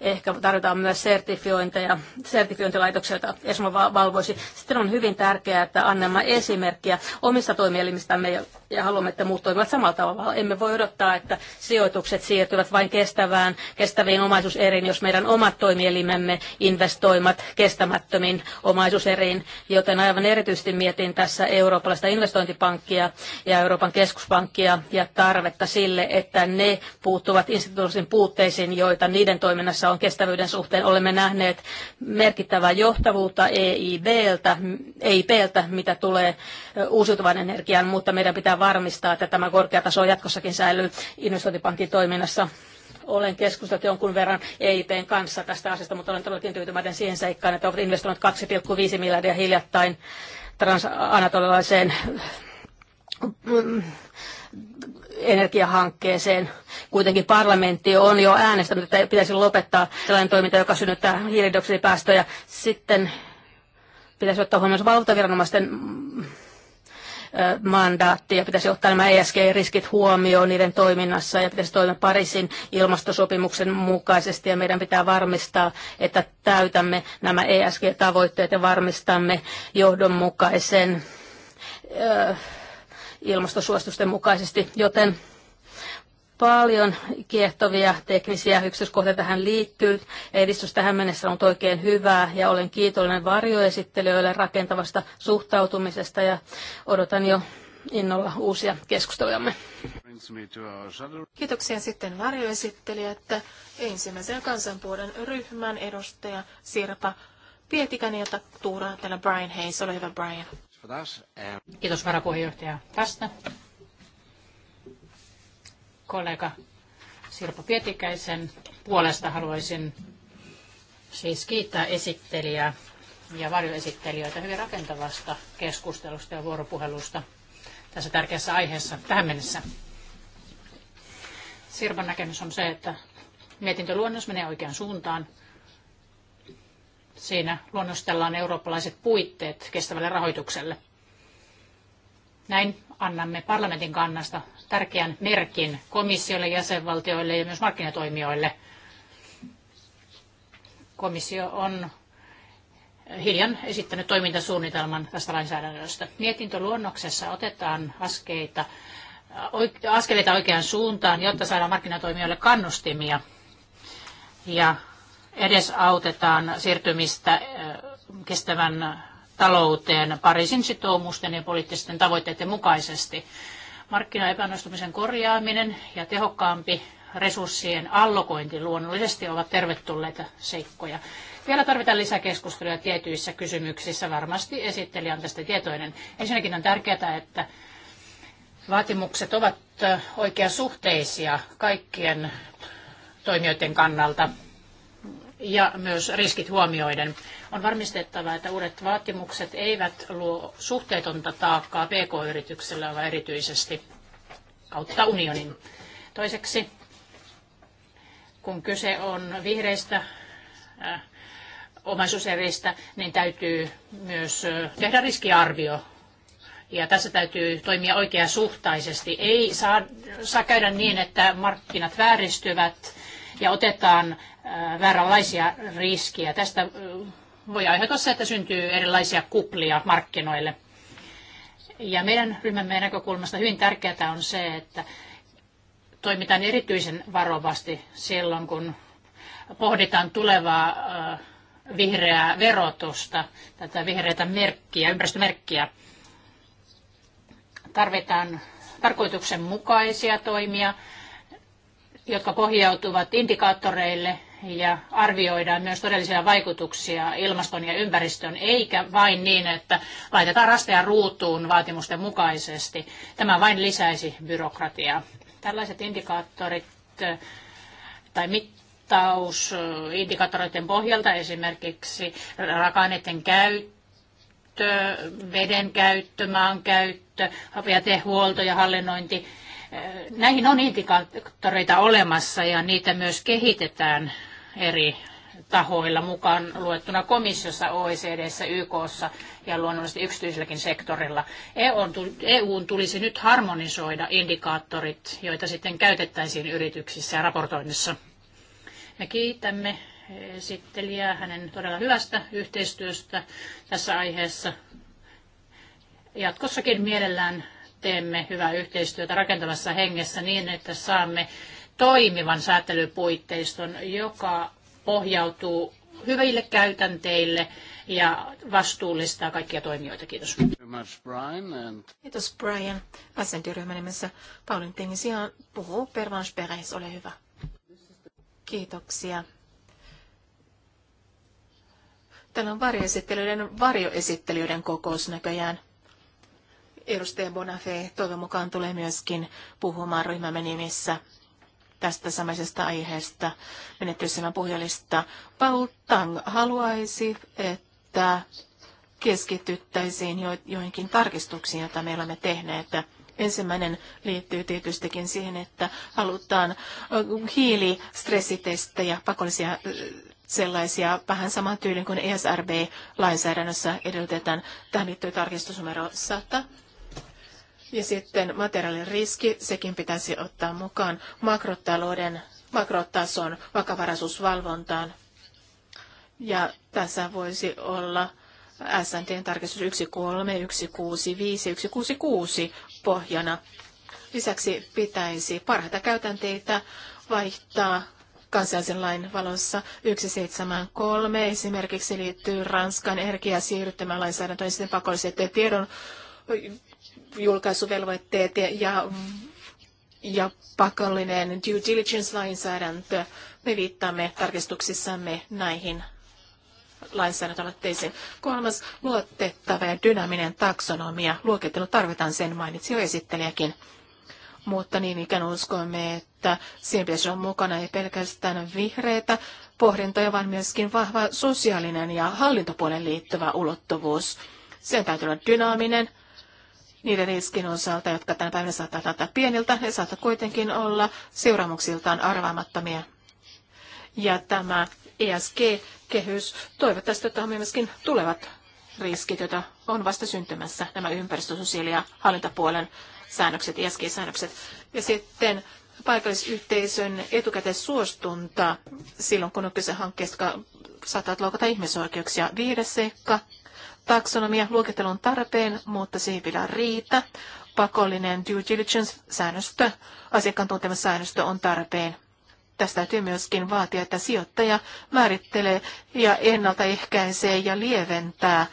Ehkä tarvitaan myös sertifiointeja, sertifiointilaitoksia, ESMA valvoisi. Sitten on hyvin tärkeää, että annamme esimerkkiä omista toimielimistämme, ja haluamme, että muut toimivat samalla tavalla. Emme voi odottaa, että sijoitukset siirtyvät vain kestävään, kestäviin omaisuuseriin, jos meidän omat toimielimemme investoimat kestämättömiin omaisuuseriin. Joten aivan erityisesti mietin tässä eurooppalaista investointipankkia ja Euroopan keskuspankkia ja tarvetta sille, että ne puuttuvat instituutioiden puutteisiin, joita niiden toiminnassa on kestävyyden suhteen. Olemme nähneet merkittävää johtavuutta EIBltä, EIBltä mitä tulee uusiutuvan energian, mutta meidän pitää varmistaa, että tämä korkea taso jatkossakin säilyy investointipankin toiminnassa olen keskustellut jonkun verran EIPn kanssa tästä asiasta, mutta olen todellakin tyytymätön siihen seikkaan, että ovat investoineet 2,5 miljardia hiljattain transanatolilaiseen mm, energiahankkeeseen. Kuitenkin parlamentti on jo äänestänyt, että pitäisi lopettaa sellainen toiminta, joka synnyttää hiilidioksidipäästöjä. Sitten pitäisi ottaa huomioon valvontaviranomaisten mandaatti ja pitäisi ottaa nämä ESG-riskit huomioon niiden toiminnassa ja pitäisi toimia Pariisin ilmastosopimuksen mukaisesti ja meidän pitää varmistaa, että täytämme nämä ESG-tavoitteet ja varmistamme johdonmukaisen ilmastosuositusten mukaisesti, joten Paljon kiehtovia teknisiä yksityiskohtia tähän liittyy. Edistys tähän mennessä on ollut oikein hyvää ja olen kiitollinen varjoesittelijöille rakentavasta suhtautumisesta ja odotan jo innolla uusia keskustelujamme. Kiitoksia sitten että Ensimmäisen kansanpuolen ryhmän edustaja Sirpa Pietikäinen, jota tuuraa täällä Brian Hayes. Ole hyvä Brian. Kiitos varapuheenjohtaja tästä kollega Sirpa Pietikäisen puolesta haluaisin siis kiittää esittelijää ja varjoesittelijöitä hyvin rakentavasta keskustelusta ja vuoropuhelusta tässä tärkeässä aiheessa tähän mennessä. Sirpan näkemys on se, että mietintöluonnos menee oikeaan suuntaan. Siinä luonnostellaan eurooppalaiset puitteet kestävälle rahoitukselle. Näin annamme parlamentin kannasta tärkeän merkin komissiolle, jäsenvaltioille ja myös markkinatoimijoille. Komissio on hiljan esittänyt toimintasuunnitelman tästä lainsäädännöstä. Mietintöluonnoksessa otetaan askeita, askeleita oikeaan suuntaan, jotta saadaan markkinatoimijoille kannustimia ja edesautetaan siirtymistä kestävän talouteen Pariisin sitoumusten ja poliittisten tavoitteiden mukaisesti markkinaepäonnistumisen korjaaminen ja tehokkaampi resurssien allokointi luonnollisesti ovat tervetulleita seikkoja. Vielä tarvitaan lisäkeskustelua tietyissä kysymyksissä. Varmasti esittelijä on tästä tietoinen. Ensinnäkin on tärkeää, että vaatimukset ovat oikeasuhteisia kaikkien toimijoiden kannalta ja myös riskit huomioiden. On varmistettava, että uudet vaatimukset eivät luo suhteetonta taakkaa PK-yrityksellä, vaan erityisesti kautta unionin. Toiseksi, kun kyse on vihreistä äh, omaisuuseristä, niin täytyy myös äh, tehdä riskiarvio ja tässä täytyy toimia oikeasuhtaisesti. Ei saa, saa käydä niin, että markkinat vääristyvät ja otetaan Äh, vääränlaisia riskiä. Tästä äh, voi aiheuttaa se, että syntyy erilaisia kuplia markkinoille. Ja meidän ryhmämme näkökulmasta hyvin tärkeää on se, että toimitaan erityisen varovasti silloin, kun pohditaan tulevaa äh, vihreää verotusta, tätä vihreätä merkkiä, ympäristömerkkiä. Tarvitaan tarkoituksenmukaisia toimia, jotka pohjautuvat indikaattoreille, ja arvioidaan myös todellisia vaikutuksia ilmaston ja ympäristön, eikä vain niin, että laitetaan rasteja ruutuun vaatimusten mukaisesti. Tämä vain lisäisi byrokratiaa. Tällaiset indikaattorit tai mittausindikaattoreiden pohjalta esimerkiksi raaka-aineiden käyttö, veden käyttö, maan käyttö, jätehuolto ja hallinnointi, näihin on indikaattoreita olemassa ja niitä myös kehitetään eri tahoilla mukaan luettuna komissiossa, OECDssä, YKssa ja luonnollisesti yksityiselläkin sektorilla. EUn e tulisi nyt harmonisoida indikaattorit, joita sitten käytettäisiin yrityksissä ja raportoinnissa. Me kiitämme esittelijää hänen todella hyvästä yhteistyöstä tässä aiheessa. Jatkossakin mielellään teemme hyvää yhteistyötä rakentavassa hengessä niin, että saamme toimivan säätelypuitteiston, joka pohjautuu hyville käytänteille ja vastuullistaa kaikkia toimijoita. Kiitos. Kiitos Brian. SND-ryhmän nimessä Paulin Tengisian puhuu Pervans Peres. Ole hyvä. Kiitoksia. Täällä on varjoesittelyiden varjoesittelyiden kokous näköjään. Edustaja Bonafé toivon mukaan tulee myöskin puhumaan ryhmämme nimissä tästä samaisesta aiheesta menettelyssämän puhujalista. Paul Tang haluaisi, että keskityttäisiin jo, joihinkin tarkistuksiin, joita me olemme tehneet. Ensimmäinen liittyy tietystikin siihen, että halutaan äh, hiilistressitestejä, pakollisia äh, sellaisia vähän saman tyylin kuin ESRB-lainsäädännössä edellytetään. Tähän liittyy numero 100 ja sitten materiaalin riski, sekin pitäisi ottaa mukaan makrotalouden, makrotason vakavaraisuusvalvontaan. Ja tässä voisi olla SNTn tarkistus 13, 165, 166 pohjana. Lisäksi pitäisi parhaita käytänteitä vaihtaa kansallisen lain valossa 173 esimerkiksi liittyy Ranskan energiasiirryttämään lainsäädäntöön sitten pakolliset tiedon julkaisuvelvoitteet ja, ja pakollinen due diligence-lainsäädäntö. Me viittaamme tarkistuksissamme näihin lainsäädäntöaloitteisiin. Kolmas luotettava ja dynaaminen taksonomia. Luokittelu tarvitaan, sen mainitsi jo esittelijäkin. Mutta niin ikään uskoimme, että siinä pitäisi olla mukana ei pelkästään vihreitä pohdintoja, vaan myöskin vahva sosiaalinen ja hallintopuolen liittyvä ulottuvuus. Sen täytyy olla dynaaminen, niiden riskin osalta, jotka tänä päivänä saattaa näyttää pieniltä, ne saattaa kuitenkin olla seuraamuksiltaan arvaamattomia. Ja tämä ESG-kehys toivottavasti ottaa myöskin tulevat riskit, joita on vasta syntymässä, nämä ympäristö-, sosiaali- ja hallintapuolen säännökset, ESG-säännökset. Ja sitten paikallisyhteisön etukäteen suostunta silloin, kun on kyse hankkeesta, joka saattaa loukata ihmisoikeuksia. Viides seikka Taksonomia luokittelun tarpeen, mutta se ei vielä riitä. Pakollinen due diligence-säännöstö, asiakkaan tuntema säännöstö on tarpeen. Tästä täytyy myöskin vaatia, että sijoittaja määrittelee ja ennaltaehkäisee ja lieventää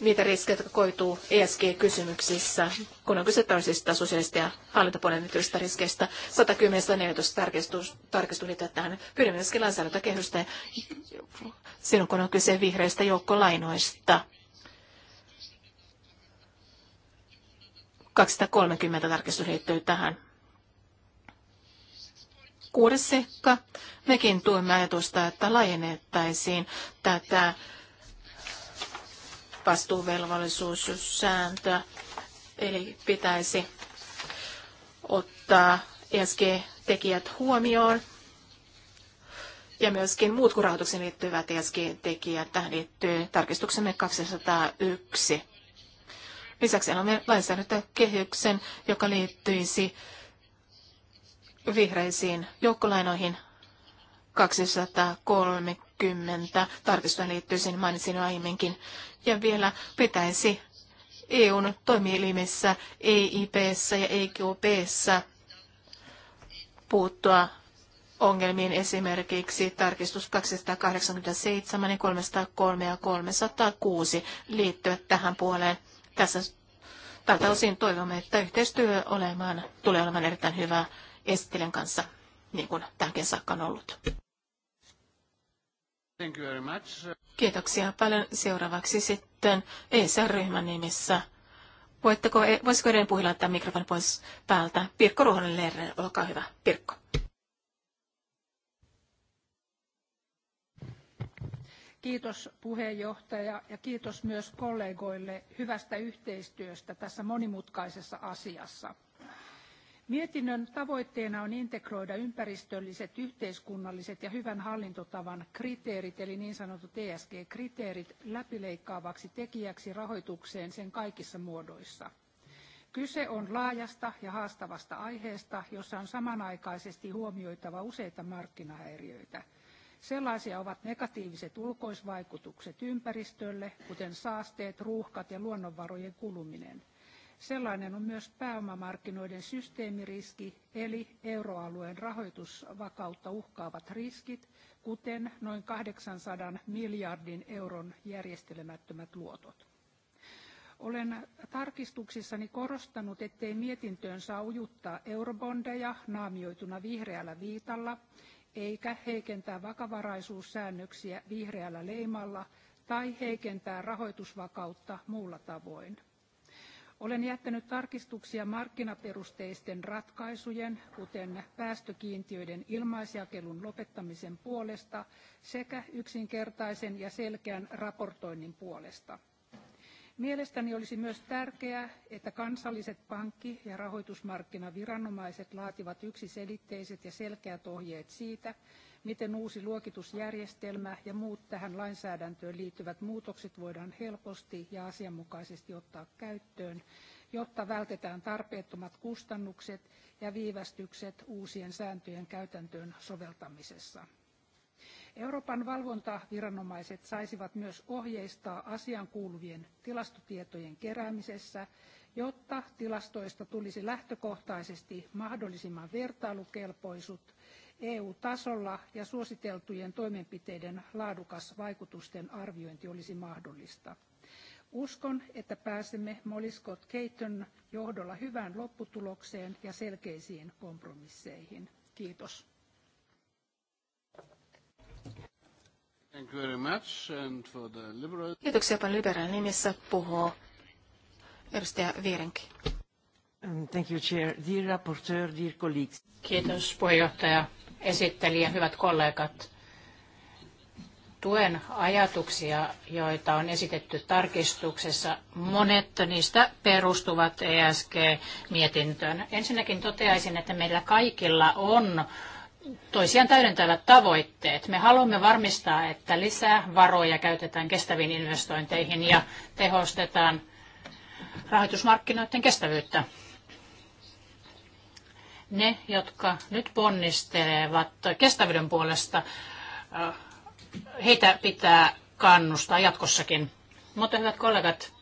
niitä riskejä, jotka koituu ESG-kysymyksissä, kun on kyse tällaisista sosiaalista ja hallintopuolen liittyvistä riskeistä. 110-114 tarkistus, tarkistus tähän pyrimyskin lainsäädäntökehystä silloin, kun on kyse vihreistä joukkolainoista. 230 tarkistus tähän. Kuudes seikka. Mekin tuemme ajatusta, että laajennettaisiin tätä vastuuvelvollisuussääntöä, eli pitäisi ottaa ESG-tekijät huomioon ja myöskin muut kuin rahoituksen liittyvät ESG-tekijät. Tähän liittyy tarkistuksemme 201. Lisäksi annamme lainsäädäntökehyksen, joka liittyisi vihreisiin joukkolainoihin 230 tarkistusta liittyisi niin mainitsin jo aiemminkin. Ja vielä pitäisi EUn toimielimissä, EIPssä ja EQPssä puuttua ongelmiin esimerkiksi tarkistus 287, 303 ja 306 liittyvät tähän puoleen. Tässä tältä osin toivomme, että yhteistyö olemaan, tulee olemaan erittäin hyvää estilen kanssa, niin kuin tähänkin saakka on ollut. Thank you very much. Kiitoksia paljon. Seuraavaksi sitten ESR-ryhmän nimissä. Voitteko, voisiko edelleen puhilla tämä mikrofoni pois päältä? Pirkko Ruohonen Lerner, olkaa hyvä. Pirkko. Kiitos puheenjohtaja ja kiitos myös kollegoille hyvästä yhteistyöstä tässä monimutkaisessa asiassa. Mietinnön tavoitteena on integroida ympäristölliset, yhteiskunnalliset ja hyvän hallintotavan kriteerit, eli niin sanotut ESG-kriteerit, läpileikkaavaksi tekijäksi rahoitukseen sen kaikissa muodoissa. Kyse on laajasta ja haastavasta aiheesta, jossa on samanaikaisesti huomioitava useita markkinahäiriöitä – Sellaisia ovat negatiiviset ulkoisvaikutukset ympäristölle, kuten saasteet, ruuhkat ja luonnonvarojen kuluminen. Sellainen on myös pääomamarkkinoiden systeemiriski, eli euroalueen rahoitusvakautta uhkaavat riskit, kuten noin 800 miljardin euron järjestelemättömät luotot. Olen tarkistuksissani korostanut, ettei mietintöön saa ujuttaa eurobondeja naamioituna vihreällä viitalla eikä heikentää vakavaraisuussäännöksiä vihreällä leimalla tai heikentää rahoitusvakautta muulla tavoin. Olen jättänyt tarkistuksia markkinaperusteisten ratkaisujen, kuten päästökiintiöiden ilmaisjakelun lopettamisen puolesta sekä yksinkertaisen ja selkeän raportoinnin puolesta. Mielestäni olisi myös tärkeää, että kansalliset pankki- ja rahoitusmarkkinaviranomaiset laativat yksiselitteiset ja selkeät ohjeet siitä, miten uusi luokitusjärjestelmä ja muut tähän lainsäädäntöön liittyvät muutokset voidaan helposti ja asianmukaisesti ottaa käyttöön, jotta vältetään tarpeettomat kustannukset ja viivästykset uusien sääntöjen käytäntöön soveltamisessa. Euroopan valvontaviranomaiset saisivat myös ohjeistaa asiaan kuuluvien tilastotietojen keräämisessä, jotta tilastoista tulisi lähtökohtaisesti mahdollisimman vertailukelpoisut EU-tasolla ja suositeltujen toimenpiteiden laadukas vaikutusten arviointi olisi mahdollista. Uskon, että pääsemme Molly Scott Caton johdolla hyvään lopputulokseen ja selkeisiin kompromisseihin. Kiitos. Kiitoksia paljon liberaalin nimissä puhuu edustaja Vierenki. Um, thank you, Chair. Dear Rapporteur, dear colleagues. Kiitos puheenjohtaja, esittelijä, hyvät kollegat. Tuen ajatuksia, joita on esitetty tarkistuksessa. Monet niistä perustuvat ESG-mietintöön. Ensinnäkin toteaisin, että meillä kaikilla on toisiaan täydentävät tavoitteet. Me haluamme varmistaa, että lisää varoja käytetään kestäviin investointeihin ja tehostetaan rahoitusmarkkinoiden kestävyyttä. Ne, jotka nyt ponnistelevat kestävyyden puolesta, äh, heitä pitää kannustaa jatkossakin. Mutta hyvät kollegat,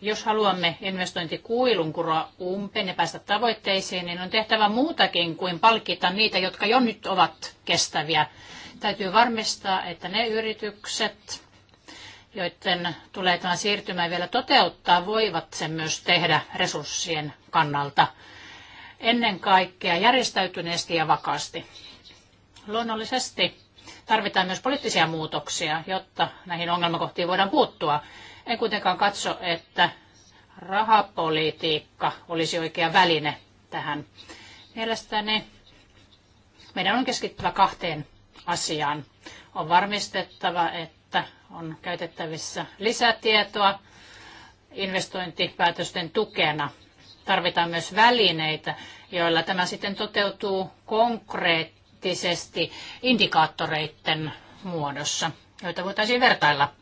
jos haluamme investointikuilun kuroa umpeen ja päästä tavoitteisiin, niin on tehtävä muutakin kuin palkita niitä, jotka jo nyt ovat kestäviä. Täytyy varmistaa, että ne yritykset, joiden tulee tämä siirtymä vielä toteuttaa, voivat sen myös tehdä resurssien kannalta ennen kaikkea järjestäytyneesti ja vakaasti. Luonnollisesti tarvitaan myös poliittisia muutoksia, jotta näihin ongelmakohtiin voidaan puuttua. En kuitenkaan katso, että rahapolitiikka olisi oikea väline tähän. Mielestäni meidän on keskittyvä kahteen asiaan. On varmistettava, että on käytettävissä lisätietoa investointipäätösten tukena. Tarvitaan myös välineitä, joilla tämä sitten toteutuu konkreettisesti indikaattoreiden muodossa, joita voitaisiin vertailla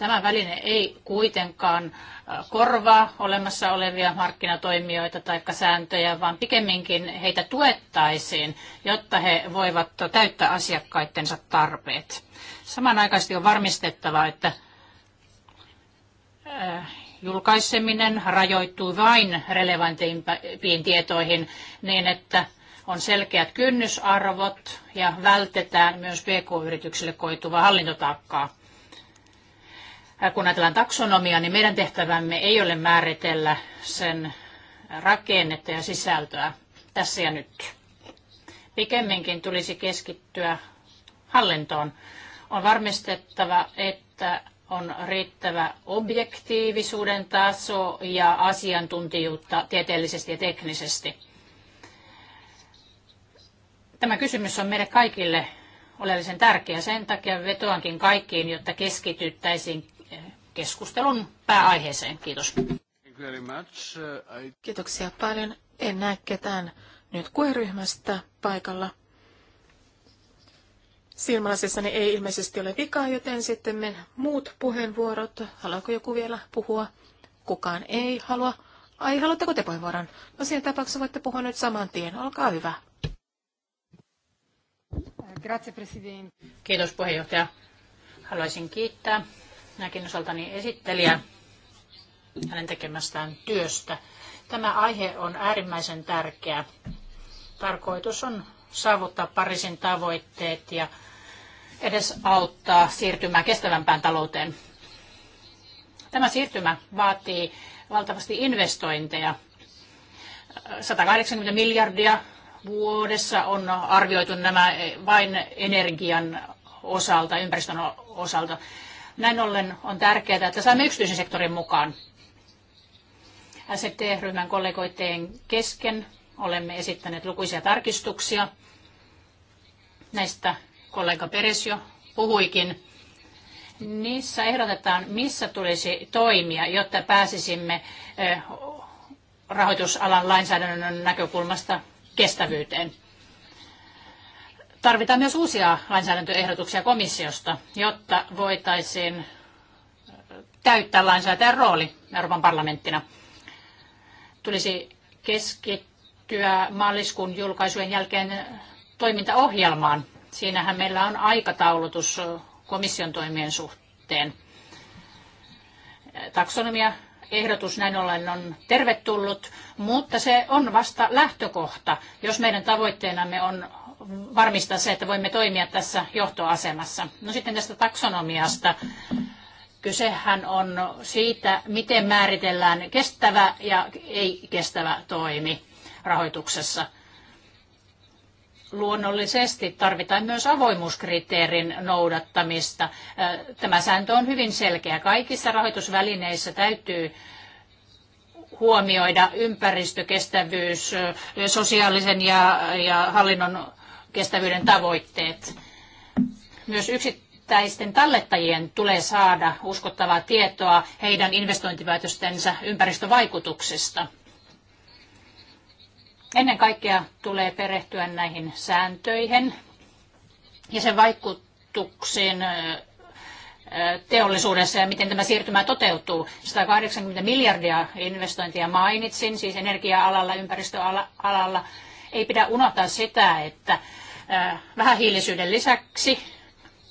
Tämä väline ei kuitenkaan äh, korvaa olemassa olevia markkinatoimijoita tai sääntöjä, vaan pikemminkin heitä tuettaisiin, jotta he voivat täyttää asiakkaittensa tarpeet. Samanaikaisesti on varmistettava, että äh, julkaiseminen rajoittuu vain relevanteimpiin tietoihin niin, että on selkeät kynnysarvot ja vältetään myös pk-yrityksille koituvaa hallintotaakkaa. Äh, kun ajatellaan taksonomiaa, niin meidän tehtävämme ei ole määritellä sen rakennetta ja sisältöä tässä ja nyt. Pikemminkin tulisi keskittyä hallintoon. On varmistettava, että on riittävä objektiivisuuden taso ja asiantuntijuutta tieteellisesti ja teknisesti. Tämä kysymys on meille kaikille oleellisen tärkeä. Sen takia vetoankin kaikkiin, jotta keskityttäisiin keskustelun pääaiheeseen. Kiitos. Uh, Kiitoksia paljon. En näe ketään nyt kueryhmästä paikalla. Silmälasissani ei ilmeisesti ole vikaa, joten sitten muut puheenvuorot. Haluaako joku vielä puhua? Kukaan ei halua. Ai, haluatteko te puheenvuoron? No siinä tapauksessa voitte puhua nyt saman tien. Olkaa hyvä. Grazie, Kiitos puheenjohtaja. Haluaisin kiittää minäkin osaltani esittelijä hänen tekemästään työstä. Tämä aihe on äärimmäisen tärkeä. Tarkoitus on saavuttaa Pariisin tavoitteet ja edes auttaa siirtymään kestävämpään talouteen. Tämä siirtymä vaatii valtavasti investointeja. 180 miljardia vuodessa on arvioitu nämä vain energian osalta, ympäristön osalta. Näin ollen on tärkeää, että saamme yksityisen sektorin mukaan. SFT-ryhmän kollegoiden kesken olemme esittäneet lukuisia tarkistuksia. Näistä kollega Peres jo puhuikin. Niissä ehdotetaan, missä tulisi toimia, jotta pääsisimme eh, rahoitusalan lainsäädännön näkökulmasta kestävyyteen tarvitaan myös uusia lainsäädäntöehdotuksia komissiosta, jotta voitaisiin täyttää lainsäätäjän rooli Euroopan parlamenttina. Tulisi keskittyä maaliskuun julkaisujen jälkeen toimintaohjelmaan. Siinähän meillä on aikataulutus komission toimien suhteen. Taksonomia ehdotus näin ollen on tervetullut, mutta se on vasta lähtökohta. Jos meidän tavoitteenamme on varmistaa se, että voimme toimia tässä johtoasemassa. No sitten tästä taksonomiasta. Kysehän on siitä, miten määritellään kestävä ja ei-kestävä toimi rahoituksessa. Luonnollisesti tarvitaan myös avoimuuskriteerin noudattamista. Tämä sääntö on hyvin selkeä. Kaikissa rahoitusvälineissä täytyy huomioida ympäristökestävyys, sosiaalisen ja, ja hallinnon kestävyyden tavoitteet. Myös yksittäisten tallettajien tulee saada uskottavaa tietoa heidän investointipäätöstensä ympäristövaikutuksista. Ennen kaikkea tulee perehtyä näihin sääntöihin ja sen vaikutuksiin teollisuudessa ja miten tämä siirtymä toteutuu. 180 miljardia investointia mainitsin, siis energia-alalla, ympäristöalalla ei pidä unohtaa sitä, että vähähiilisyyden lisäksi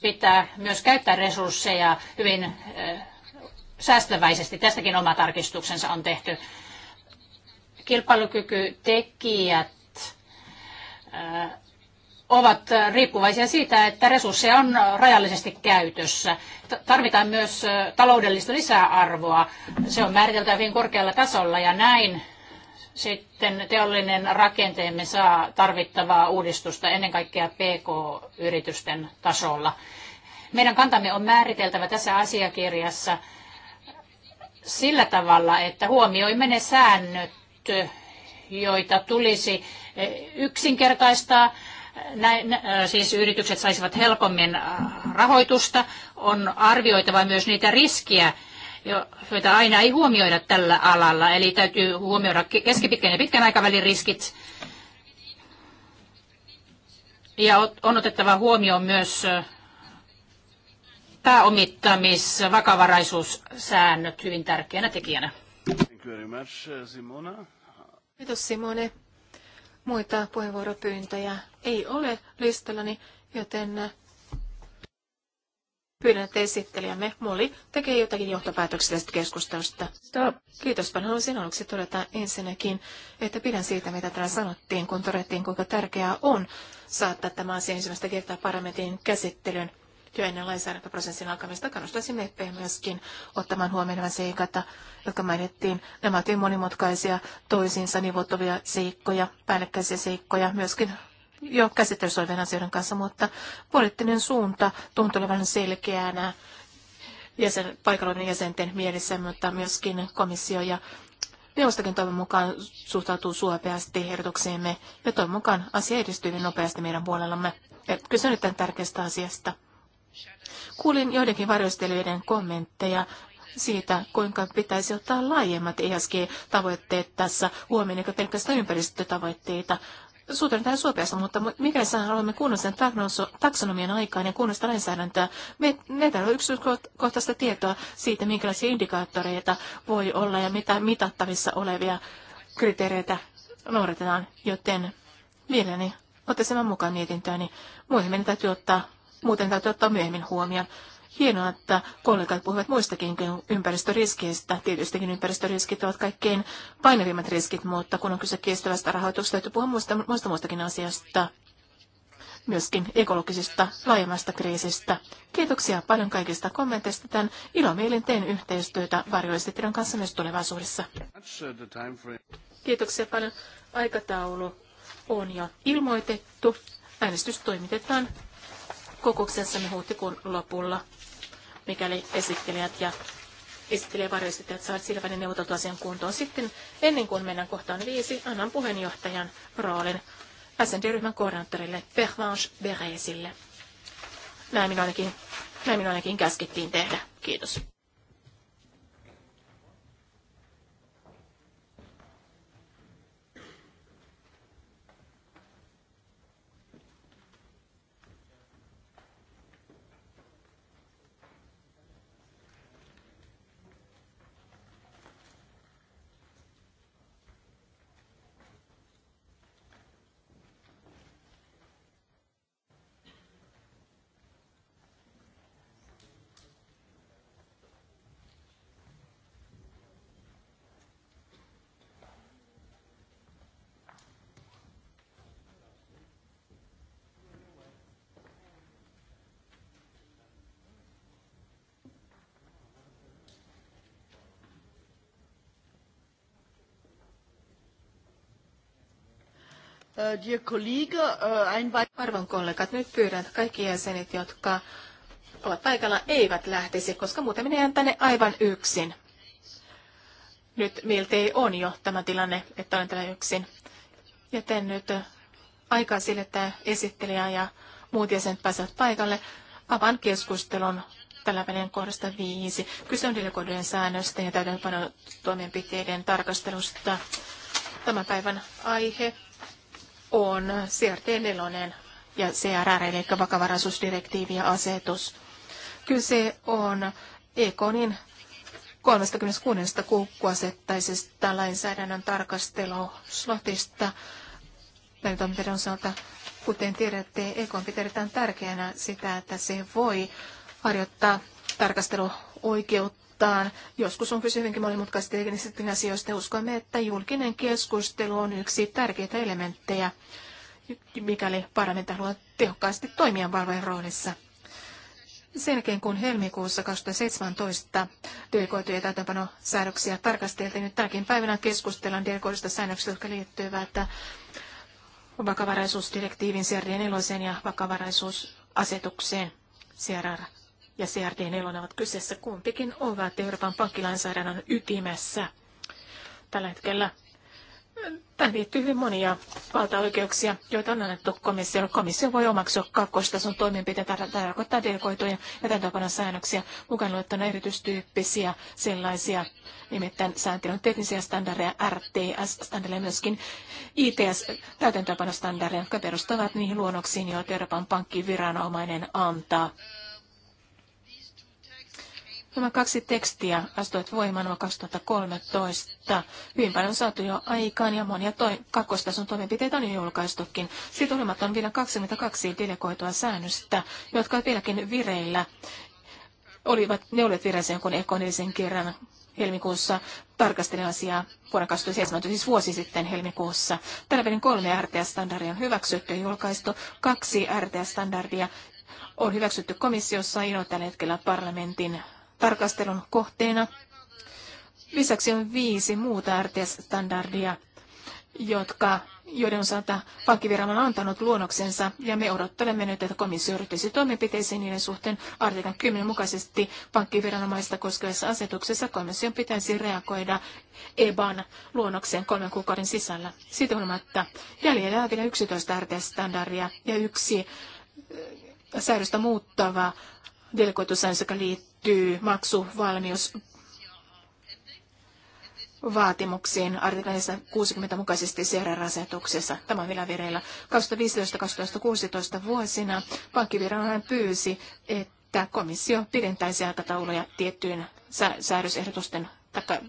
pitää myös käyttää resursseja hyvin säästäväisesti. Tästäkin oma tarkistuksensa on tehty. Kilpailukykytekijät ovat riippuvaisia siitä, että resursseja on rajallisesti käytössä. Tarvitaan myös taloudellista lisäarvoa. Se on määriteltävä hyvin korkealla tasolla ja näin sitten teollinen rakenteemme saa tarvittavaa uudistusta ennen kaikkea PK-yritysten tasolla. Meidän kantamme on määriteltävä tässä asiakirjassa sillä tavalla, että huomioimme ne säännöt, joita tulisi eh, yksinkertaistaa. Näin, eh, siis yritykset saisivat helpommin eh, rahoitusta. On arvioitava myös niitä riskiä, joita aina ei huomioida tällä alalla. Eli täytyy huomioida keskipitkän ja pitkän aikavälin riskit. Ja on otettava huomioon myös pääomittamis- vakavaraisuussäännöt hyvin tärkeänä tekijänä. Thank you very much, uh, Simona. Kiitos Simone. Muita puheenvuoropyyntöjä ei ole listallani, joten Pyydän, että esittelijämme Moli tekee jotakin johtopäätöksiä tästä keskustelusta. Stop. Kiitos paljon. Haluaisin aluksi todeta ensinnäkin, että pidän siitä, mitä täällä sanottiin, kun todettiin, kuinka tärkeää on saattaa tämä asia ensimmäistä kertaa parlamentin käsittelyn jo ennen lainsäädäntöprosessin alkamista. Kannustaisin meppejä myöskin ottamaan huomioon nämä seikat, jotka mainittiin. Nämä ovat monimutkaisia, toisiinsa nivottavia seikkoja, päällekkäisiä seikkoja, myöskin jo käsittelyssä olevien asioiden kanssa, mutta poliittinen suunta tuntuu olevan selkeänä jäsen, paikallinen jäsenten mielessä, mutta myöskin komissio ja neuvostokin toivon mukaan suhtautuu suopeasti ehdotukseemme ja toivon mukaan asia edistyy nopeasti meidän puolellamme. Kyse on nyt tämän tärkeästä asiasta. Kuulin joidenkin varjostelijoiden kommentteja siitä, kuinka pitäisi ottaa laajemmat ESG-tavoitteet tässä huomioon, eikä pelkästään ympäristötavoitteita tähän suopeasti, mutta mikäli haluamme sen taksonomian aikaan ja sitä lainsäädäntöä, me, me tarvitsemme yksityiskohtaista tietoa siitä, minkälaisia indikaattoreita voi olla ja mitä mitattavissa olevia kriteereitä noudatetaan, joten mielelläni ottaisin mukaan mietintöäni. Niin muihin meidän täytyy ottaa, muuten täytyy ottaa myöhemmin huomioon. Hienoa, että kollegat puhuvat muistakin ympäristöriskeistä. Tietystikin ympäristöriskit ovat kaikkein painavimmat riskit, mutta kun on kyse kestävästä rahoituksesta, täytyy puhua muista, muista muistakin asiasta myöskin ekologisista, laajemmasta kriisistä. Kiitoksia paljon kaikista kommenteista. Tämän ilomielin teen yhteistyötä varjoesittelijän kanssa myös tulevaisuudessa. Kiitoksia paljon. Aikataulu on jo ilmoitettu. Äänestys toimitetaan kokouksessamme huhtikuun lopulla mikäli esittelijät ja esittelijä varjoesittelijät saavat silväni neuvoteltu asian kuntoon. Sitten ennen kuin mennään kohtaan viisi, annan puheenjohtajan roolin SND-ryhmän koordinaattorille Pervanche Beresille. Näin minä ainakin, näin minä ainakin käskettiin tehdä. Kiitos. Uh, uh, Arvon kollegat, nyt pyydän, että kaikki jäsenet, jotka ovat paikalla, eivät lähtisi, koska muuten minä jään tänne aivan yksin. Nyt miltei on jo tämä tilanne, että olen täällä yksin. Ja nyt uh, aikaa sille, että esittelijä ja muut jäsenet pääsevät paikalle. Avaan keskustelun tällä välin kohdasta viisi. Kyse on delegoidujen säännöstä ja täytäntöpanotoimenpiteiden toimenpiteiden tarkastelusta. Tämän päivän aihe on CRT4 ja CRR, eli vakavaraisuusdirektiivi ja asetus. Kyse on Ekonin 36. kuukkuasettaisesta lainsäädännön tarkasteluslotista pelitoimintojen osalta. Kuten tiedätte, Ekon pidetään tärkeänä sitä, että se voi harjoittaa tarkasteluoikeutta kohtaan. Joskus on kyse hyvinkin monimutkaisista teknisistä asioista. Uskomme, että julkinen keskustelu on yksi tärkeitä elementtejä, mikäli parlamentti haluaa tehokkaasti toimia valvojen roolissa. Sen jälkeen, kun helmikuussa 2017 delegoituja täytäntöpanosäädöksiä tarkasteltiin, nyt tänäkin päivänä keskustellaan delegoidusta säännöksistä, jotka liittyvät vakavaraisuusdirektiivin CRD 4 ja vakavaraisuusasetukseen CRR ja CRD4 ovat kyseessä kumpikin ovat Euroopan pankkilainsäädännön ytimessä. Tällä hetkellä Tähän liittyy hyvin monia valtaoikeuksia, joita on annettu komissiolle. Komissio voi omaksua kakkostason toimenpiteitä, tarkoittaa delegoituja ja tapana säännöksiä, mukaan luettuna erityistyyppisiä sellaisia, nimittäin sääntelyn teknisiä standardeja, RTS-standardeja, myöskin its täytäntöpanostandardeja jotka perustuvat niihin luonnoksiin, joita Euroopan pankkiviranomainen antaa. Nämä kaksi tekstiä astuivat voimaan vuonna 2013. Hyvin paljon on saatu jo aikaan ja monia toi, kakkostason toimenpiteitä on jo julkaistukin. Siitä olematta on vielä 22 delegoitua säännöstä, jotka ovat vieläkin vireillä. Olivat, ne olivat vireissä jonkun ekonillisen kerran helmikuussa tarkastelin asiaa vuonna 2017, siis vuosi sitten helmikuussa. Tällä välin kolme RTS-standardia on hyväksytty ja julkaistu. Kaksi RTS-standardia on hyväksytty komissiossa ja tällä hetkellä parlamentin tarkastelun kohteena. Lisäksi on viisi muuta RTS-standardia, jotka, joiden osalta pankkiviran on antanut luonnoksensa, ja me odottelemme nyt, että komissio ryhtyisi toimenpiteisiin niiden suhteen artikan 10 mukaisesti pankkiviranomaista koskevassa asetuksessa komission pitäisi reagoida EBAN luonnokseen kolmen kuukauden sisällä. Siitä huolimatta jäljellä on vielä 11 RTS-standardia ja yksi äh, säädöstä muuttava delegoitusäännös, joka liittyy liittyy maksuvalmius vaatimuksiin artiklan 60 mukaisesti CRR-asetuksessa. Tämä on vielä vireillä. 2015-2016 vuosina pankkiviranomainen pyysi, että komissio pidentäisi aikatauluja tiettyyn sä- säädösehdotusten taka-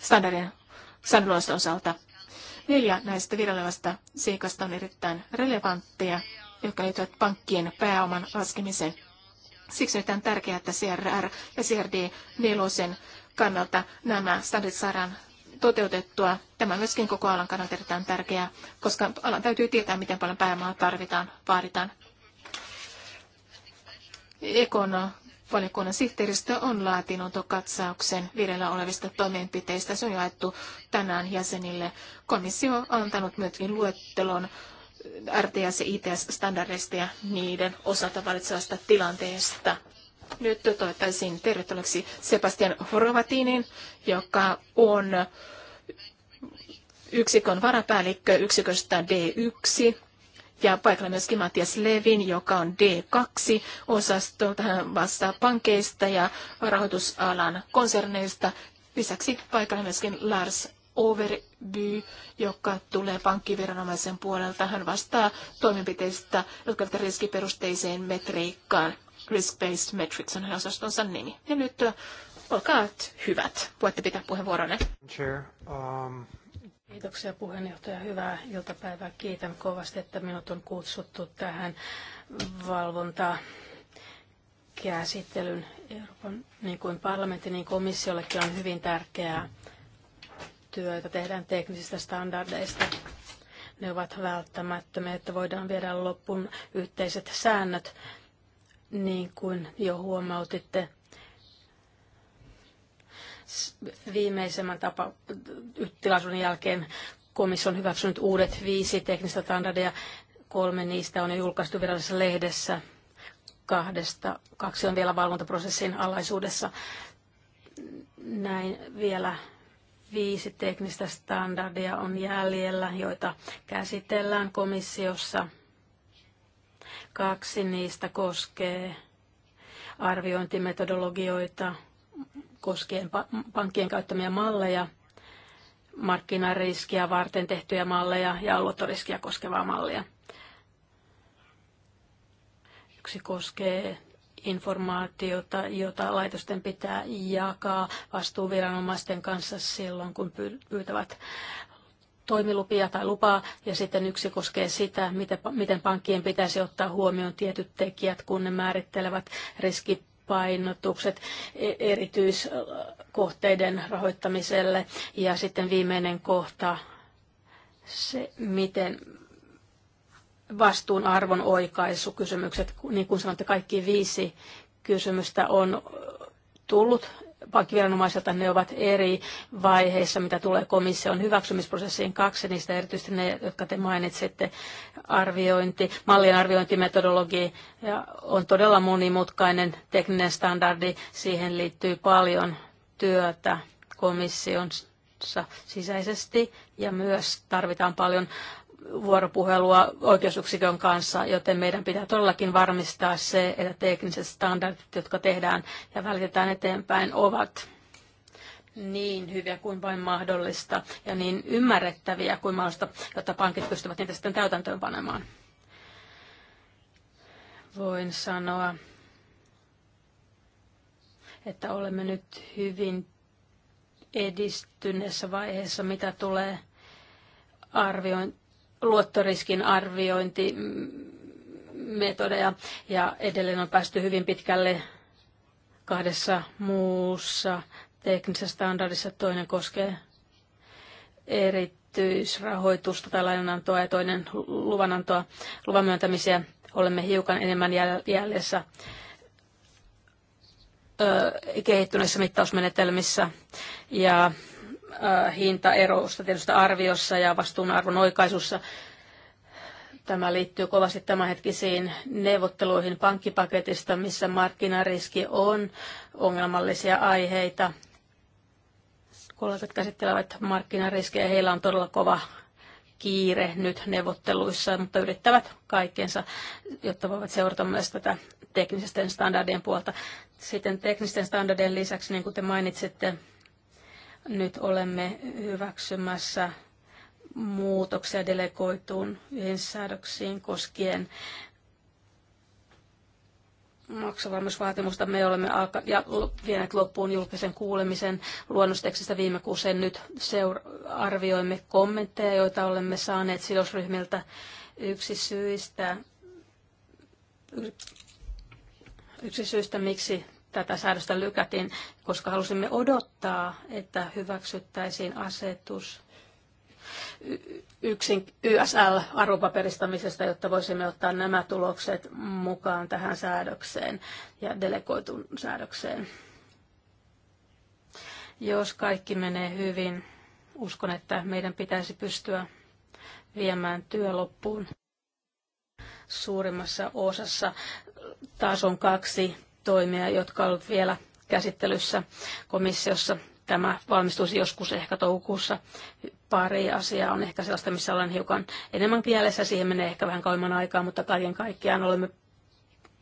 standardin sanaloista osalta. Neljä näistä virallisista seikasta on erittäin relevantteja, jotka liittyvät pankkien pääoman laskemiseen. Siksi on on tärkeää, että CRR ja CRD 4 kannalta nämä standardit saadaan toteutettua. Tämä myöskin koko alan kannalta erittäin tärkeää, koska alan täytyy tietää, miten paljon pääomaa tarvitaan, vaaditaan. Ekon valiokunnan sihteeristö on laatinut katsauksen vireillä olevista toimenpiteistä. Se on jaettu tänään jäsenille. Komissio on antanut myöskin luettelon RTS- ja ITS-standardeista ja niiden osalta valitsevasta tilanteesta. Nyt toivottaisin tervetulleeksi Sebastian Horvatinin, joka on yksikön varapäällikkö yksiköstä D1 ja paikalla myöskin Matias Levin, joka on D2 osastolta. Hän vastaa pankeista ja rahoitusalan konserneista. Lisäksi paikalla myöskin Lars Overby, joka tulee pankkiviranomaisen puolelta. Hän vastaa toimenpiteistä, jotka ovat riskiperusteiseen metriikkaan. Risk-based metrics on hänen osastonsa nimi. Ja nyt äh, olkaa hyvät. Voitte pitää puheenvuoronne. Um, Kiitoksia puheenjohtaja. Hyvää iltapäivää. Kiitän kovasti, että minut on kutsuttu tähän valvontaan käsittelyn Euroopan niin kuin parlamentin niin komissiollekin on hyvin tärkeää jota tehdään teknisistä standardeista. Ne ovat välttämättömiä, että voidaan viedä loppuun yhteiset säännöt, niin kuin jo huomautitte viimeisemmän tapa, tilaisuuden jälkeen komissio on hyväksynyt uudet viisi teknistä standardia. Kolme niistä on jo julkaistu virallisessa lehdessä. Kahdesta, kaksi on vielä valvontaprosessin alaisuudessa. Näin vielä Viisi teknistä standardia on jäljellä, joita käsitellään komissiossa. Kaksi niistä koskee arviointimetodologioita koskien pankkien käyttämiä malleja, markkinariskiä varten tehtyjä malleja ja luottoriskiä koskevaa mallia. Yksi koskee informaatiota, jota laitosten pitää jakaa vastuuviranomaisten kanssa silloin, kun pyytävät toimilupia tai lupaa, ja sitten yksi koskee sitä, miten pankkien pitäisi ottaa huomioon tietyt tekijät, kun ne määrittelevät riskipainotukset painotukset erityiskohteiden rahoittamiselle. Ja sitten viimeinen kohta, se miten vastuun arvon oikaisukysymykset, niin kuin sanotte, kaikki viisi kysymystä on tullut pankkiviranomaisilta, ne ovat eri vaiheissa, mitä tulee komission hyväksymisprosessiin. Kaksi niistä, erityisesti ne, jotka te mainitsitte, arviointi, mallien arviointimetodologi ja on todella monimutkainen tekninen standardi. Siihen liittyy paljon työtä komission sisäisesti ja myös tarvitaan paljon vuoropuhelua oikeusyksikön kanssa, joten meidän pitää todellakin varmistaa se, että tekniset standardit, jotka tehdään ja välitetään eteenpäin, ovat niin hyviä kuin vain mahdollista ja niin ymmärrettäviä kuin mahdollista, jotta pankit pystyvät niitä sitten täytäntöön panemaan. Voin sanoa, että olemme nyt hyvin edistyneessä vaiheessa, mitä tulee arvioin, luottoriskin arviointi metodeja ja edelleen on päästy hyvin pitkälle kahdessa muussa teknisessä standardissa. Toinen koskee erityisrahoitusta tai lainanantoa ja toinen luvanantoa, luvan myöntämisiä. Olemme hiukan enemmän jäljessä kehittyneissä mittausmenetelmissä ja Äh, hintaerosta tietystä arviossa ja vastuunarvon oikaisussa. Tämä liittyy kovasti tämänhetkisiin neuvotteluihin pankkipaketista, missä markkinariski on ongelmallisia aiheita. Kollegat käsittelevät markkinariskejä, heillä on todella kova kiire nyt neuvotteluissa, mutta yrittävät kaikkensa, jotta voivat seurata myös tätä teknisten standardien puolta. Sitten teknisten standardien lisäksi, niin kuin te mainitsitte, nyt olemme hyväksymässä muutoksia delegoituun yhdenssäädöksiin koskien maksuvalmiusvaatimusta. Me olemme alka- ja vieneet loppuun julkisen kuulemisen luonnostekstistä viime kuuseen. Nyt seura- arvioimme kommentteja, joita olemme saaneet sidosryhmiltä yksi syistä, yksi syystä, miksi tätä säädöstä lykätin, koska halusimme odottaa, että hyväksyttäisiin asetus yksin YSL-arvopaperistamisesta, jotta voisimme ottaa nämä tulokset mukaan tähän säädökseen ja delegoitun säädökseen. Jos kaikki menee hyvin, uskon, että meidän pitäisi pystyä viemään työ loppuun suurimmassa osassa on kaksi toimia, jotka ovat vielä käsittelyssä komissiossa. Tämä valmistuisi joskus ehkä toukokuussa. Pari asiaa on ehkä sellaista, missä olen hiukan enemmän pielessä. Siihen menee ehkä vähän kauemman aikaa, mutta kaiken kaikkiaan olemme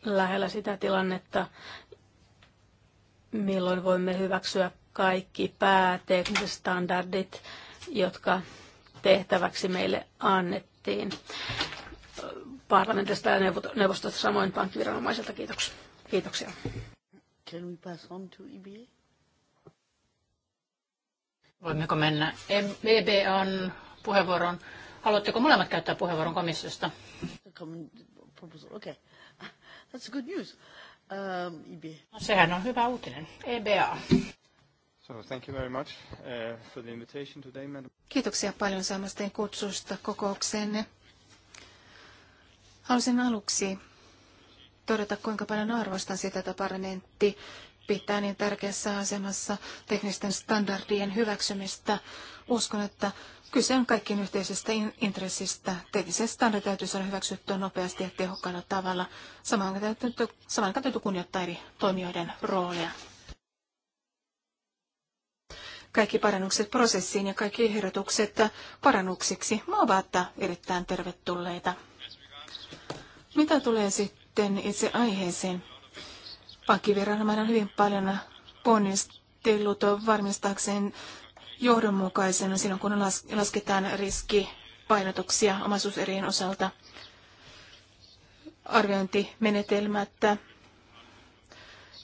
lähellä sitä tilannetta, milloin voimme hyväksyä kaikki päätekniset standardit, jotka tehtäväksi meille annettiin parlamentista ja neuvostosta samoin pankkiviranomaisilta. Kiitoksia. Kiitoksia. Can we pass on to EBA? Voimmeko mennä EBAn e puheenvuoroon? Haluatteko molemmat käyttää puheenvuoron komissiosta? Okay. That's good news. Um, EBA. No, sehän on hyvä uutinen. EBA. So, thank you very much uh, for the invitation today, madam. Kiitoksia paljon saamasten kutsusta kokoukseenne. Haluaisin aluksi todeta, kuinka paljon arvostan sitä, että parlamentti pitää niin tärkeässä asemassa teknisten standardien hyväksymistä. Uskon, että kyse on kaikkien yhteisestä intressistä. Tekniset standardit täytyy saada hyväksyttyä nopeasti ja tehokkaalla tavalla. Samaan täytyy, samaan täytyy kunnioittaa eri toimijoiden roolia. Kaikki parannukset prosessiin ja kaikki ehdotukset parannuksiksi ovat erittäin tervetulleita. Mitä tulee sitten? sitten itse aiheeseen. Pankkiviranomainen on hyvin paljon ponnistellut varmistaakseen johdonmukaisena silloin, kun lasketaan riskipainotuksia omaisuuserien osalta. Arviointimenetelmät,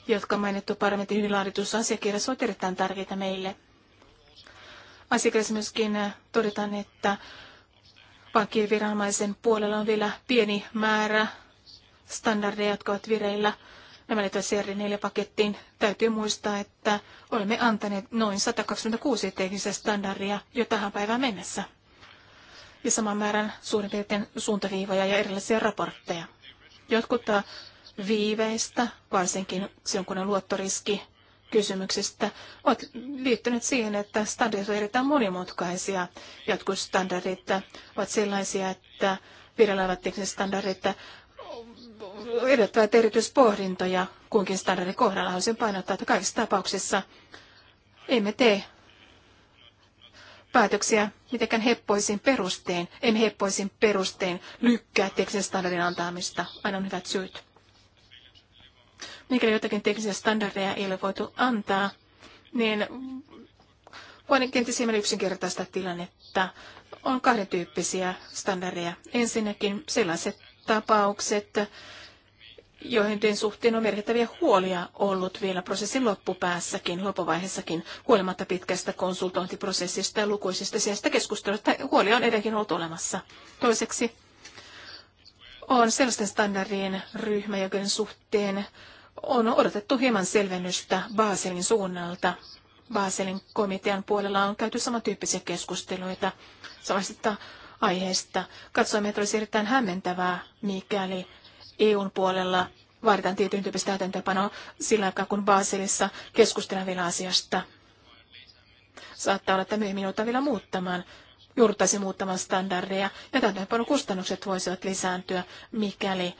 jotka mainittu parlamentin hyvin laaditussa asiakirjassa, ovat erittäin tärkeitä meille. Asiakirjassa myöskin todetaan, että pankkiviranomaisen puolella on vielä pieni määrä standardeja, jotka ovat vireillä. Nämä liittyvät CR4-pakettiin. Täytyy muistaa, että olemme antaneet noin 126 teknistä standardia jo tähän päivään mennessä. Ja saman määrän suurin piirtein suuntaviivoja ja erilaisia raportteja. Jotkut viiveistä, varsinkin silloin kun on luottoriski kysymyksistä, ovat liittyneet siihen, että standardit ovat erittäin monimutkaisia. Jotkut standardit ovat sellaisia, että vireillä olevat tekniset standardit edellyttävät erityispohdintoja kunkin standardin kohdalla. Haluaisin painottaa, että kaikissa tapauksissa emme tee päätöksiä mitenkään heppoisin perustein, emme heppoisin perustein lykkää teknisen standardin antamista. Aina on hyvät syyt. Mikäli jotakin teknisiä standardeja ei ole voitu antaa, niin voin kenties hieman yksinkertaista tilannetta. On kahden tyyppisiä standardeja. Ensinnäkin sellaiset tapaukset, joihin suhteen on merkittäviä huolia ollut vielä prosessin loppupäässäkin, loppuvaiheessakin, huolimatta pitkästä konsultointiprosessista ja lukuisista sijaista keskustelusta. Huolia on edelleenkin ollut olemassa. Toiseksi on sellaisten standardien ryhmä, joiden suhteen on odotettu hieman selvennystä Baselin suunnalta. Baselin komitean puolella on käyty samantyyppisiä keskusteluita samasta aiheesta. Katsoimme, että olisi erittäin hämmentävää, mikäli EUn puolella vaaditaan tietyn tyyppistä täytäntöpanoa sillä aikaa, kun Baselissa keskustellaan vielä asiasta. Saattaa olla, että myöhemmin joudutaan vielä muuttamaan, jouduttaisiin muuttamaan standardeja ja täytäntöpanon kustannukset voisivat lisääntyä, mikäli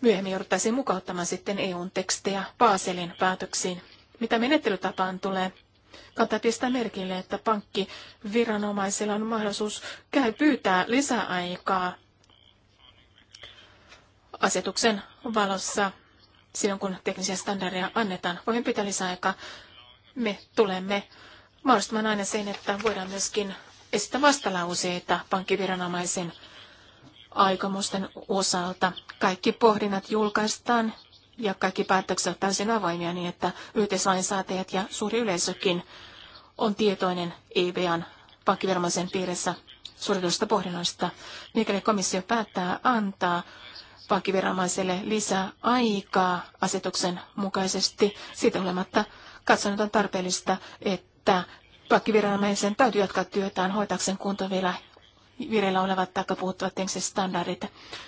myöhemmin jouduttaisiin mukauttamaan sitten EUn tekstejä Baselin päätöksiin. Mitä menettelytapaan tulee, Kannattaa pistää merkille, että pankkiviranomaisilla on mahdollisuus käy pyytää lisäaikaa asetuksen valossa silloin, kun teknisiä standardeja annetaan. Voimme pitää lisäaikaa. Me tulemme mahdollistamaan aina sen, että voidaan myöskin esittää vastalauseita pankkiviranomaisen aikomusten osalta. Kaikki pohdinnat julkaistaan ja kaikki päätökset ovat täysin avoimia niin, että yhteislainsäätäjät ja suuri yleisökin on tietoinen EBAn pankkiviranomaisen piirissä suoritusta pohdinnoista. Mikäli komissio päättää antaa pankkiviranomaiselle lisää aikaa asetuksen mukaisesti. Siitä olematta katsonut että on tarpeellista, että pankkiviranomaisen täytyy jatkaa työtään hoitakseen kuntoon vielä vireillä olevat tai puuttuvat tekniset standardit.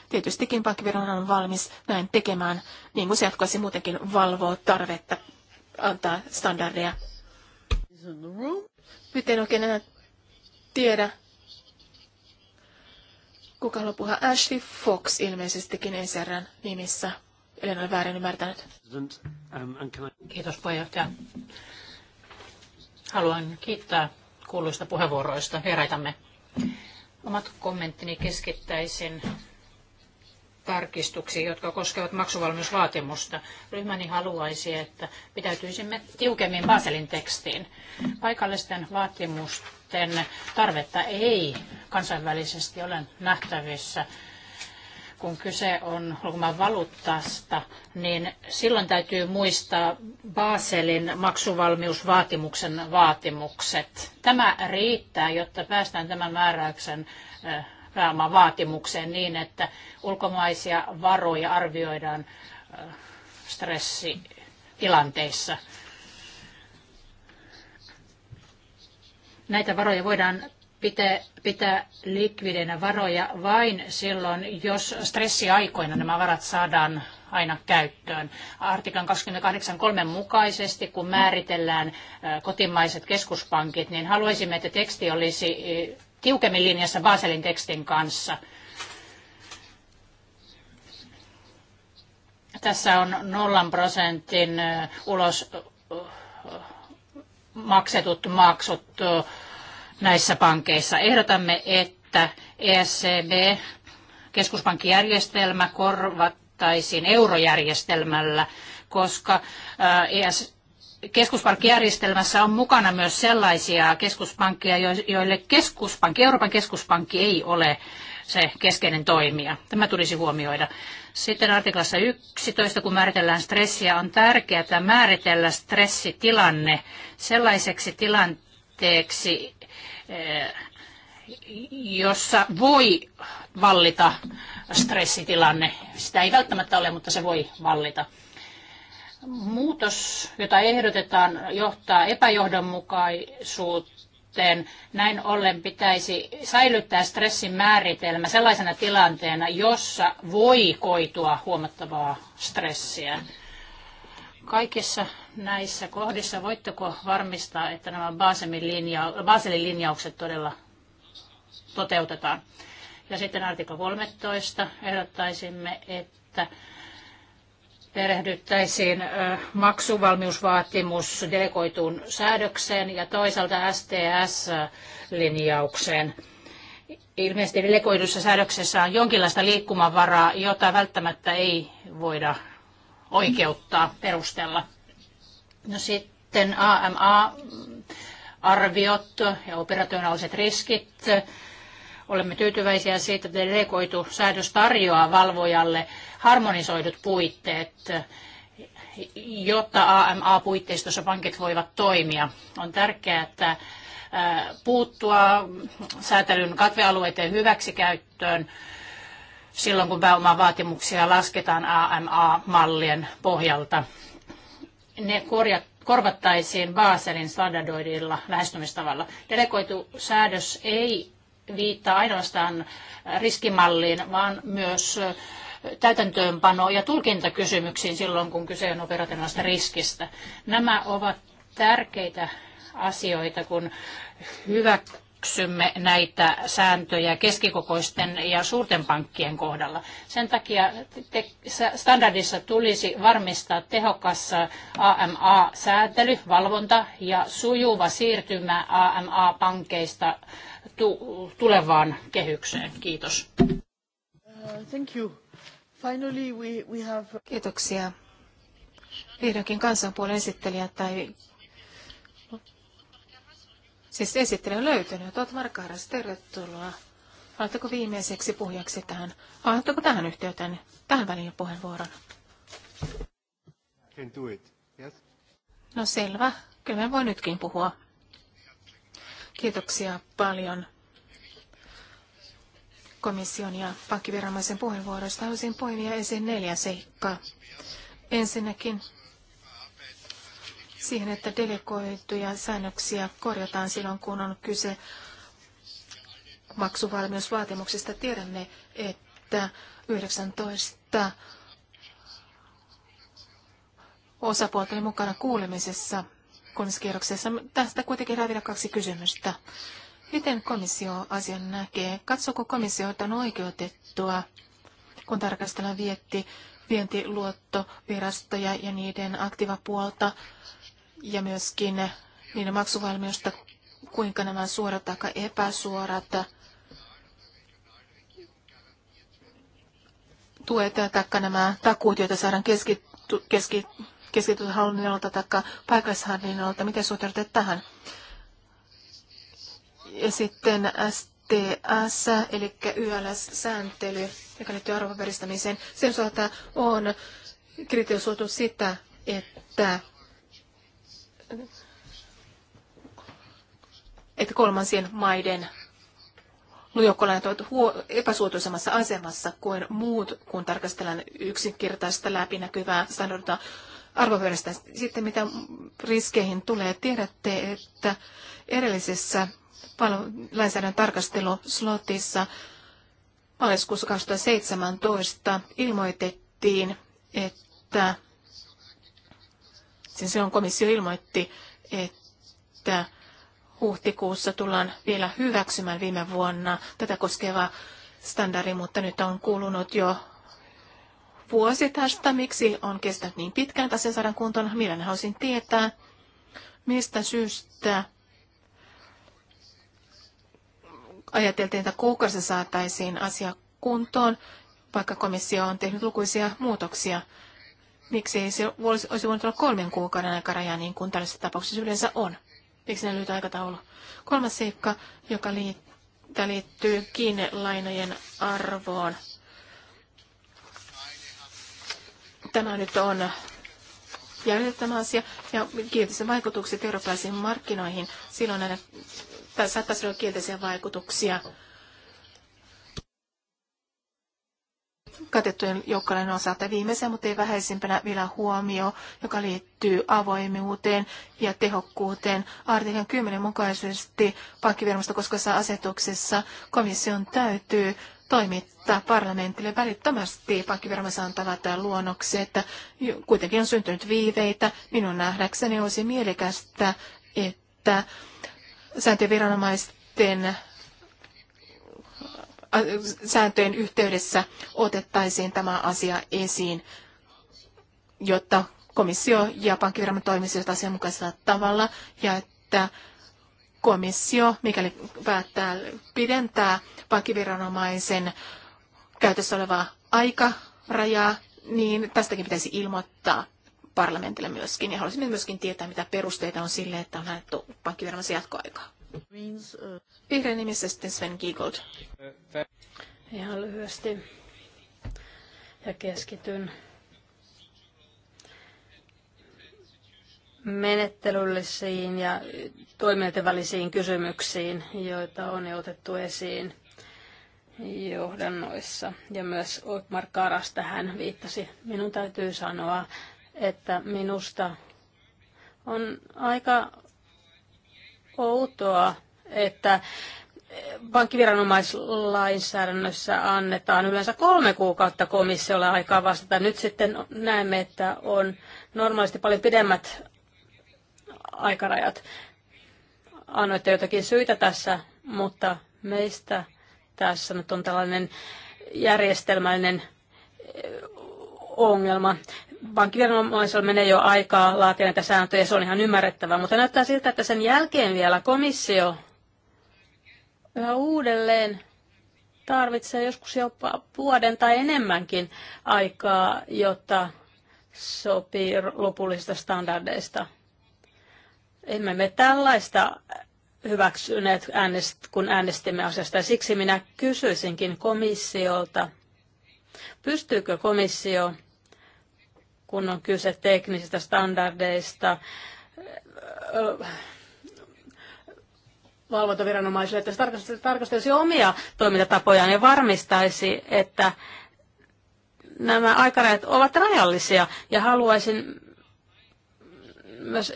Tietystikin pankkiviranomainen on valmis näin tekemään, niin kuin se jatkoisi muutenkin valvoa tarvetta antaa standardeja. Nyt en oikein enää tiedä, Kuka haluaa Ashley Fox ilmeisestikin ESRn nimissä. Eli ole väärin ymmärtänyt. Um, Kiitos puheenjohtaja. Haluan kiittää kuuluista puheenvuoroista Heräitämme. Omat kommenttini keskittäisin tarkistuksiin, jotka koskevat maksuvalmiusvaatimusta. Ryhmäni haluaisi, että pitäytyisimme tiukemmin Baselin tekstiin. Paikallisten vaatimusten tarvetta ei kansainvälisesti ole nähtävissä. Kun kyse on ulkomaan valuuttasta, niin silloin täytyy muistaa Baselin maksuvalmiusvaatimuksen vaatimukset. Tämä riittää, jotta päästään tämän määräyksen eh, pääomavaatimukseen niin, että ulkomaisia varoja arvioidaan stressitilanteissa. Näitä varoja voidaan pitää, pitää likvideinä varoja vain silloin, jos stressiaikoina nämä varat saadaan aina käyttöön. Artiklan 28.3 mukaisesti, kun määritellään kotimaiset keskuspankit, niin haluaisimme, että teksti olisi tiukemmin linjassa Baselin tekstin kanssa. Tässä on nollan prosentin ulos maksetut maksut näissä pankeissa. Ehdotamme, että ESCB, keskuspankkijärjestelmä, korvattaisiin eurojärjestelmällä, koska ES, keskuspankkijärjestelmässä on mukana myös sellaisia keskuspankkeja, joille keskuspankki, Euroopan keskuspankki ei ole se keskeinen toimija. Tämä tulisi huomioida. Sitten artiklassa 11, kun määritellään stressiä, on tärkeää määritellä stressitilanne sellaiseksi tilanteeksi, eh, jossa voi vallita stressitilanne. Sitä ei välttämättä ole, mutta se voi vallita. Muutos, jota ehdotetaan, johtaa epäjohdonmukaisuuteen. Näin ollen pitäisi säilyttää stressin määritelmä sellaisena tilanteena, jossa voi koitua huomattavaa stressiä. Kaikissa näissä kohdissa voitteko varmistaa, että nämä Baselin, linjaukset todella toteutetaan? Ja sitten artikla 13 ehdottaisimme, että perehdyttäisiin maksuvalmiusvaatimus delegoituun säädökseen ja toisaalta STS-linjaukseen. Ilmeisesti delegoidussa säädöksessä on jonkinlaista liikkumavaraa, jota välttämättä ei voida oikeuttaa, perustella. No sitten AMA-arviot ja operationaaliset riskit Olemme tyytyväisiä siitä, että delegoitu säädös tarjoaa valvojalle harmonisoidut puitteet, jotta AMA-puitteistossa pankit voivat toimia. On tärkeää, että puuttua säätelyn katvealueiden hyväksikäyttöön silloin, kun pääomavaatimuksia lasketaan AMA-mallien pohjalta. Ne korjat, korvattaisiin Baselin standardoidilla lähestymistavalla. Delegoitu säädös ei viittaa ainoastaan riskimalliin, vaan myös täytäntöönpano- ja tulkintakysymyksiin silloin, kun kyse on operatiivisesta riskistä. Nämä ovat tärkeitä asioita, kun hyväksymme näitä sääntöjä keskikokoisten ja suurten pankkien kohdalla. Sen takia standardissa tulisi varmistaa tehokas AMA-säätely, valvonta ja sujuva siirtymä AMA-pankkeista tulevaan kehykseen. Kiitos. thank you. Finally we, we have... Kiitoksia. Vihdoinkin kansanpuolen esittelijä tai Siis esittely on löytynyt. Olet Markaaras, tervetuloa. Haluatteko viimeiseksi puhujaksi tähän? Haluatteko tähän yhteyteen, tähän väliin puheenvuoron? Can do it. Yes? No selvä. Kyllä mä voin nytkin puhua. Kiitoksia paljon komission ja pankkiviranomaisen puheenvuoroista. Haluaisin poimia esiin neljä seikkaa. Ensinnäkin siihen, että delegoituja säännöksiä korjataan silloin, kun on kyse maksuvalmiusvaatimuksista. Tiedämme, että 19 osapuolten mukana kuulemisessa kunniskierroksessa. Tästä kuitenkin herää vielä kaksi kysymystä. Miten komissio asian näkee? Katsoko komissio, että on oikeutettua, kun tarkastellaan vietti, vientiluottovirastoja ja niiden aktivapuolta ja myöskin niiden maksuvalmiusta, kuinka nämä suorat tai epäsuorat tuet tai nämä takuut, joita saadaan keskittyä keski, keskitytty hallinnolta tai paikallishallinnolta. Miten suhtaudutte tähän? Ja sitten STS, eli YLS-sääntely, joka liittyy arvoperistämiseen. Sen osalta on kritisoitu sitä, että että kolmansien maiden lujokkolainat ovat epäsuotuisemmassa asemassa kuin muut, kun tarkastellaan yksinkertaista läpinäkyvää standardia arvopyörästä. Sitten mitä riskeihin tulee, tiedätte, että edellisessä lainsäädännön tarkasteluslotissa maaliskuussa 2017 ilmoitettiin, että siis silloin komissio ilmoitti, että huhtikuussa tullaan vielä hyväksymään viime vuonna tätä koskeva standardi, mutta nyt on kulunut jo vuosi tästä, miksi on kestänyt niin pitkään, että sen saadaan kuntoon. Mielen haluaisin tietää, mistä syystä ajateltiin, että kuukausi saataisiin asia kuntoon, vaikka komissio on tehnyt lukuisia muutoksia. Miksi ei se olisi voinut olla kolmen kuukauden aikaraja, niin kuin tällaisessa tapauksessa yleensä on? Miksi ne lyhyt aikataulu? Kolmas seikka, joka liittyy kiinnelainojen arvoon. Tämä nyt on jäljellä tämä asia ja kielteisen vaikutukset eurooppalaisiin markkinoihin. Silloin näitä, tai saattaisi olla kielteisiä vaikutuksia katettujen joukkojen osalta viimeisenä, mutta ei vähäisimpänä vielä huomio, joka liittyy avoimuuteen ja tehokkuuteen. Artiklan 10 mukaisesti pankkivirmasta koskevassa asetuksessa komission täytyy toimittaa parlamentille välittömästi pankkiviranomaisen antavat luonnokset. Kuitenkin on syntynyt viiveitä. Minun nähdäkseni olisi mielekästä, että sääntöviranomaisten äh, sääntöjen yhteydessä otettaisiin tämä asia esiin, jotta komissio ja pankkiviranomaiset toimisivat asianmukaisella tavalla ja että komissio, mikäli päättää pidentää pankkiviranomaisen käytössä olevaa aikarajaa, niin tästäkin pitäisi ilmoittaa parlamentille myöskin. Ja haluaisimme myöskin tietää, mitä perusteita on sille, että on annettu pankkiviranomaisen jatkoaikaa. Vihreän nimissä sitten Sven Giegold. Ihan lyhyesti ja keskityn menettelyllisiin ja toimijoiden välisiin kysymyksiin, joita on jo otettu esiin johdannoissa. Ja myös Oikmar Karas tähän viittasi. Minun täytyy sanoa, että minusta on aika outoa, että pankkiviranomaislainsäädännössä annetaan yleensä kolme kuukautta komissiolle aikaa vastata. Nyt sitten näemme, että on normaalisti paljon pidemmät aikarajat. Annoitte jotakin syitä tässä, mutta meistä tässä nyt on tällainen järjestelmällinen eh, ongelma. Pankkiviranomaisella menee jo aikaa laatia näitä sääntöjä, se on ihan ymmärrettävää, mutta näyttää siltä, että sen jälkeen vielä komissio yhä uudelleen tarvitsee joskus jopa vuoden tai enemmänkin aikaa, jotta sopii lopullisista standardeista. Emme me tällaista hyväksyneet, kun äänestimme asiasta. siksi minä kysyisinkin komissiolta, pystyykö komissio, kun on kyse teknisistä standardeista, valvontaviranomaisille, että se tarkastelisi omia toimintatapojaan ja varmistaisi, että nämä aikarajat ovat rajallisia. Ja haluaisin myös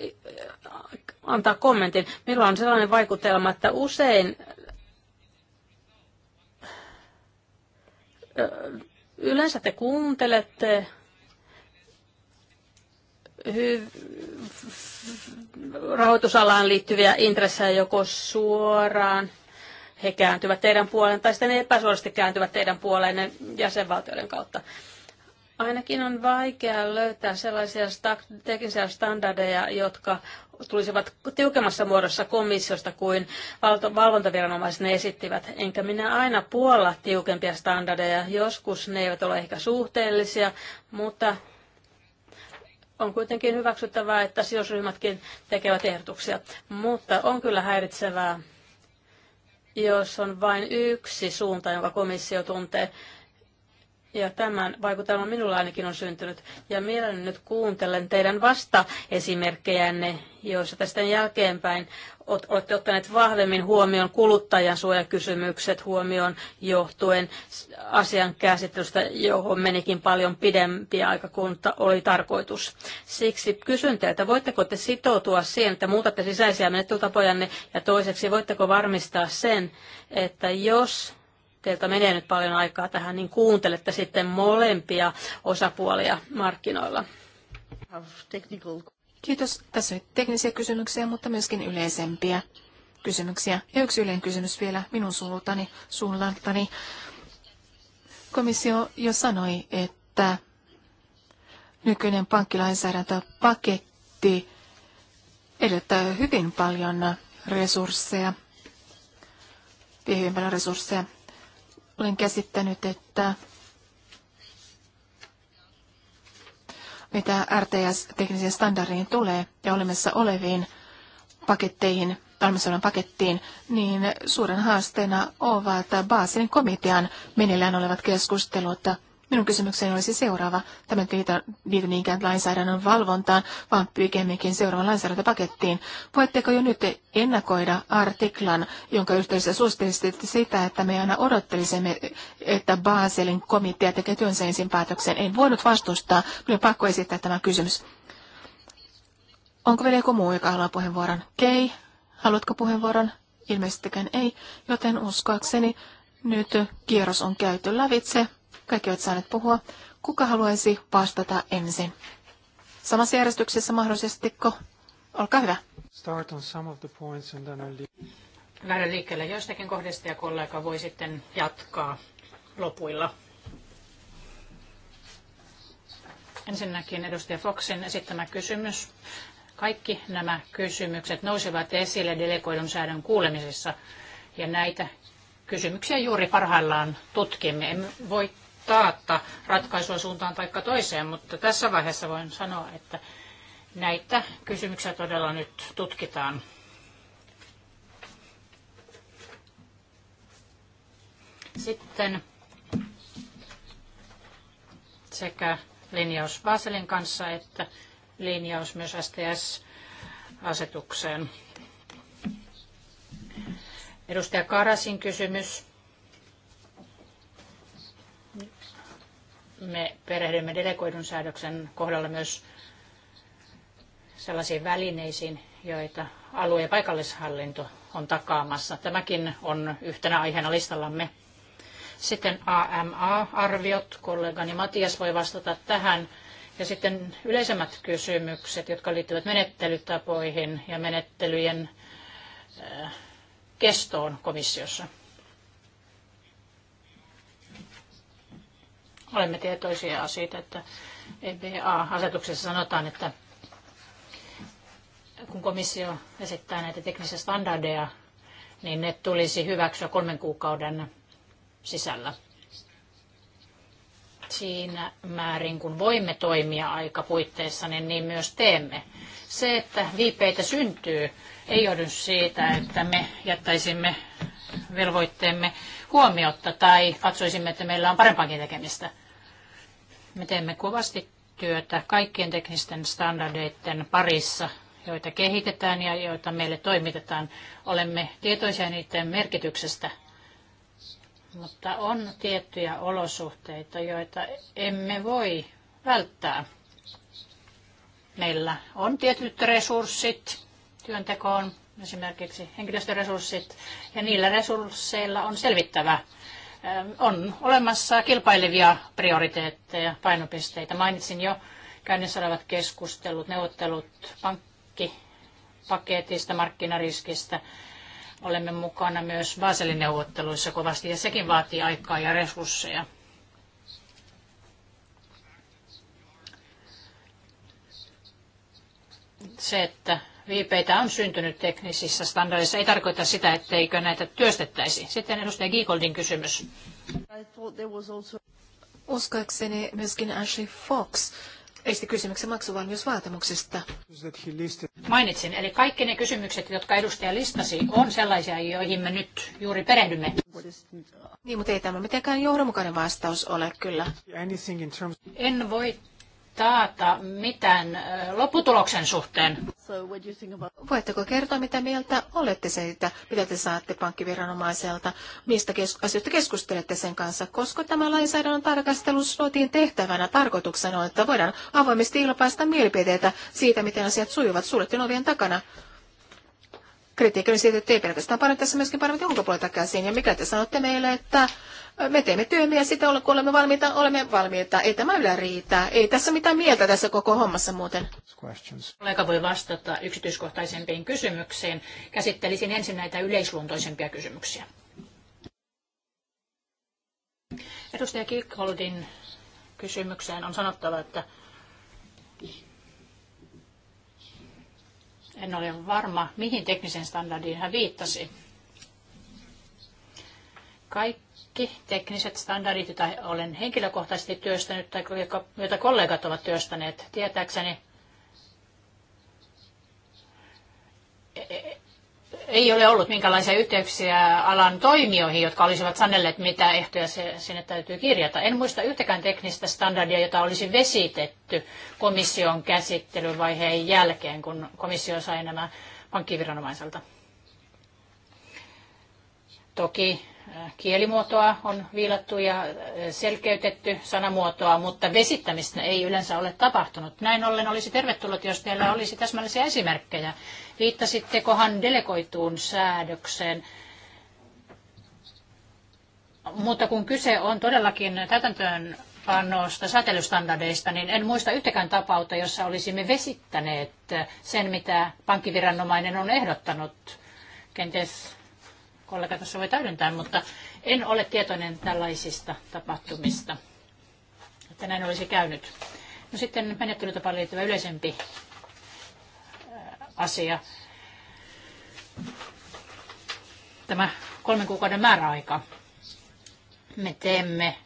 antaa kommentin. Minulla on sellainen vaikutelma, että usein yleensä te kuuntelette rahoitusalaan liittyviä intressejä joko suoraan, he kääntyvät teidän puoleen, tai sitten ne epäsuorasti kääntyvät teidän puoleenne jäsenvaltioiden kautta. Ainakin on vaikea löytää sellaisia teknisiä standardeja, jotka tulisivat tiukemmassa muodossa komissiosta kuin valvontaviranomaiset ne esittivät. Enkä minä aina puolla tiukempia standardeja. Joskus ne eivät ole ehkä suhteellisia, mutta on kuitenkin hyväksyttävää, että sidosryhmätkin tekevät ehdotuksia. Mutta on kyllä häiritsevää, jos on vain yksi suunta, jonka komissio tuntee. Ja tämän vaikutelman minulla ainakin on syntynyt. Ja mielelläni nyt kuuntelen teidän vasta-esimerkkejänne, joissa tästä jälkeenpäin olette ottaneet vahvemmin huomioon kuluttajan suojakysymykset huomioon johtuen asian käsittelystä, johon menikin paljon pidempi aika kuin oli tarkoitus. Siksi kysyn teiltä, voitteko te sitoutua siihen, että muutatte sisäisiä menettelytapojanne ja toiseksi voitteko varmistaa sen, että jos teiltä menee nyt paljon aikaa tähän, niin kuuntelette sitten molempia osapuolia markkinoilla. Kiitos. Tässä oli teknisiä kysymyksiä, mutta myöskin yleisempiä kysymyksiä. Ja yksi yleinen kysymys vielä minun suultani. suunnaltani. Komissio jo sanoi, että nykyinen pankkilainsäädäntöpaketti edellyttää hyvin paljon resursseja, vie hyvin paljon resursseja. Olen käsittänyt, että mitä RTS-teknisiin standardiin tulee ja olemassa oleviin paketteihin, valmistelujen pakettiin, niin suuren haasteena ovat Baasin komitean meneillään olevat keskustelut Minun kysymykseni olisi seuraava. Tämä ei liity, niinkään lainsäädännön valvontaan, vaan pikemminkin seuraavan lainsäädäntöpakettiin. Voitteko jo nyt ennakoida artiklan, jonka yhteydessä suosittelisitte sitä, että me aina odottelisimme, että Baselin komitea tekee työnsä ensin päätöksen. En voinut vastustaa. Minun pakko esittää tämä kysymys. Onko vielä joku muu, joka haluaa puheenvuoron? Kei, haluatko puheenvuoron? Ilmeisestikään ei, joten uskoakseni nyt kierros on käyty lävitse. Kaikki ovat saaneet puhua. Kuka haluaisi vastata ensin? Samassa järjestyksessä mahdollisestiko? Olkaa hyvä. Start on some of the points and then I'll... Lähden liikkeelle joistakin kohdista ja kollega voi sitten jatkaa lopuilla. Ensinnäkin edustaja Foxin esittämä kysymys. Kaikki nämä kysymykset nousivat esille delegoidun säädön kuulemisissa ja näitä kysymyksiä juuri parhaillaan tutkimme. Emme voi taatta ratkaisua suuntaan tai toiseen, mutta tässä vaiheessa voin sanoa, että näitä kysymyksiä todella nyt tutkitaan. Sitten sekä linjaus Baselin kanssa että linjaus myös STS-asetukseen. Edustaja Karasin kysymys me perehdymme delegoidun säädöksen kohdalla myös sellaisiin välineisiin, joita alue- ja paikallishallinto on takaamassa. Tämäkin on yhtenä aiheena listallamme. Sitten AMA-arviot, kollegani Matias voi vastata tähän. Ja sitten yleisemmät kysymykset, jotka liittyvät menettelytapoihin ja menettelyjen äh, kestoon komissiossa. Olemme tietoisia siitä, että EBA-asetuksessa sanotaan, että kun komissio esittää näitä teknisiä standardeja, niin ne tulisi hyväksyä kolmen kuukauden sisällä. Siinä määrin, kun voimme toimia aikapuitteissa, niin, niin myös teemme. Se, että viipeitä syntyy, ei johdu siitä, että me jättäisimme velvoitteemme huomiotta tai katsoisimme, että meillä on parempaakin tekemistä – me teemme kovasti työtä kaikkien teknisten standardeiden parissa, joita kehitetään ja joita meille toimitetaan. Olemme tietoisia niiden merkityksestä, mutta on tiettyjä olosuhteita, joita emme voi välttää. Meillä on tietyt resurssit työntekoon, esimerkiksi henkilöstöresurssit, ja niillä resursseilla on selvittävä on olemassa kilpailevia prioriteetteja, painopisteitä. Mainitsin jo käynnissä olevat keskustelut, neuvottelut pankkipaketista, markkinariskistä. Olemme mukana myös Baselin neuvotteluissa kovasti ja sekin vaatii aikaa ja resursseja. Se, että viipeitä on syntynyt teknisissä standardeissa, ei tarkoita sitä, etteikö näitä työstettäisi. Sitten edustaja Giegoldin kysymys. Uskoakseni myöskin Ashley Fox esti kysymyksen maksuvalmiusvaatimuksesta. Mainitsin, eli kaikki ne kysymykset, jotka edustaja listasi, on sellaisia, joihin me nyt juuri perehdymme. Niin, mutta ei tämä mitenkään johdonmukainen vastaus ole kyllä. En voi taata mitään lopputuloksen suhteen. Voitteko kertoa, mitä mieltä olette siitä, mitä te saatte pankkiviranomaiselta, mistä kes- asioista keskustelette sen kanssa, koska tämä lainsäädännön tarkastelu suotiin tehtävänä tarkoituksena että voidaan avoimesti ilmaista mielipiteitä siitä, miten asiat sujuvat suljettujen ovien takana. Kritiikki on siitä, että ei pelkästään parantaa tässä myöskin parantaa ulkopuolelta käsiin. Ja mikä te sanotte meille, että me teemme työmme ja sitä kun olemme valmiita, olemme valmiita. Ei tämä ylä riitä. Ei tässä mitään mieltä tässä koko hommassa muuten. Kollega voi vastata yksityiskohtaisempiin kysymyksiin. Käsittelisin ensin näitä yleisluontoisempia kysymyksiä. Edustaja Kirkholdin kysymykseen on sanottava, että en ole varma, mihin teknisen standardiin hän viittasi. Kaik kaikki tekniset standardit, joita olen henkilökohtaisesti työstänyt tai joita kollegat ovat työstäneet tietääkseni, ei ole ollut minkälaisia yhteyksiä alan toimijoihin, jotka olisivat sanelleet, mitä ehtoja se, sinne täytyy kirjata. En muista yhtäkään teknistä standardia, jota olisi vesitetty komission käsittelyvaiheen jälkeen, kun komissio sai nämä pankkiviranomaiselta. Toki kielimuotoa on viilattu ja selkeytetty sanamuotoa, mutta vesittämistä ei yleensä ole tapahtunut. Näin ollen olisi tervetullut, jos teillä olisi täsmällisiä esimerkkejä. Viittasittekohan delegoituun säädökseen? Mutta kun kyse on todellakin täytäntöön säätelystandardeista, niin en muista yhtäkään tapausta, jossa olisimme vesittäneet sen, mitä pankkiviranomainen on ehdottanut. Kenties kollega tuossa voi täydentää, mutta en ole tietoinen tällaisista tapahtumista, että näin olisi käynyt. No sitten menettelytapaan liittyvä yleisempi asia. Tämä kolmen kuukauden määräaika. Me teemme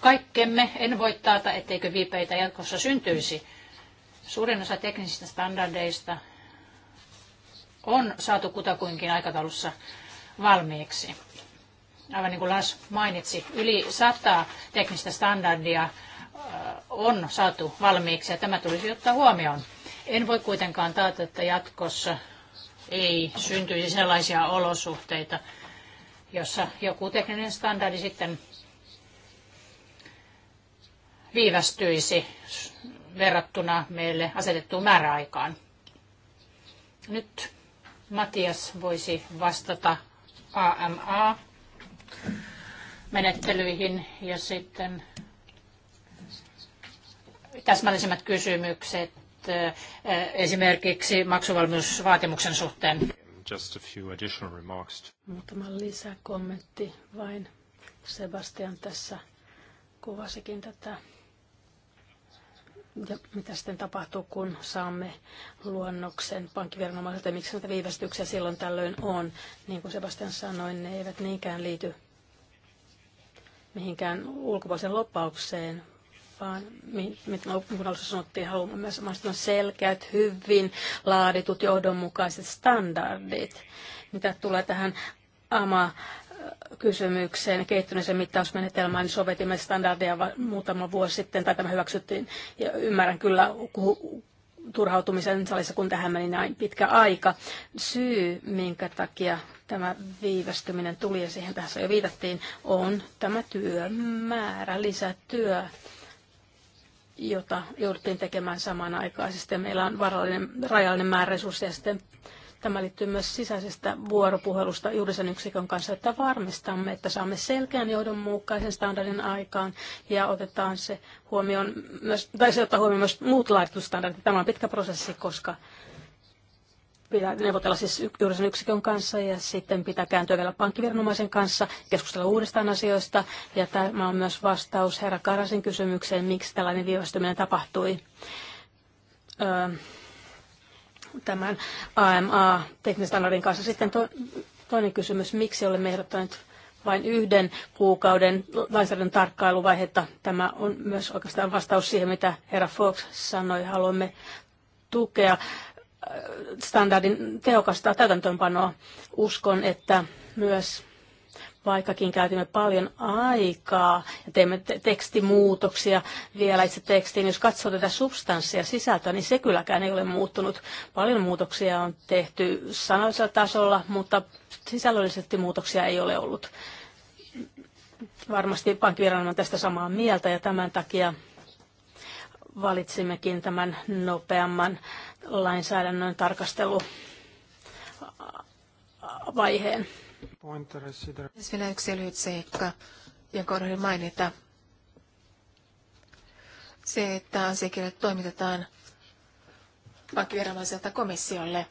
kaikkemme. En voi taata, etteikö viipeitä jatkossa syntyisi. Suurin osa teknisistä standardeista on saatu kutakuinkin aikataulussa valmiiksi. Aivan niin kuin Lars mainitsi, yli sata teknistä standardia on saatu valmiiksi ja tämä tulisi ottaa huomioon. En voi kuitenkaan taata, että jatkossa ei syntyisi sellaisia olosuhteita, jossa joku tekninen standardi sitten viivästyisi verrattuna meille asetettuun määräaikaan. Nyt Matias voisi vastata AMA-menettelyihin ja sitten täsmällisemmät kysymykset eh, esimerkiksi maksuvalmiusvaatimuksen suhteen. Just a few additional remarks. Muutama lisäkommentti vain. Sebastian tässä kuvasikin tätä ja mitä sitten tapahtuu, kun saamme luonnoksen pankkiviranomaiselta, miksi näitä viivästyksiä silloin tällöin on. Niin kuin Sebastian sanoi, ne eivät niinkään liity mihinkään ulkopuolisen loppaukseen, vaan mitä no, niin kun alussa sanottiin, haluamme myös mahdollisimman selkeät, hyvin laaditut, johdonmukaiset standardit. Mitä tulee tähän AMA kysymykseen kehittyneeseen mittausmenetelmään, niin sovetimme standardeja muutama vuosi sitten, tai tämä hyväksyttiin, ja ymmärrän kyllä turhautumisen salissa, kun tähän meni näin pitkä aika. Syy, minkä takia tämä viivästyminen tuli, ja siihen tässä jo viitattiin, on tämä työmäärä, lisätyö jota jouduttiin tekemään samanaikaisesti. Meillä on varallinen, rajallinen määrä resursseja sitten Tämä liittyy myös sisäisestä vuoropuhelusta juuri sen yksikön kanssa, että varmistamme, että saamme selkeän johdonmukaisen standardin aikaan ja otetaan se huomioon myös, tai se ottaa huomioon myös muut laitustandardit. Tämä on pitkä prosessi, koska pitää neuvotella siis juuri sen yksikön kanssa ja sitten pitää kääntyä vielä pankkiviranomaisen kanssa, keskustella uudestaan asioista. Ja tämä on myös vastaus herra Karasin kysymykseen, miksi tällainen viivästyminen tapahtui. Öö, tämän AMA-teknistandardin kanssa. Sitten to, toinen kysymys, miksi olemme ehdottaneet vain yhden kuukauden lainsäädännön tarkkailuvaihetta. Tämä on myös oikeastaan vastaus siihen, mitä herra Fox sanoi. Haluamme tukea äh, standardin tehokasta täytäntöönpanoa. Uskon, että myös vaikkakin käytimme paljon aikaa ja teimme te- tekstimuutoksia vielä itse tekstiin. Jos katsoo tätä substanssia sisältöä, niin se kylläkään ei ole muuttunut. Paljon muutoksia on tehty sanallisella tasolla, mutta sisällöllisesti muutoksia ei ole ollut. Varmasti pankkiviranomainen on tästä samaa mieltä ja tämän takia valitsimmekin tämän nopeamman lainsäädännön tarkastelu vaiheen. Vielä yksi lyhyt seikka, jonka unohdin mainita. Se, että asiakirjat toimitetaan pankkiviranomaiselta komissiolle.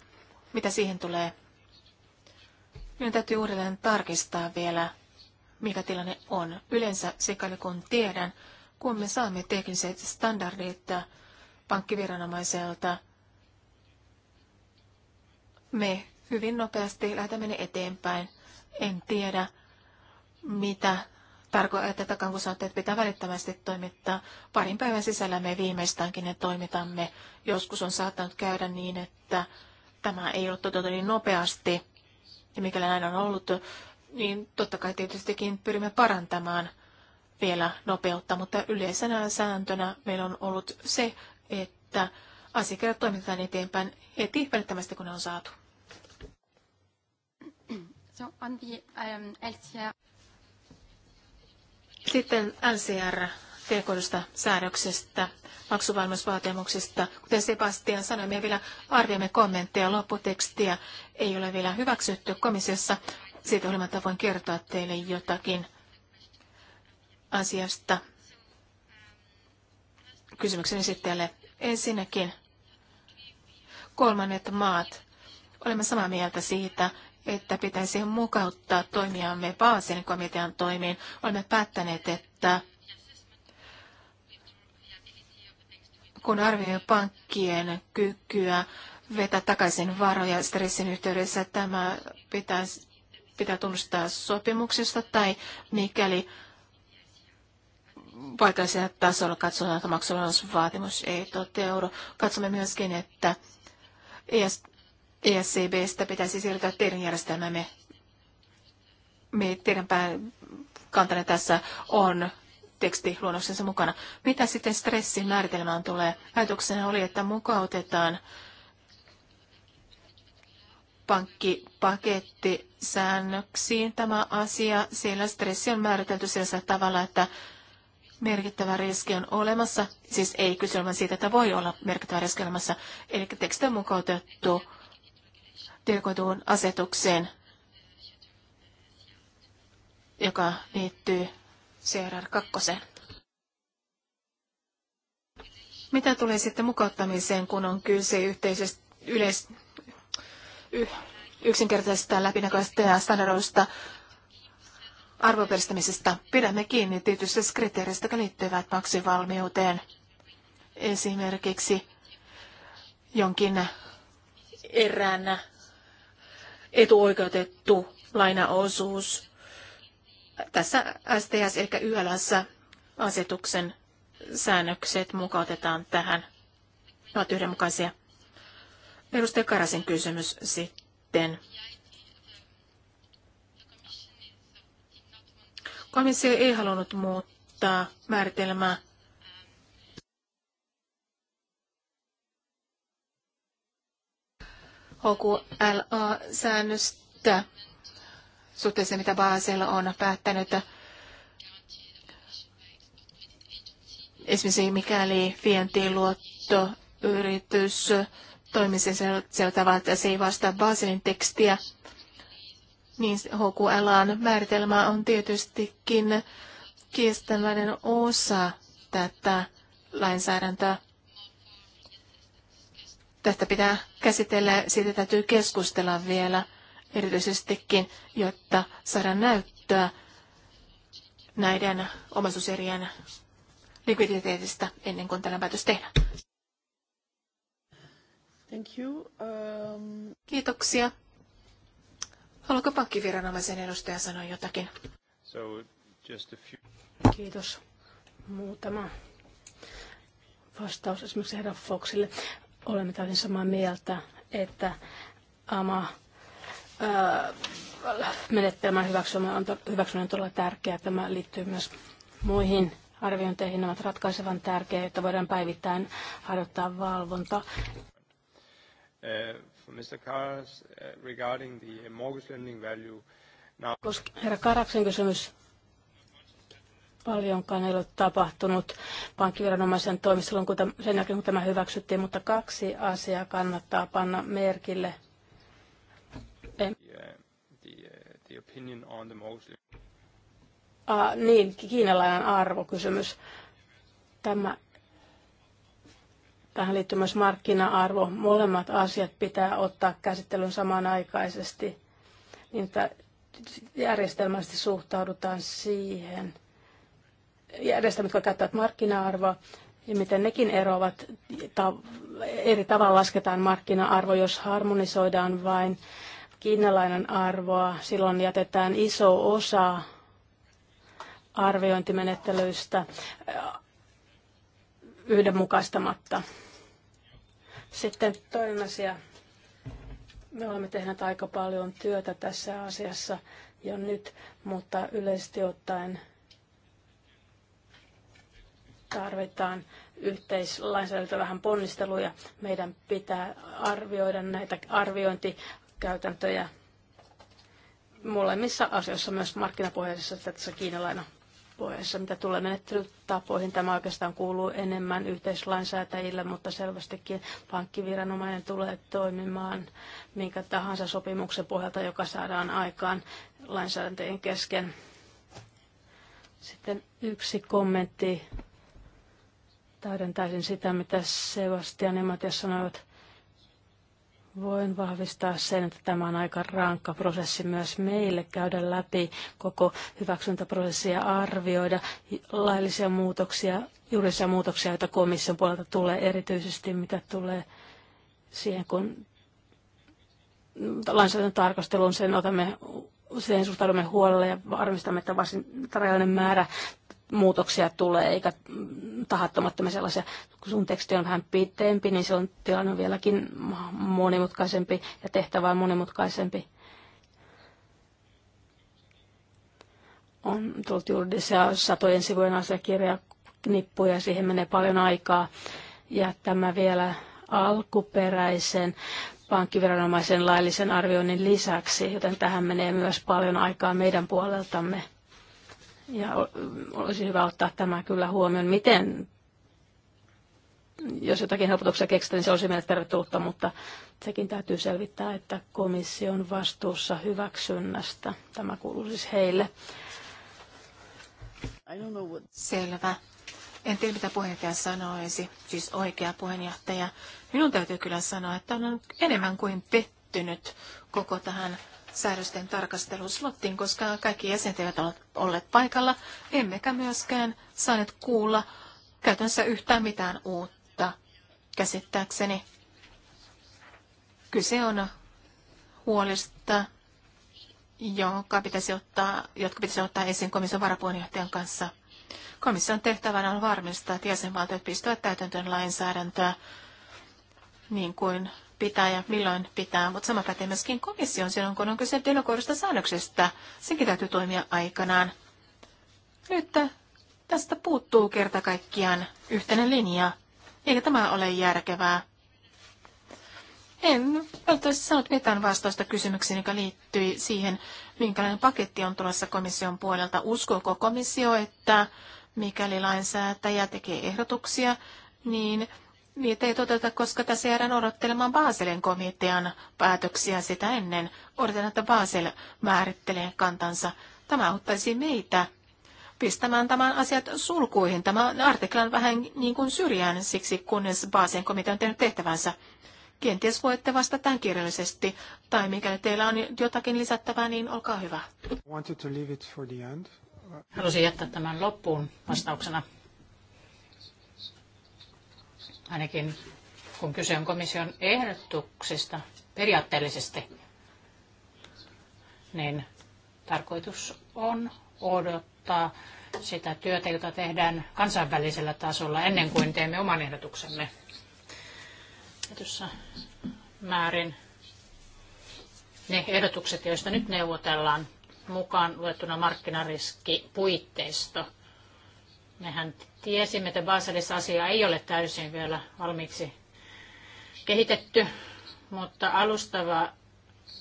Mitä siihen tulee? Meidän täytyy uudelleen tarkistaa vielä, mikä tilanne on. Yleensä sikäli kun tiedän, kun me saamme tekniset standardit pankkiviranomaiselta, me hyvin nopeasti lähdetään eteenpäin – en tiedä, mitä tarkoittaa että kun sanotte, että pitää välittömästi toimittaa. Parin päivän sisällä me viimeistäänkin ne toimitamme. Joskus on saattanut käydä niin, että tämä ei ole toteutunut niin nopeasti. Ja mikäli näin on ollut, niin totta kai tietystikin pyrimme parantamaan vielä nopeutta, mutta yleisenä sääntönä meillä on ollut se, että asiakirjat toimitetaan eteenpäin heti välittömästi, kun ne on saatu. So on the, um, LCR. Sitten LCR tekoilusta säädöksestä, maksuvalmiusvaatimuksista. Kuten Sebastian sanoi, me vielä arvioimme kommentteja, lopputekstiä ei ole vielä hyväksytty komissiossa. Siitä huolimatta voin kertoa teille jotakin asiasta kysymyksen esittäjälle. Ensinnäkin kolmannet maat. Olemme samaa mieltä siitä, että pitäisi mukauttaa toimiamme Baasin komitean toimiin. Olemme päättäneet, että kun arvioi pankkien kykyä vetää takaisin varoja stressin yhteydessä, tämä pitäisi, pitää tunnustaa sopimuksesta tai mikäli paikallisella tasolla katsotaan, että maksuvalmiusvaatimus ei toteudu. Katsomme myöskin, että e ESCBstä pitäisi siirtyä teidän järjestelmämme. Me teidän pääkantanne tässä on tekstiluonnoksensa mukana. Mitä sitten stressin määritelmään tulee? Ajatuksena oli, että mukautetaan pankkipakettisäännöksiin tämä asia. Siellä stressi on määritelty sillä tavalla, että merkittävä riski on olemassa. Siis ei kysymään siitä, että voi olla merkittävä riski olemassa. Eli teksti on mukautettu tilkoituun asetukseen, joka liittyy CRR 2. Mitä tulee sitten mukauttamiseen, kun on kyse yhteisestä yleis, y, yksinkertaisesta läpinäköistä ja standardoista arvoperistämisestä? Pidämme kiinni tietysti kriteereistä, jotka liittyvät maksivalmiuteen. Esimerkiksi jonkin eräänä etuoikeutettu lainaosuus tässä STS eli YLS asetuksen säännökset mukautetaan tähän. Ne ovat yhdenmukaisia. Edustaja Karasin kysymys sitten. Komissio ei halunnut muuttaa määritelmää HQLA-säännöstä suhteessa, mitä Basel on päättänyt. Esimerkiksi mikäli vientiluottoyritys toimisi sillä tavalla, että se ei vastaa Baselin tekstiä, niin HQLAn määritelmä on tietystikin kiistanlainen osa tätä lainsäädäntöä. Tästä pitää käsitellä, siitä täytyy keskustella vielä erityisestikin, jotta saadaan näyttöä näiden omaisuuserien likviditeetistä ennen kuin tällä päätös tehdään. Thank you. Um... Kiitoksia. Haluatko pankkiviranomaisen edustaja sanoa jotakin? So, just a few... Kiitos. Muutama vastaus esimerkiksi herra Foxille. Olemme täysin samaa mieltä, että AMA menettelmän hyväksyminen on, on todella tärkeää. Tämä liittyy myös muihin arviointeihin. Ne ovat ratkaisevan tärkeitä, että voidaan päivittäin harjoittaa valvonta. Koska eh, Mr. Karas, eh, regarding the mortgage lending value, Herra Karaksen kysymys Paljonkaan ei ole tapahtunut pankkiviranomaisen toimistolla kun tämän, sen jälkeen, kun tämä hyväksyttiin, mutta kaksi asiaa kannattaa panna merkille. Ah, niin, kiinalainen arvokysymys. Tämä Tähän liittyy myös markkina-arvo. Molemmat asiat pitää ottaa käsittelyn samanaikaisesti, niin että järjestelmästi suhtaudutaan siihen, järjestelmät, jotka käyttävät markkina-arvoa, ja miten nekin eroavat, ta, eri tavalla lasketaan markkina-arvo, jos harmonisoidaan vain kiinalainen arvoa, silloin jätetään iso osa arviointimenettelyistä äh, yhdenmukaistamatta. Sitten toinen asia. Me olemme tehneet aika paljon työtä tässä asiassa jo nyt, mutta yleisesti ottaen – tarvitaan yhteislainsäädäntö vähän ponnisteluja. Meidän pitää arvioida näitä arviointikäytäntöjä molemmissa asioissa, myös markkinapohjaisessa että tässä kiinalainen pohjassa, mitä tulee menettelytapoihin. Tämä oikeastaan kuuluu enemmän yhteislainsäätäjille, mutta selvästikin pankkiviranomainen tulee toimimaan minkä tahansa sopimuksen pohjalta, joka saadaan aikaan lainsäädäntöjen kesken. Sitten yksi kommentti täydentäisin sitä, mitä Sebastian ja Matias sanoivat. Voin vahvistaa sen, että tämä on aika rankka prosessi myös meille käydä läpi koko ja arvioida laillisia muutoksia, juridisia muutoksia, joita komission puolelta tulee, erityisesti mitä tulee siihen, kun lainsäädännön tarkasteluun sen otamme siihen suhtaudumme huolella ja varmistamme, että varsin rajallinen määrä muutoksia tulee, eikä tahattomattomia sellaisia. Kun sun teksti on vähän pitempi, niin se on tilanne on vieläkin monimutkaisempi ja tehtävä on monimutkaisempi. On tullut juridisia satojen sivujen asiakirja, nippuja, siihen menee paljon aikaa. Ja tämä vielä alkuperäisen pankkiviranomaisen laillisen arvioinnin lisäksi, joten tähän menee myös paljon aikaa meidän puoleltamme. Ja olisi hyvä ottaa tämä kyllä huomioon, miten jos jotakin helpotuksia keksitään, niin se olisi meille tervetullutta, mutta sekin täytyy selvittää, että komission vastuussa hyväksynnästä. Tämä kuuluu siis heille. Selvä. En tiedä, mitä puheenjohtaja sanoisi, siis oikea puheenjohtaja. Minun täytyy kyllä sanoa, että on enemmän kuin pettynyt koko tähän säädösten tarkasteluslottiin, koska kaikki jäsenet eivät ole olleet paikalla, emmekä myöskään saaneet kuulla käytännössä yhtään mitään uutta käsittääkseni. Kyse on huolista, jonka pitäisi ottaa, jotka pitäisi ottaa esiin komission varapuheenjohtajan kanssa. Komission tehtävänä on varmistaa, että jäsenvaltiot pistävät täytäntöön lainsäädäntöä niin kuin pitää ja milloin pitää, mutta sama pätee myöskin komission silloin, kun on kyse delegoidusta säännöksestä. Senkin täytyy toimia aikanaan. Nyt tästä puuttuu kerta kaikkiaan yhtenä linja, eikä tämä ole järkevää. En välttämättä saanut mitään vastausta kysymykseen, joka liittyi siihen, minkälainen paketti on tulossa komission puolelta. Uskooko komissio, että mikäli lainsäätäjä tekee ehdotuksia, niin Niitä ei toteuta, koska tässä jäädään odottelemaan Baselin komitean päätöksiä sitä ennen. Odotan, että Basel määrittelee kantansa. Tämä auttaisi meitä pistämään tämän asiat sulkuihin. Tämä artiklan vähän niin kuin syrjään siksi, kunnes Baselin komitea on tehnyt tehtävänsä. Kenties voitte vastata tämän kirjallisesti, tai mikäli teillä on jotakin lisättävää, niin olkaa hyvä. Halusin jättää tämän loppuun vastauksena ainakin kun kyse on komission ehdotuksesta periaatteellisesti, niin tarkoitus on odottaa sitä työtä, jota tehdään kansainvälisellä tasolla ennen kuin teemme oman ehdotuksemme. Tietyssä määrin ne ehdotukset, joista nyt neuvotellaan, mukaan luettuna markkinariskipuitteisto – Mehän tiesimme, että Baselissa asia ei ole täysin vielä valmiiksi kehitetty, mutta alustava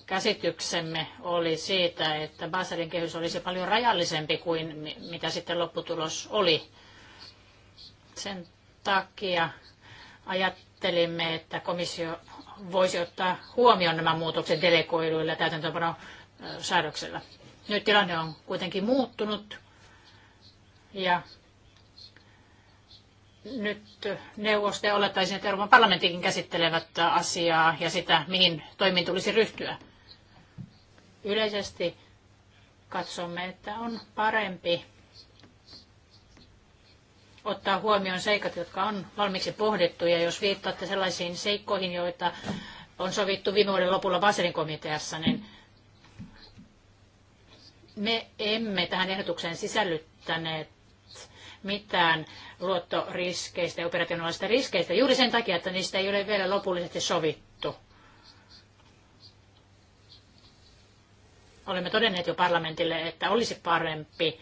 käsityksemme oli siitä, että Baselin kehys olisi paljon rajallisempi kuin mitä sitten lopputulos oli. Sen takia ajattelimme, että komissio voisi ottaa huomioon nämä muutokset delegoiduilla täytäntöönpanon säädöksellä. Nyt tilanne on kuitenkin muuttunut ja nyt neuvosto ja olettaisin, että Euroopan parlamenttikin käsittelevät asiaa ja sitä, mihin toimiin tulisi ryhtyä. Yleisesti katsomme, että on parempi ottaa huomioon seikat, jotka on valmiiksi pohdittu. Ja jos viittaatte sellaisiin seikkoihin, joita on sovittu viime vuoden lopulla Baselin komiteassa, niin me emme tähän ehdotukseen sisällyttäneet mitään luottoriskeistä ja operationaalisista riskeistä juuri sen takia, että niistä ei ole vielä lopullisesti sovittu. Olemme todenneet jo parlamentille, että olisi parempi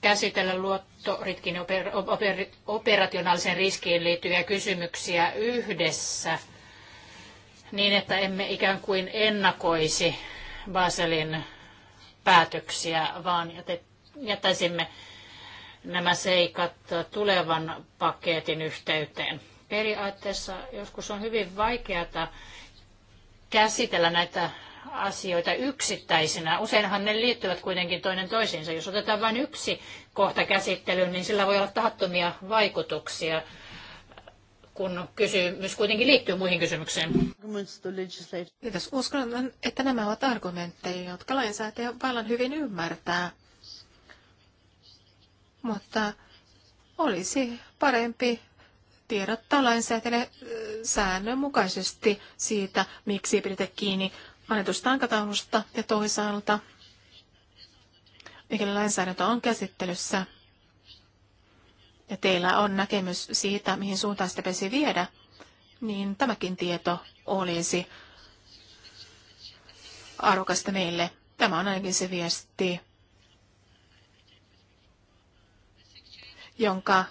käsitellä luottoritkin operationaaliseen riskiin liittyviä kysymyksiä yhdessä niin, että emme ikään kuin ennakoisi Baselin päätöksiä, vaan jättäisimme nämä seikat tulevan paketin yhteyteen. Periaatteessa joskus on hyvin vaikeata käsitellä näitä asioita yksittäisinä. Useinhan ne liittyvät kuitenkin toinen toisiinsa. Jos otetaan vain yksi kohta käsittelyyn, niin sillä voi olla tahattomia vaikutuksia, kun kysymys kuitenkin liittyy muihin kysymyksiin. Kiitos. Uskon, että nämä ovat argumentteja, jotka lainsäätäjä vallan hyvin ymmärtää mutta olisi parempi tiedottaa lainsäätäjille säännönmukaisesti siitä, miksi ei pidetä kiinni annetusta aikataulusta ja toisaalta, mikäli lainsäädäntö on käsittelyssä ja teillä on näkemys siitä, mihin suuntaan sitä pesi viedä, niin tämäkin tieto olisi arvokasta meille. Tämä on ainakin se viesti, jonka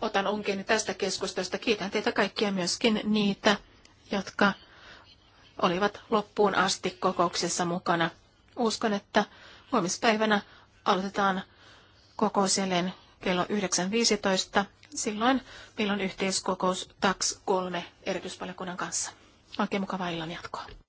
otan onkin tästä keskustelusta. Kiitän teitä kaikkia myöskin niitä, jotka olivat loppuun asti kokouksessa mukana. Uskon, että huomispäivänä aloitetaan kokouselleen kello 9.15. Silloin meillä on yhteiskokous TAX 3 kanssa. Oikein mukavaa illan jatkoa.